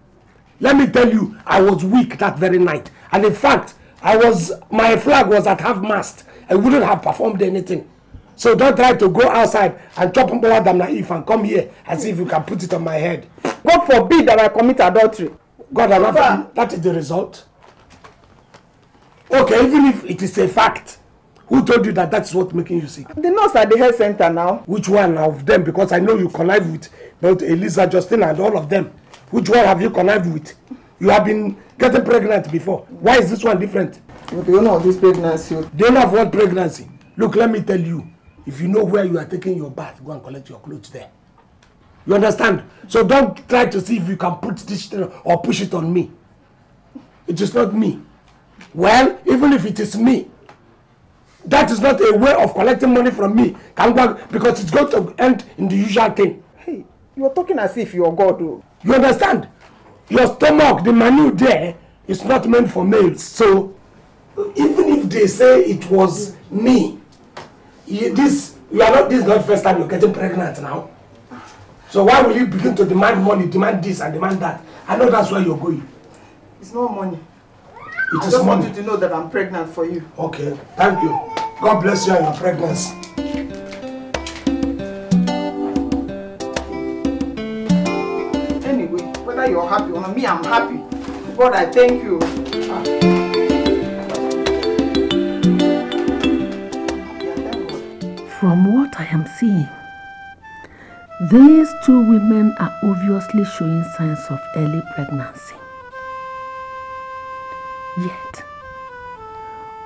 Let me tell you, I was weak that very night. And in fact, I was my flag was at half mast. I wouldn't have performed anything. So don't try to go outside and chop mbola dam naif and come here and see if you can put it on my head. God forbid that I commit adultery. God, I'm not, that is the result. Okay, even if it is a fact, who told you that that is what making you sick? The nurse at the health center now. Which one of them? Because I know you connive with both Eliza, Justin, and all of them. Which one have you connived with? You have been getting pregnant before. Why is this one different? Well, do you know this pregnancy? Do you know what pregnancy? Look, let me tell you. If you know where you are taking your bath, go and collect your clothes there. You understand? So don't try to see if you can put this or push it on me. It is not me. Well, even if it is me, that is not a way of collecting money from me. Because it's going to end in the usual thing. Hey, you are talking as if you are God. Oh. You understand? Your stomach, the money there, is not meant for males. So even if they say it was me, this you are not this is not first time you're getting pregnant now so why will you begin to demand money demand this and demand that i know that's where you're going it's not money it I is just want you to know that i'm pregnant for you okay thank you god bless you and your pregnancy anyway whether you're happy or not me i'm happy god i thank you ah. From what I am seeing, these two women are obviously showing signs of early pregnancy. Yet,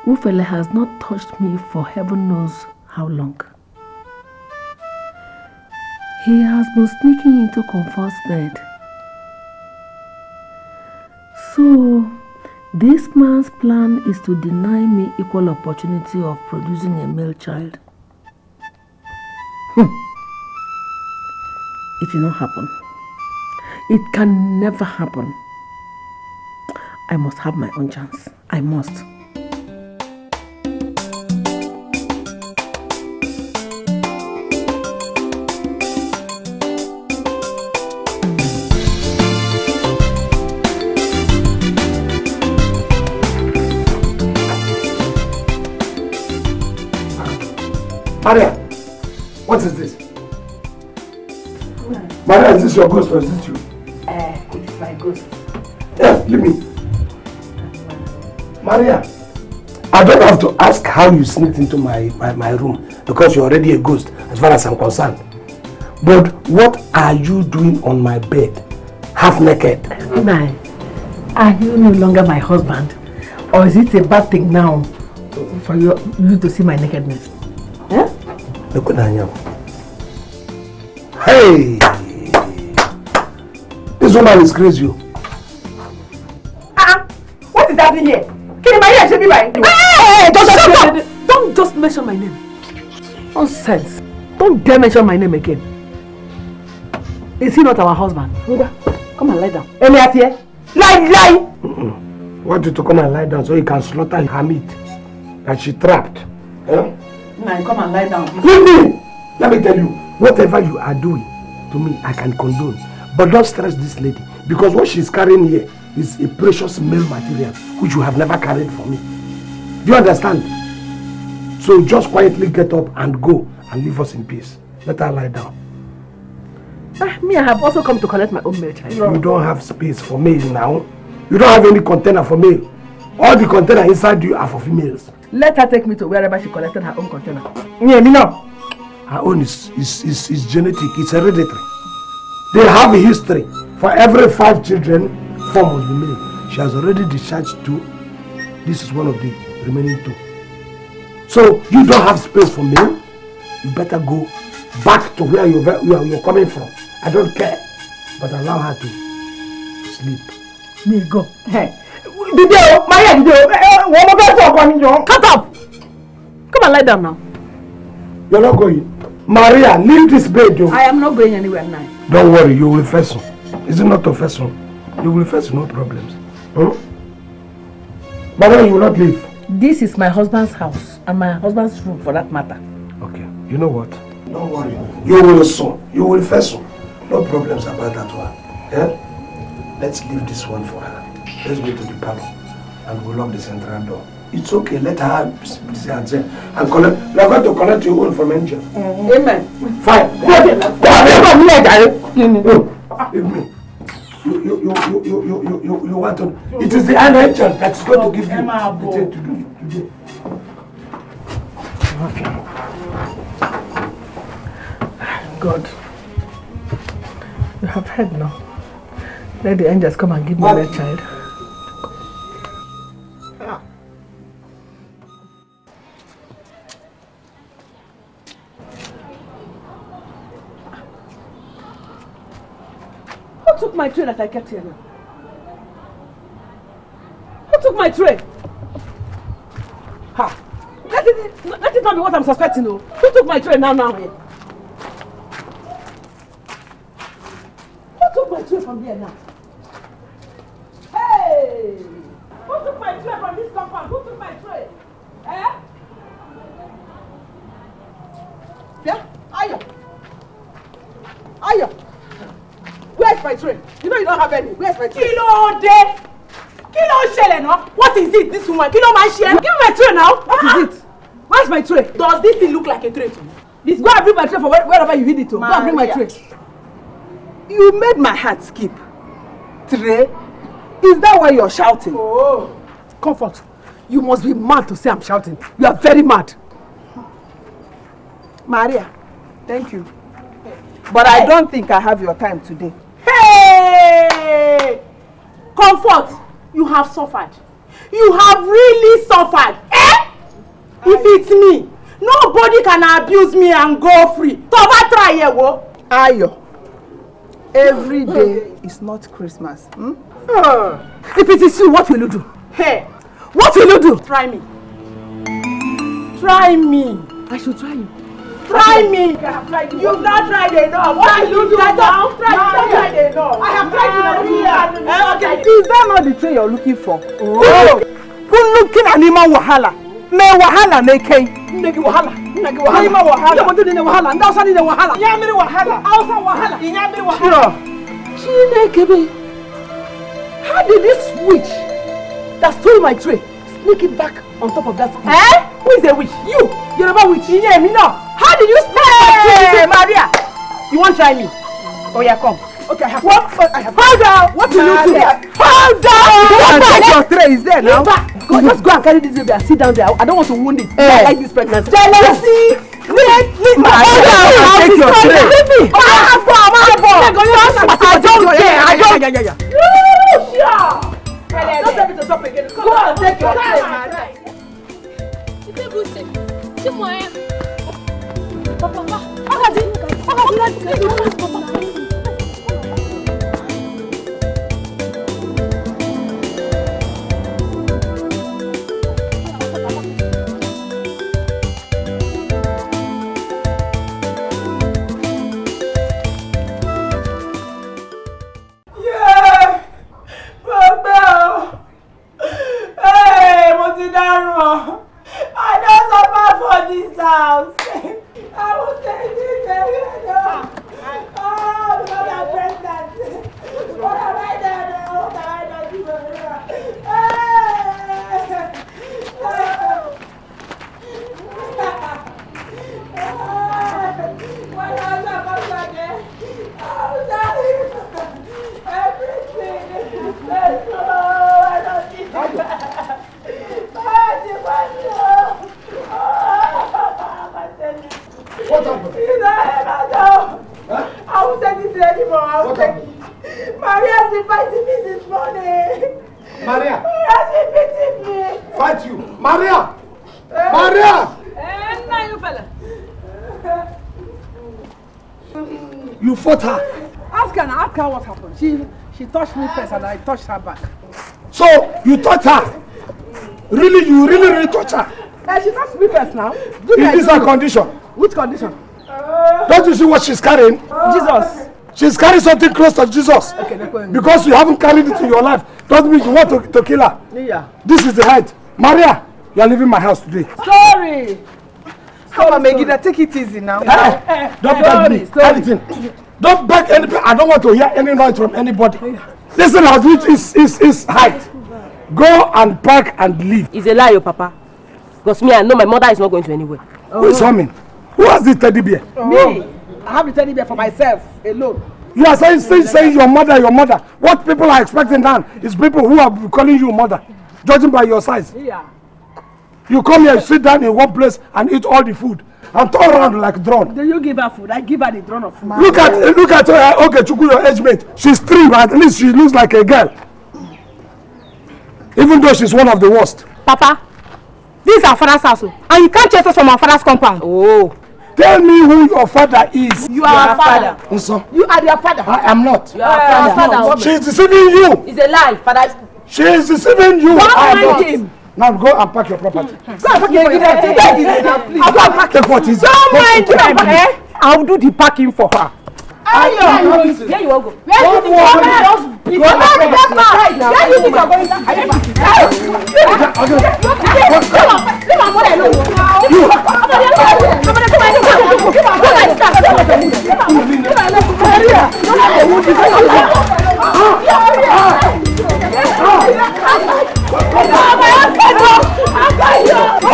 Ufele has not touched me for heaven knows how long. He has been sneaking into Comfort's bed. So, this man's plan is to deny me equal opportunity of producing a male child. Hmm. It did not happen. It can never happen. I must have my own chance. I must. Maria! What is this? Maria, is this your ghost or is this you? Uh, it is my ghost. Yeah, leave me. Maria, I don't have to ask how you sneaked into my, my, my room because you're already a ghost as far as I'm concerned. But what are you doing on my bed, half naked? Nai, are you no longer my husband? Or is it a bad thing now for you, you to see my nakedness? Huh? Eh? Look at that Hey! This woman is crazy. Oh. Ah! Uh, what is happening here? Can you my ear ṣe bí báyìí? Hey! Don't just shut up! Don't just mention my name. Nonsense. Don't dare mention my name again. Is he not our husband? Rhoda, come and lie down. Èmi here, Lie, lie! Want you to come and lie down so you can slaughter her meat that she trapped. Huh? Eh? Now come and lie down. Leave me! Let me tell you. Whatever you are doing to me, I can condone. But don't stress this lady because what she's carrying here is a precious male material which you have never carried for me. Do you understand? So just quietly get up and go and leave us in peace. Let her lie down. Ah, me, I have also come to collect my own mail, child. You don't have space for mail now. You don't have any container for mail. All the container inside you are for females. Let her take me to wherever she collected her own container. Yeah, me now. Her own is, is, is, is genetic, it's hereditary. They have a history. For every five children, four must be male. She has already discharged two. This is one of the remaining two. So you don't have space for male. You better go back to where you're, where you're coming from. I don't care, but allow her to sleep. Me go. Hey. Did you? My head, did you? One of us are Cut up! Come and lie down now. You're not going. Maria, leave this bed. Though. I am not going anywhere now. Don't worry, you will face first. Is it not a first one? You will face no problems. huh? Hmm? But then you will not leave. This is my husband's house and my husband's room for that matter. Okay. You know what? Don't worry. You will soon. You will face first. No problems about that one. Yeah? Let's leave this one for her. Let's go to the parlor and we'll lock the central door. It's okay. Let her be herself and collect. We are going to collect your own from angel. Mm-hmm. Amen. Fine. Leave me. You, you, you, you, you, you, you, you want to. It is the hand angel that's going to give you the to do today. God, you have heard now. Let the angels come and give me that child. my tray that I kept here now? Who took my tray? Ha! Let it, let it not be what I'm suspecting, though. Who took my tray now, now, here? Eh? Who took my tray from here now? Hey! Who took my tray from this compound? Who took my tray? Eh? Yeah? Ayo! Ayo! where's my tray you know you don't have any where's my tray. Kilo ló kilo kí ló what is it this woman Kilo ló máa give me my tray now ah! what is it where's my tray. does this thing look like a tray to you. this go and bring my tray for wherever you need it to go and bring my tray. you made my heart skip tray is that why you're shouting. Oh. comfort you must be mad to say i'm shouting you are very mad. Maria thank you. But hey. I don't think I have your time today. Hey! Comfort, you have suffered. You have really suffered. Eh? If it's me, nobody can abuse me and go free. Toba try ẹ wo. Ayo. every day is not Christmas. Hmm? Uh. If it is you, what will you do? Hey. What will you do? Try me. Try me. I should try you try me. You have You've not tried enough. What will you do now? I have tried enough. I have tried enough. Eh, okay. Is that not the thing you're looking for? Oh. Who looking at him wahala? Me wahala me kei. Nne gi wahala. Nne gi wahala. Nne gi wahala. Nne gi wahala. Nne gi wahala. Nne gi wahala. Nne gi wahala. Nne gi wahala. Chineke be. How did this witch that stole my tray sneak it back on top of that witch. Eh? Who is a witch? You! Yoruba witch, yeah, me now? How did you spell hey, Maria? You won't try me. Oh yeah, come. Okay, I have what? I have Hold down. What will you do? Hold on! Go and take your tray, is there now? Go, just go and carry this baby and sit down there. I don't want to wound it. Hey. Eh. I like this pregnancy. Jealousy! Leave, leave me. Hold ah, on! take your tray. Leave me! I have bomb! I'm a bomb! I don't care! I don't care! Yeah! Don't tell me to stop again. Go and take your tray, man. Déboussé. C'est moi. Papa, papa, papa, papa, papa, papa, papa, papa, papa, papa, papa, house. been fighting me this morning. Maria. He has been beating me. Fight you. Maria. Uh, Maria. Uh, eh, now you fella. You fought her. Ask her now. Ask her what happened. She she touched me first and I touched her back. So you touched her? Really, you really, really touched her? Uh, she touched me first now. Do In this condition. Which condition? Don't you see what she's carrying? Jesus. She's carrying something close to Jesus. Okay, because you haven't carried it in your life, doesn't mean you want to, to kill her. Yeah. This is the height, Maria, you are leaving my house today. Sorry. Come on, Megida, take it easy now. Hey, eh, eh, hey, don't sorry, beg me. Sorry. Anything. Don't beg anybody. I don't want to hear any noise from anybody. Listen, as it is, is, is height. Go and pack and leave. It's a lie, your papa. Because me, I know my mother is not going to anywhere. Oh. Who is coming? Who has this teddy bear? Oh. Me. I have returned it there for myself alone. You are saying, still saying your mother, your mother. What people are expecting now is people who are calling you mother, judging by your size. Yeah. You come here, you sit down in one place and eat all the food and turn around like a drone. Do you give her food? I give her the drone of food. Look at look at her. Uh, okay, Chukwu, your age mate. She's three, but at least she looks like a girl. Even though she's one of the worst. Papa, this is our father's house, oh. and you can't chase us from our father's compound. Oh. Tell me who your father is. You are her father. Nso. You are your father. I am not. You are her father. She is deceiving you. It's a lie, father. She is deceiving you. Don't I am Him. Now go and pack your property. Go and pack your property. I'll go and pack Take what is Don't mind him. I'll do the packing for her. Ayo, here you go. Where is the If you don't remember, then you think you're going to die. Come on, leave my mother alone. You. All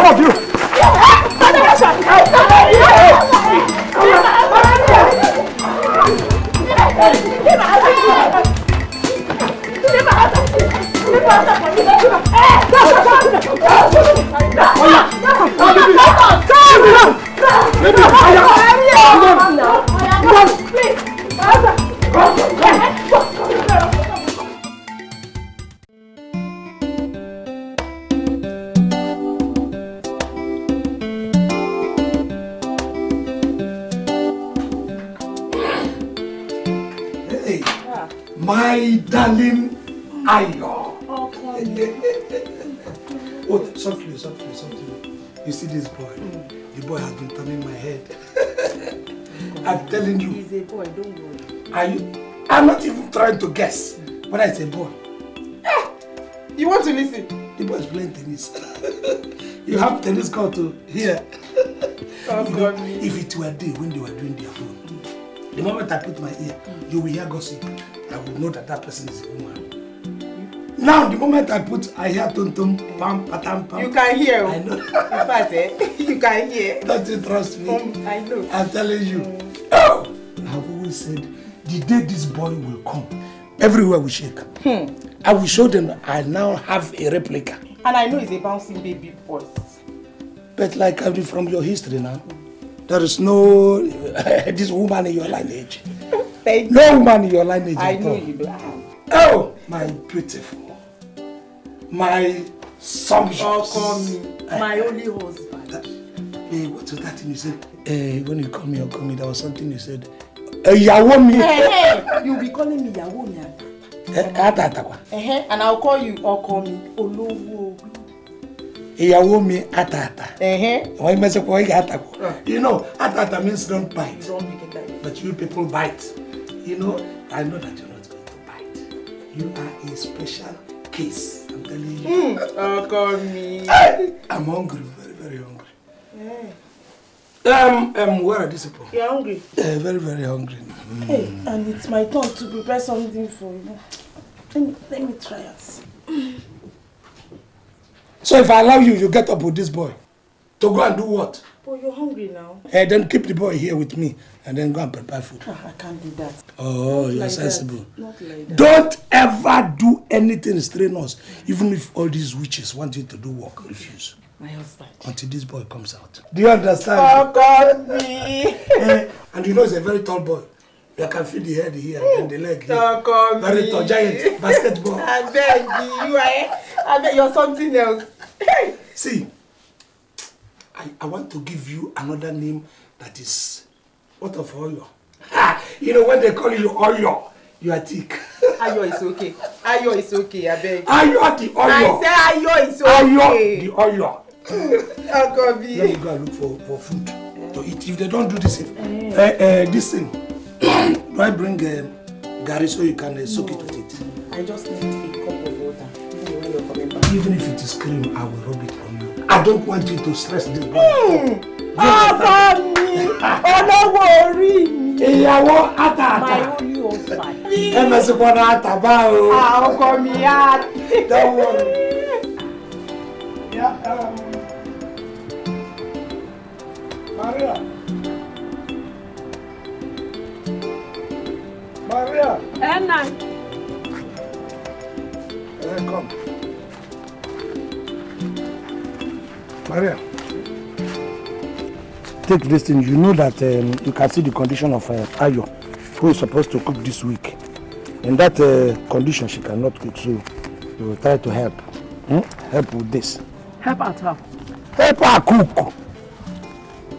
of you. Come on. My darling ayọ̀. oh, softly, softly, softly. You see this boy? Mm. The boy has been turning my head. I'm telling you. He's a boy, don't worry. Are you? I'm not even trying to guess mm. whether it's a boy. Ah, you want to listen? The boy is playing tennis. you have tennis court to hear. Oh, you know, if it were day when they were doing their phone, the moment I put my ear, you will hear gossip. I will know that that person is a woman. Now, the moment I put, I hear tum tum, pam, patam, pam. You can hear. Oh. I know. In fact, eh? You can hear. Don't you trust me? Um, I know. I'm telling you. Mm. Oh! have always said, the day this boy will come, everywhere we shake. Hmm. I will show them I now have a replica. And I know it's a bouncing baby voice. But like from your history now, there is no this woman in your lineage. Thank no you. woman in your lineage I at know all. you don't Oh, my beautiful my Oh, call me. my only husband. Hey, eh, eh, what was that thing you said? Hey, eh, when you call me call me, that was something you said. Ìyàwó Hey, you'll be calling me ìyàwó mi Uh huh. And I'll call you ọkọ mi olówó. Ìyàwó mi àtàtà. Àwọn ìmẹ̀sẹ̀kọ̀ wọ́n yìí àtàkọ̀. You You know, àtàtà means don't bite. But you people bite. You know, I know that you're not going to bite. You are a special case. I'm telling you. Mm. Oh, call me. I'm hungry, very, very hungry. Yeah. Um, um, where are these people? You're hungry? Yeah, very, very hungry. Mm. Hey, and it's my turn to prepare something for you. Let me, let me try it. Mm. So if I allow you, you get up with this boy. To go and do what? Oh, you're hungry now. Hey, eh, then keep the boy here with me and then go and prepare food. Ah, I can't do that. Oh, not you're like sensible. That. Not like that. Don't ever do anything strenuous, mm even if all these witches want you to do work. Refuse. My husband. Until this boy comes out. Do you understand? Oh, God, me. Eh, and you know he's a very tall boy. You can feel the head here and the leg here. Oh, God, Very me. tall, giant, basketball. And then you, are, I beg you're something else. Hey. See, I, I want to give you another name that is What of Oyo? You know when they call you Oyo, you are thick. Ayo is okay. Ayo is okay, I beg. Ayo the Oyo. I say Ayo is okay. Ayo the Oyo. Uncle B. Let me go and look for, for food to eat. If they don't do this, if, uh, uh, this thing, do I bring uh, garri so you can uh, soak no. it with it? I just need a cup of water. Even if it is cream, I will rub it on you. I don't want you to stress this boy. Mm ọkọ mi olówó orí mi. ìyàwó àtàtà ms bọ́dà àtàbà o. ọkọ mi á. dánwò. Um, Maria. Maria. Anna. Hey, come. Maria take this thing you know that um, you can see the condition of uh, Ayo who is supposed to cook this week in that uh, condition she cannot cook so you will try to help hmm? help with this help at how help her cook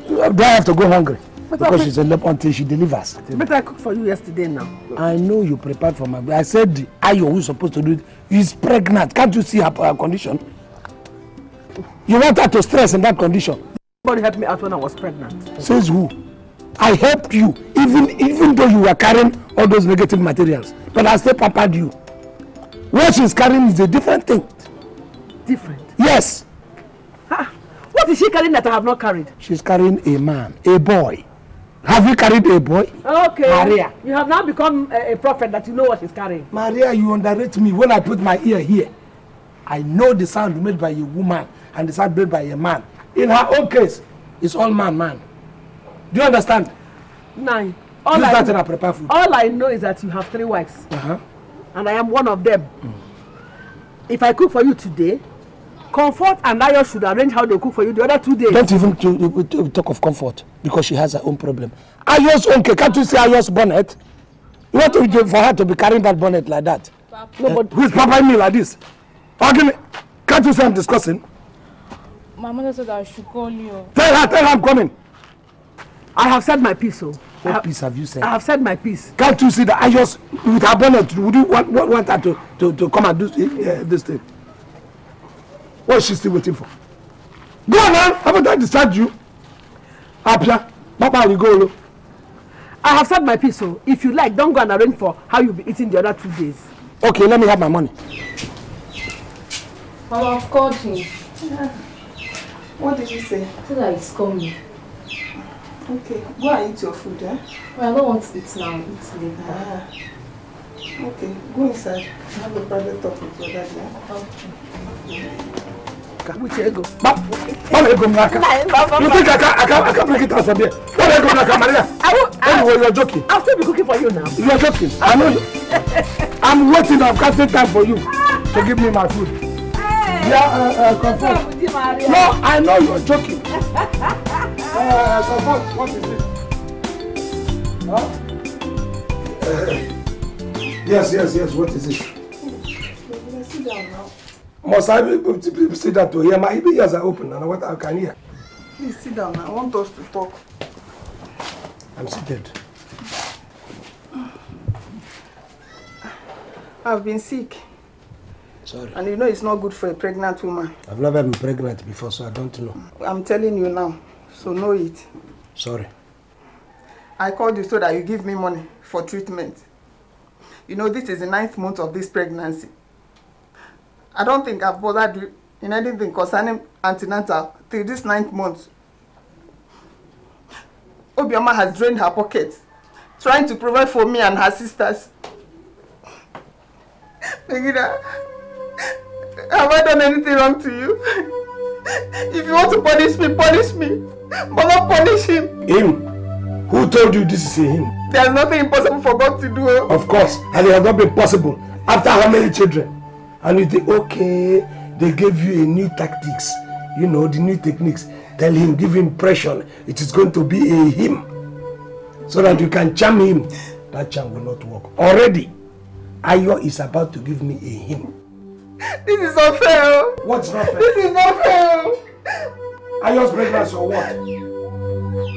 you don't have to go hungry but because she's a lep until she delivers but I cooked for you yesterday now I know you prepared for my I said Ayo who's supposed to do it is pregnant can't you see her, her condition you want her to stress in that condition Nobody helped me out when I was pregnant. Says who? I helped you, even, even though you were carrying all those negative materials. But I still pampered you. What she's carrying is a different thing. Different? Yes. Ah, what is she carrying that I have not carried? She's carrying a man, a boy. Have you carried a boy? Okay. Maria. You have now become a, a prophet that you know what she's carrying. Maria, you underrate me. When I put my ear here, I know the sound made by a woman and the sound made by a man in her own case, it's all man, man. Do you understand? Nine. All Use I that know, and I prepare food. All I know is that you have three wives. Uh-huh. And I am one of them. Mm. If I cook for you today, Comfort and Ayo should arrange how they cook for you the other two days. Don't even talk of Comfort because she has her own problem. Ayo's own cake. Can't you see Ayo's bonnet? You want to, for her to be carrying that bonnet like that? Papa. No, eh, but uh, who's pampering me like this? Argument. Can't you see I'm discussing? My mother said I should call you. Tell her, tell her I'm coming. I have said my piece, oh. What have, piece have you said? I have said my piece. Can't you see that I just, with her bonnet, would you want, want, want her to, to, to come and do uh, this thing? What is she still waiting for? Go on now, haven't I discharged you? Apia, Papa, you go. Oh. I have said my piece, so oh. if you like, don't go and arrange for how you'll be eating the other two days. Okay, let me have my money. Mama, I've called him. What did you say? I said that it's coming. Okay, go and eat your food, eh? Well, I don't want to eat now, eat later. Ah. Okay, go inside. Have a private talk with your dad, yeah? Okay. Which ego? Mama ego mnaka. You think I can't, I can't, I can break it out from here? Mama ego mnaka, Maria. I will. Anyway, you're joking. I'll still be cooking for you now. You're joking. I know. I'm waiting. I've got time for you to give me my food. Yeah, uh, uh, No, I know you're joking. uh, what is it? Huh? Uh, yes, yes, yes, what is it? Must I be, be, be, be sit down to hear? My ears are open and what I can hear. Please sit down. I want us to talk. I'm seated. I've been sick. Sorry. And you know it's not good for a pregnant woman. I've never been pregnant before, so I don't know. I'm telling you now, so know it. Sorry. I called you so that you give me money for treatment. You know, this is the ninth month of this pregnancy. I don't think I've bothered you in anything concerning antenatal till this ninth month. Obioma has drained her pockets, trying to provide for me and her sisters. Megida, Have I done anything wrong to you? If you want to punish me, punish me. But not punish him. Him? Who told you this is him? There's nothing impossible for God to do. Oh. Of course, and it has not been possible. After how many children? And you think, okay, they gave you a new tactics, you know, the new techniques. Tell him, give him pressure. it is going to be a him. So that you can charm him. That charm will not work. Already, Ayo is about to give me a him. This is not fair. What's not fair? This is not fair. Are just break my or what?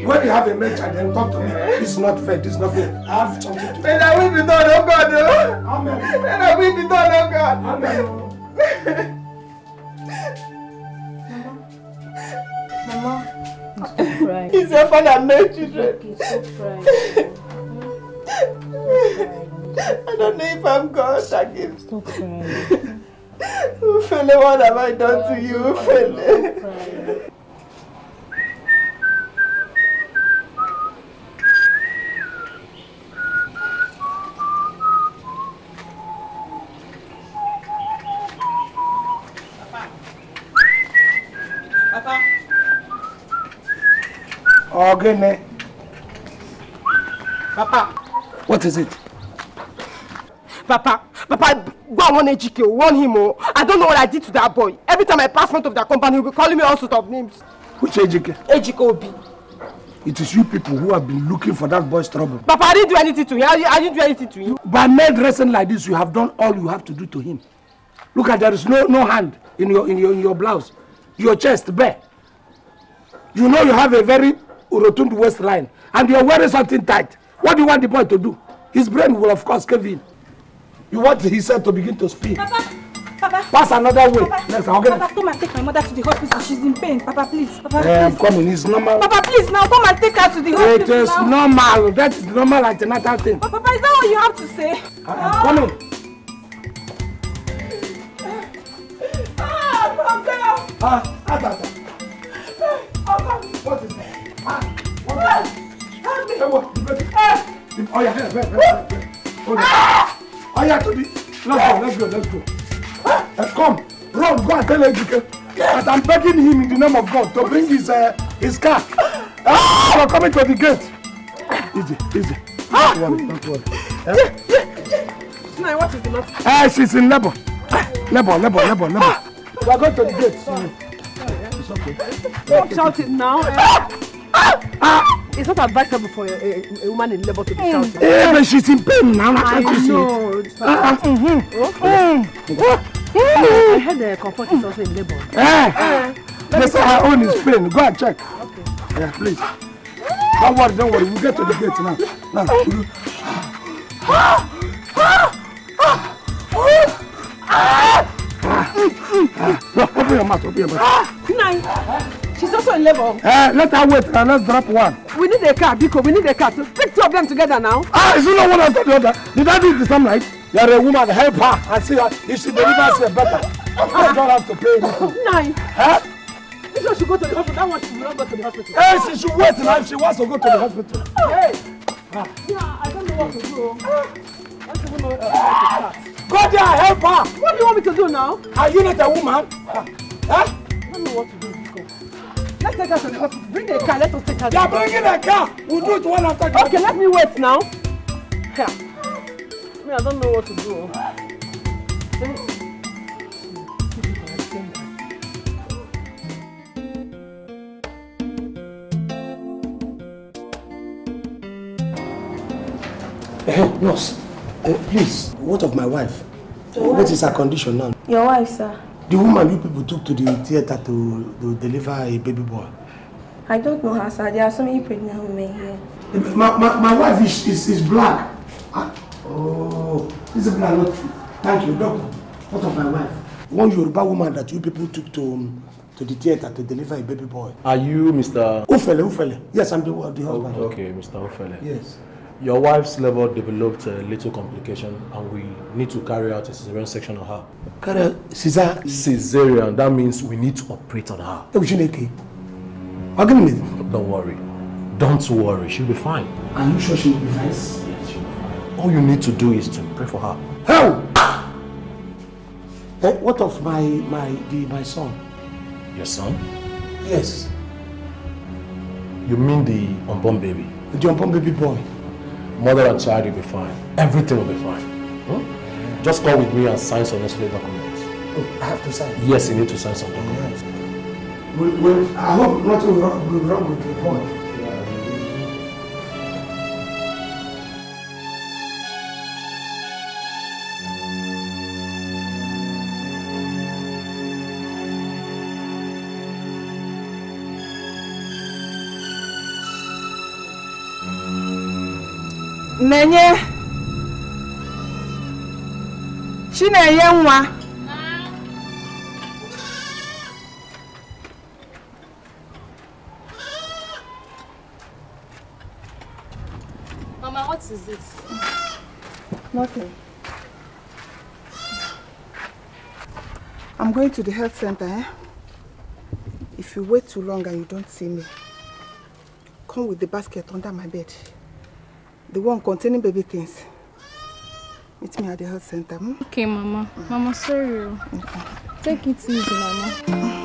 When you have a mate and then talk to me, it's not fair, It's not fair. I have something to do. And I will be done, oh God. Oh. Amen. And I will be done, oh God. Amen. Mama. Mama. Don't He's your father, no children. do crying. I don't know if I'm God. Stop crying. Ufele, what have I done to you, Ufele? Ogene. Oh, Papa. What is it? Papa, Papa, go and warn AGK, warn him. Oh. I don't know what I did to that boy. Every time I pass front of that company, he'll be calling me all sorts of names. Which AGK? AGK Obi. It is you people who have been looking for that boy's trouble. Papa, I didn't do anything to him. I, I didn't do anything to him. By men dressing like this, you have done all you have to do to him. Look at there is no no hand in your in your in your blouse, your chest bare. You know you have a very rotund waistline, and you are wearing something tight. What do you want the boy to do? His brain will of course cave in. You want he said to begin to speak. Papa, Papa. Pass another way. Papa, Next, I'll get Papa, come and take my mother to the hospital. She's in pain. Papa, please. Papa, um, please. I'm coming. It's normal. Papa, please now come and take her to the hospital. It is now. normal. That is normal antenatal thing. But Papa, is that all you have to say? I'm uh, ah. Uh, coming. Ah, Papa. Ah, ah, ah, ah. Papa. What is that? Ah, what is that? Ah, help me. Hey, what? Hey. Ah. Oh, yeah, yeah, yeah, yeah. Hold on. Ah! Aya Tobi, let's go, let's go, let's go. Uh, come, run, go and tell Ejike that I'm begging him in the name of God to bring his uh, his car. Uh, eh, we're coming to the gate. Easy, easy. Don't worry, don't worry. Now, what is the matter? Uh, she's in labor. Labor, labor, labor, labor. We're going to the gate. Sorry. Sorry, yeah. It's okay. Stop shouting now. Ah! Ah! It's not advisable for a, a, a woman in labor to be shouting. Yeah, but she's in pain now. I, I know. Uh, mm-hmm. Okay. Mm-hmm. I heard the comfort is also in labor. Eh? They say her own is pain. Go and check. Okay. Yeah, please. Don't worry, don't worry. We'll get to the gate now. Now. Ah, open your mouth, open your mouth. Ah, nine. She's also in level. Uh, let her wait and uh, let's drop one. We need a car, Biko. We need a car. Pick two of them together now. Ah, is it not one after the other? Did I do the same right? You are a woman. Help her and see her. If she delivers, oh. better. I don't have to pay anything. Nine. Huh? This one should go to the hospital. That one should not go to the hospital. Hey, eh, she should wait now if she wants to go to the hospital. Hey. Ah. Yeah, I don't know what to do. I don't know how to start. Go there, help her. What do you want me to do now? Are you not a woman? Huh? I don't know what to do. Let's take her uh, to the hospital. Bring the car. Let us take her. They are bringing the car. We'll do it one after the Okay, let me wait now. Here. Me, I don't know what to do. Uh, nurse, uh, please, what of my wife? what is her condition now? Your wife, sir. The woman you people took to the theater to, to deliver a baby boy. I don't know her, sir. There are so many pregnant women here. My, my, my wife is, is, is black. Huh? Ah, oh, this is black. thank you, doctor. What of my wife? One Yoruba woman that you people took to um, to the theater to deliver a baby boy. Are you Mr. Ufele? Ufele. Yes, I'm the, the husband. okay, Mr. Ufele. Yes. Your wife's liver developed a little complication and we need to carry out a cesarean section on her. Carry out cesar cesarean, that means we need to operate on her. Don't worry. Don't worry, she'll be fine. Are you sure she'll be fine? Yes, she'll be fine. All you need to do is to pray for her. Hell! Hey, what of my my the, my son? Your son? Yes. You mean the unborn baby? The unborn baby boy. Mother and child will be fine. Everything will be fine. Hmm? Just come with me and sign some necessary documents. Oh, I have to sign? Yes, you need to sign some documents. Well, well, I hope nothing will wrong with the point. na-enye chinenye nwa Mama, what is this? Nothing. I'm going to the health center, eh? If you wait too long and you don't see me, come with the basket under my bed the one containing baby things. Meet me at the health center. Hmm? Okay, Mama. Mm. Mama, sorry. Okay. Oh. Take it easy, Mama. Mm.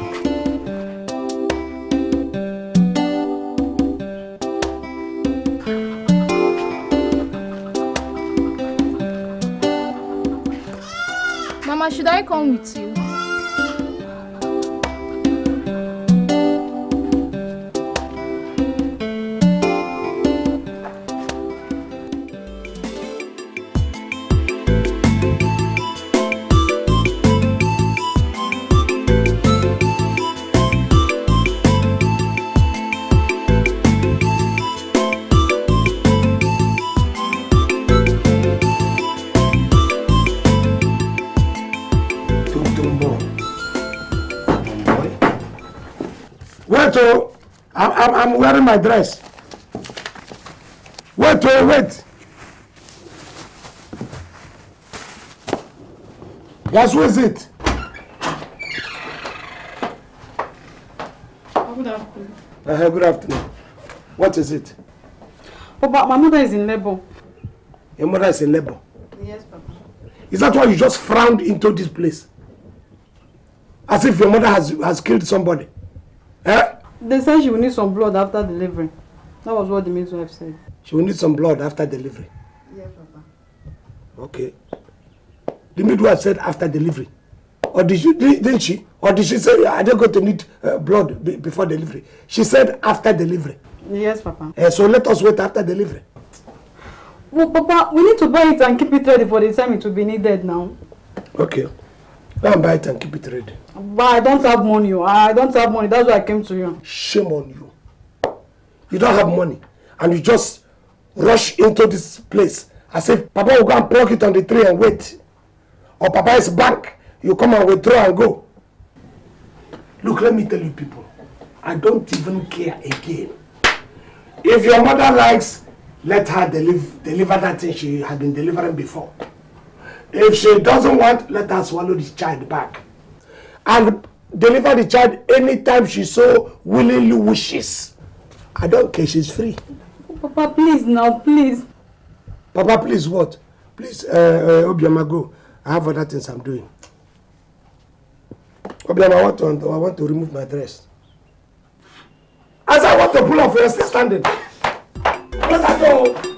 Mama, should I come with you? I'm wearing my dress. Wait, wait, wait. Yes, who is it? Oh, good afternoon. Uh, good afternoon. What is it? Papa, oh, my mother is in labor. Your mother is in labor? Yes, Papa. Is that why you just frowned into this place? As if your mother has, has killed somebody? Eh? They said she will need some blood after delivery. That was what the midwife said. She will need some blood after delivery? Yes, Papa. Okay. The midwife said after delivery. Or did you, didn't she? Or did she say, are they going to need uh, blood before delivery? She said after delivery. Yes, Papa. Uh, so let us wait after delivery. Well, Papa, we need to buy it and keep it ready for the time it will be needed now. Okay. Go and buy it and keep it ready. But I don't have money. Oh. I don't have money. That's why I came to you. Shame on you. You don't have money. And you just rush into this place as if Papa will go and pluck it on the tree and wait. Or Papa is back. You come and withdraw and go. Look, let me tell you people. I don't even care again. If your mother likes, let her deliver, deliver that thing she had been delivering before. If she doesn't want, let her swallow the child back. And deliver the child anytime she so willingly wishes. I don't care, she's free. Papa, please now, please. Papa, please what? Please, uh, uh, Obiama, go. I have other things I'm doing. Obiama, I want to, I want to remove my dress. As I want to pull off, you're still standing. Let her go.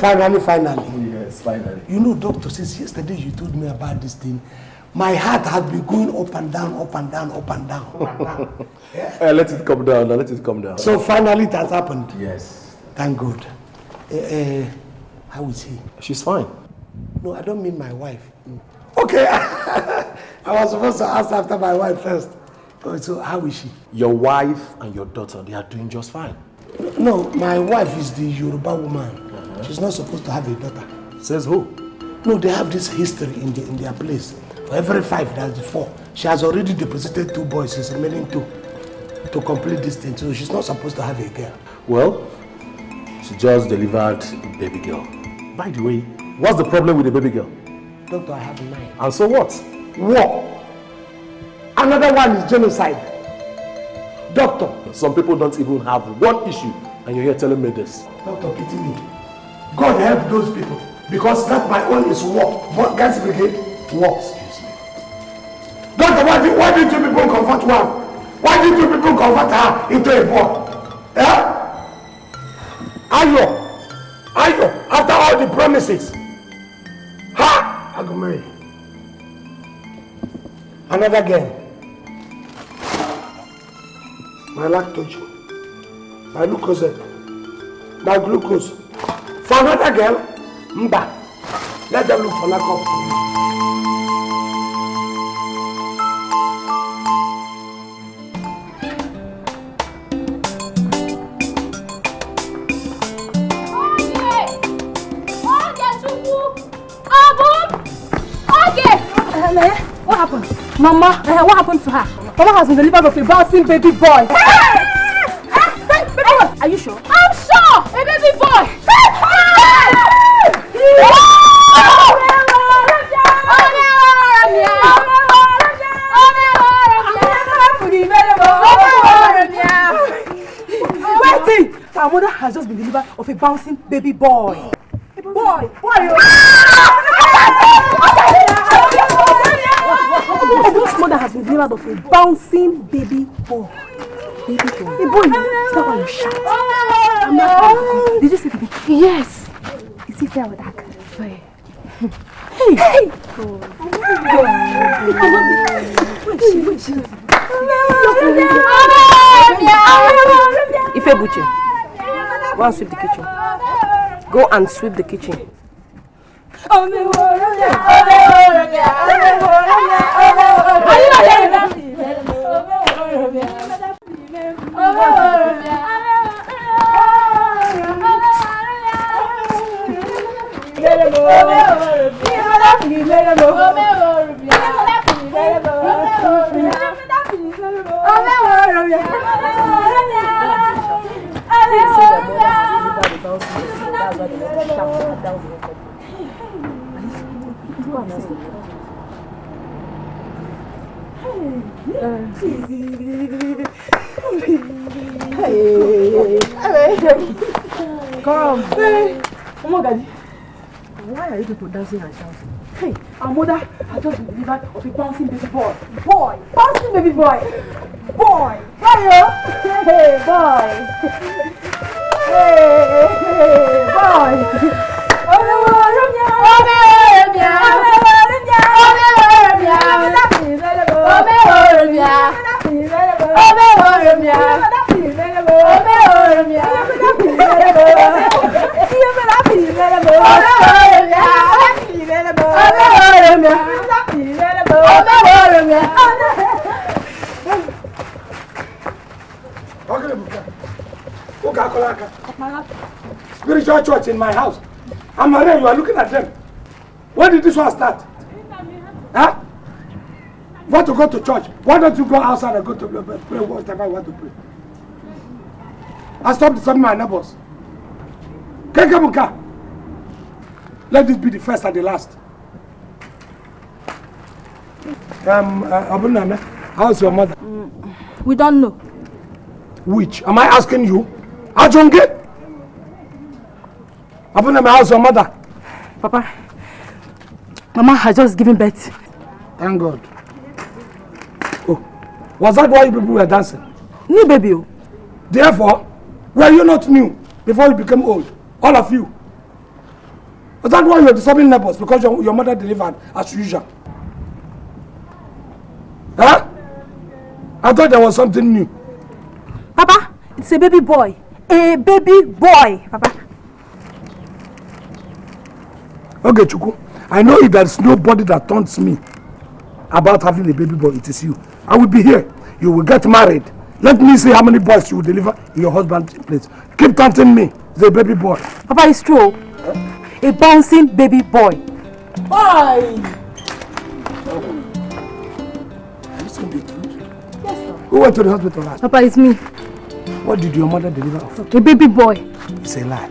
Finally, finally. Yes, finally. You know, doctor, since yesterday you told me about this thing, my heart has been going up and down, up and down, up and down. Up yeah? let it come down, let it come down. So finally it has happened. Yes. Thank God. Uh, uh, how is he? She's fine. No, I don't mean my wife. Okay. I was supposed to ask after my wife first. Oh, so how is she? Your wife and your daughter, they are doing just fine. No, my wife is the Yoruba woman. She's not supposed to have a daughter. Says who? No, they have this history in, the, in their place. For every five, that's four. She has already deposited two boys. She's remaining two to complete this thing. So she's not supposed to have a girl. Well, she just delivered a baby girl. By the way, what's the problem with the baby girl? Doctor, I have nine. And so what? War. Another one is genocide. Doctor. Some people don't even have one issue and you're here telling me this. Doctor, pity me. God help those people because that my own is work. But Guys Brigade works. Excuse me. Doctor, why did, why did two people convert one? Why did two people convert her into a boy? Eh? Ayo, Ayo, after all the promises, ha, I go marry. Another girl. My lactose. my glucose, my glucose, for another girl mba let them look for lackup. What happened? Mama, uh, what happened to her? Mama has been delivered of a bouncing baby boy. Hey! Our mother has just been delivered of a bouncing baby boy. Boy, boy. Odo's oh. mother has been delivered of a bouncing baby boy. Baby boy. Hey boy, is that why you shout? I'm not Did you see the baby? Yes. Is he fair with dark? Fair. Hey! Hey! Oh. Ife Buche, Go and sweep the kitchen. Go and sweep the kitchen. Are you not Come. Hey. Come on, Gaji. Why are you people dancing and shouting? Hey, our mother has just been delivered of a bouncing baby boy. Boy! Bouncing baby boy! Boy! Oh. Hey, hey, boy! hey, boy! spiritual church in my house. And Maria, you are looking at them. When did this one start? Huh? Want to go to church? Why don't you go outside and go to pray whatever you want to pray? I stop disturbing my neighbors. Kekabuka. Let this be the first and the last. Um, uh, how's your mother? we don't know. Which? Am I asking you? Ajonge? Abuna, may my house. your mother? Papa, Mama has just given birth. Thank God. Oh, was that why you people were dancing? New baby. Oh. Therefore, were you not new before you became old? All of you. Was that why you were disturbing neighbors because your, your mother delivered as usual? Huh? I thought there was something new. Papa, it's a baby boy. A baby boy, Papa. Okay, Chuku. I know if there's nobody that taunts me about having a baby boy, it is you. I will be here. You will get married. Let me see how many boys you will deliver in your husband's place. Keep taunting me. the baby boy. Papa, it's true. Huh? A bouncing baby boy. Bye! Who went to the hospital last? Papa, it's me. What did your mother deliver of? A baby boy. It's a lie.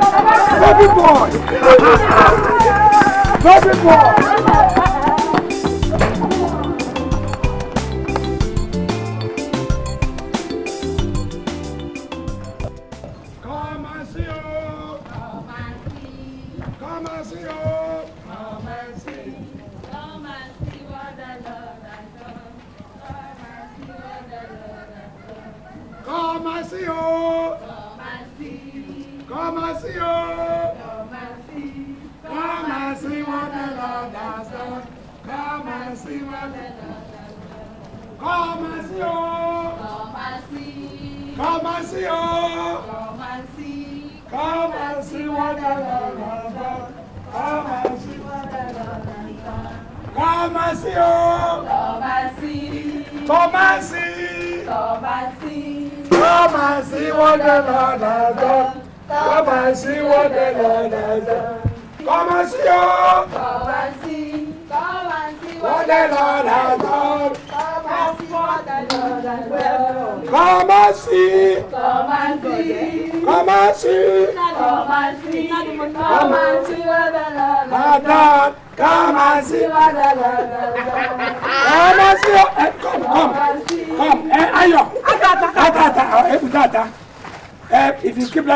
Baby boy! Baby boy!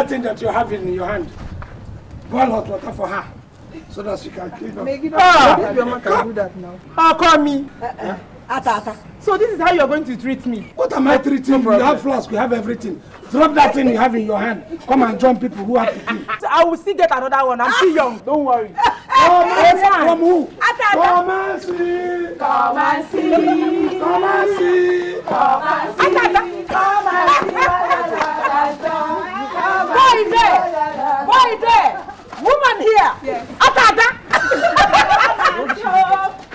that thing that you have in your hand, boil hot water for her so that she can clean up. Make it ah, up. Your man can do that now. Ah, call me. Uh, uh, ata, ata. So this is how you're going to treat me? What am I treating? No you have flask, you have everything. Drop that thing you have in your hand. Come and join people who have pity. So I will still get another one. I'm still young. Don't worry. Come and see. Come who? Ata, Come and see. Come and see. Come and see. Come and see. Come and see. Boy there, boy there, woman here. Yes. ata.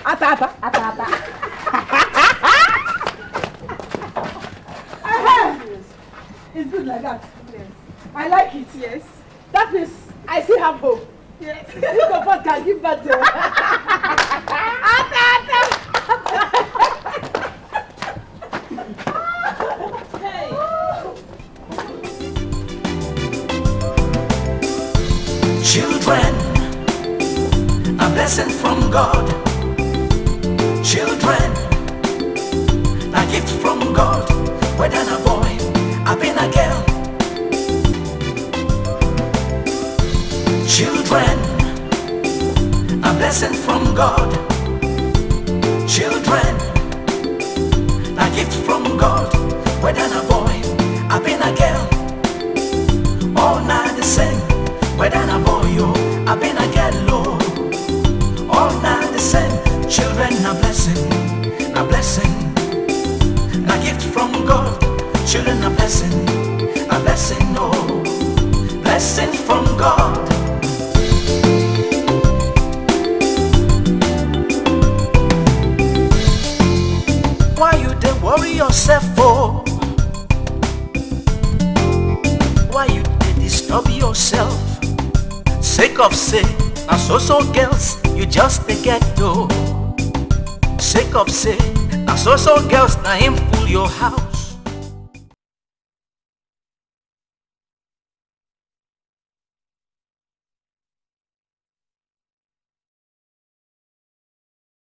Atata. Atata. It's good like that. Yes. I like it. Yes. That is, I still have hope. Yes. Think of what can give birth to. Ata. blessing from God. Children, a gift from God. Whether a boy, I've been a girl. Children, a blessing from God. Children, a gift from God. Whether a boy, I've been a girl. All night the same. Whether a boy, oh, I've been a girl all are the same. Children are blessing, a blessing, a gift from God. Children are blessing, a blessing, oh, blessing from God. Why you dey worry yourself, for? Oh? Why you dey disturb yourself? Sake of say, and so so girls you just a ghetto. sick of sick, now so so girls, now him fool your house.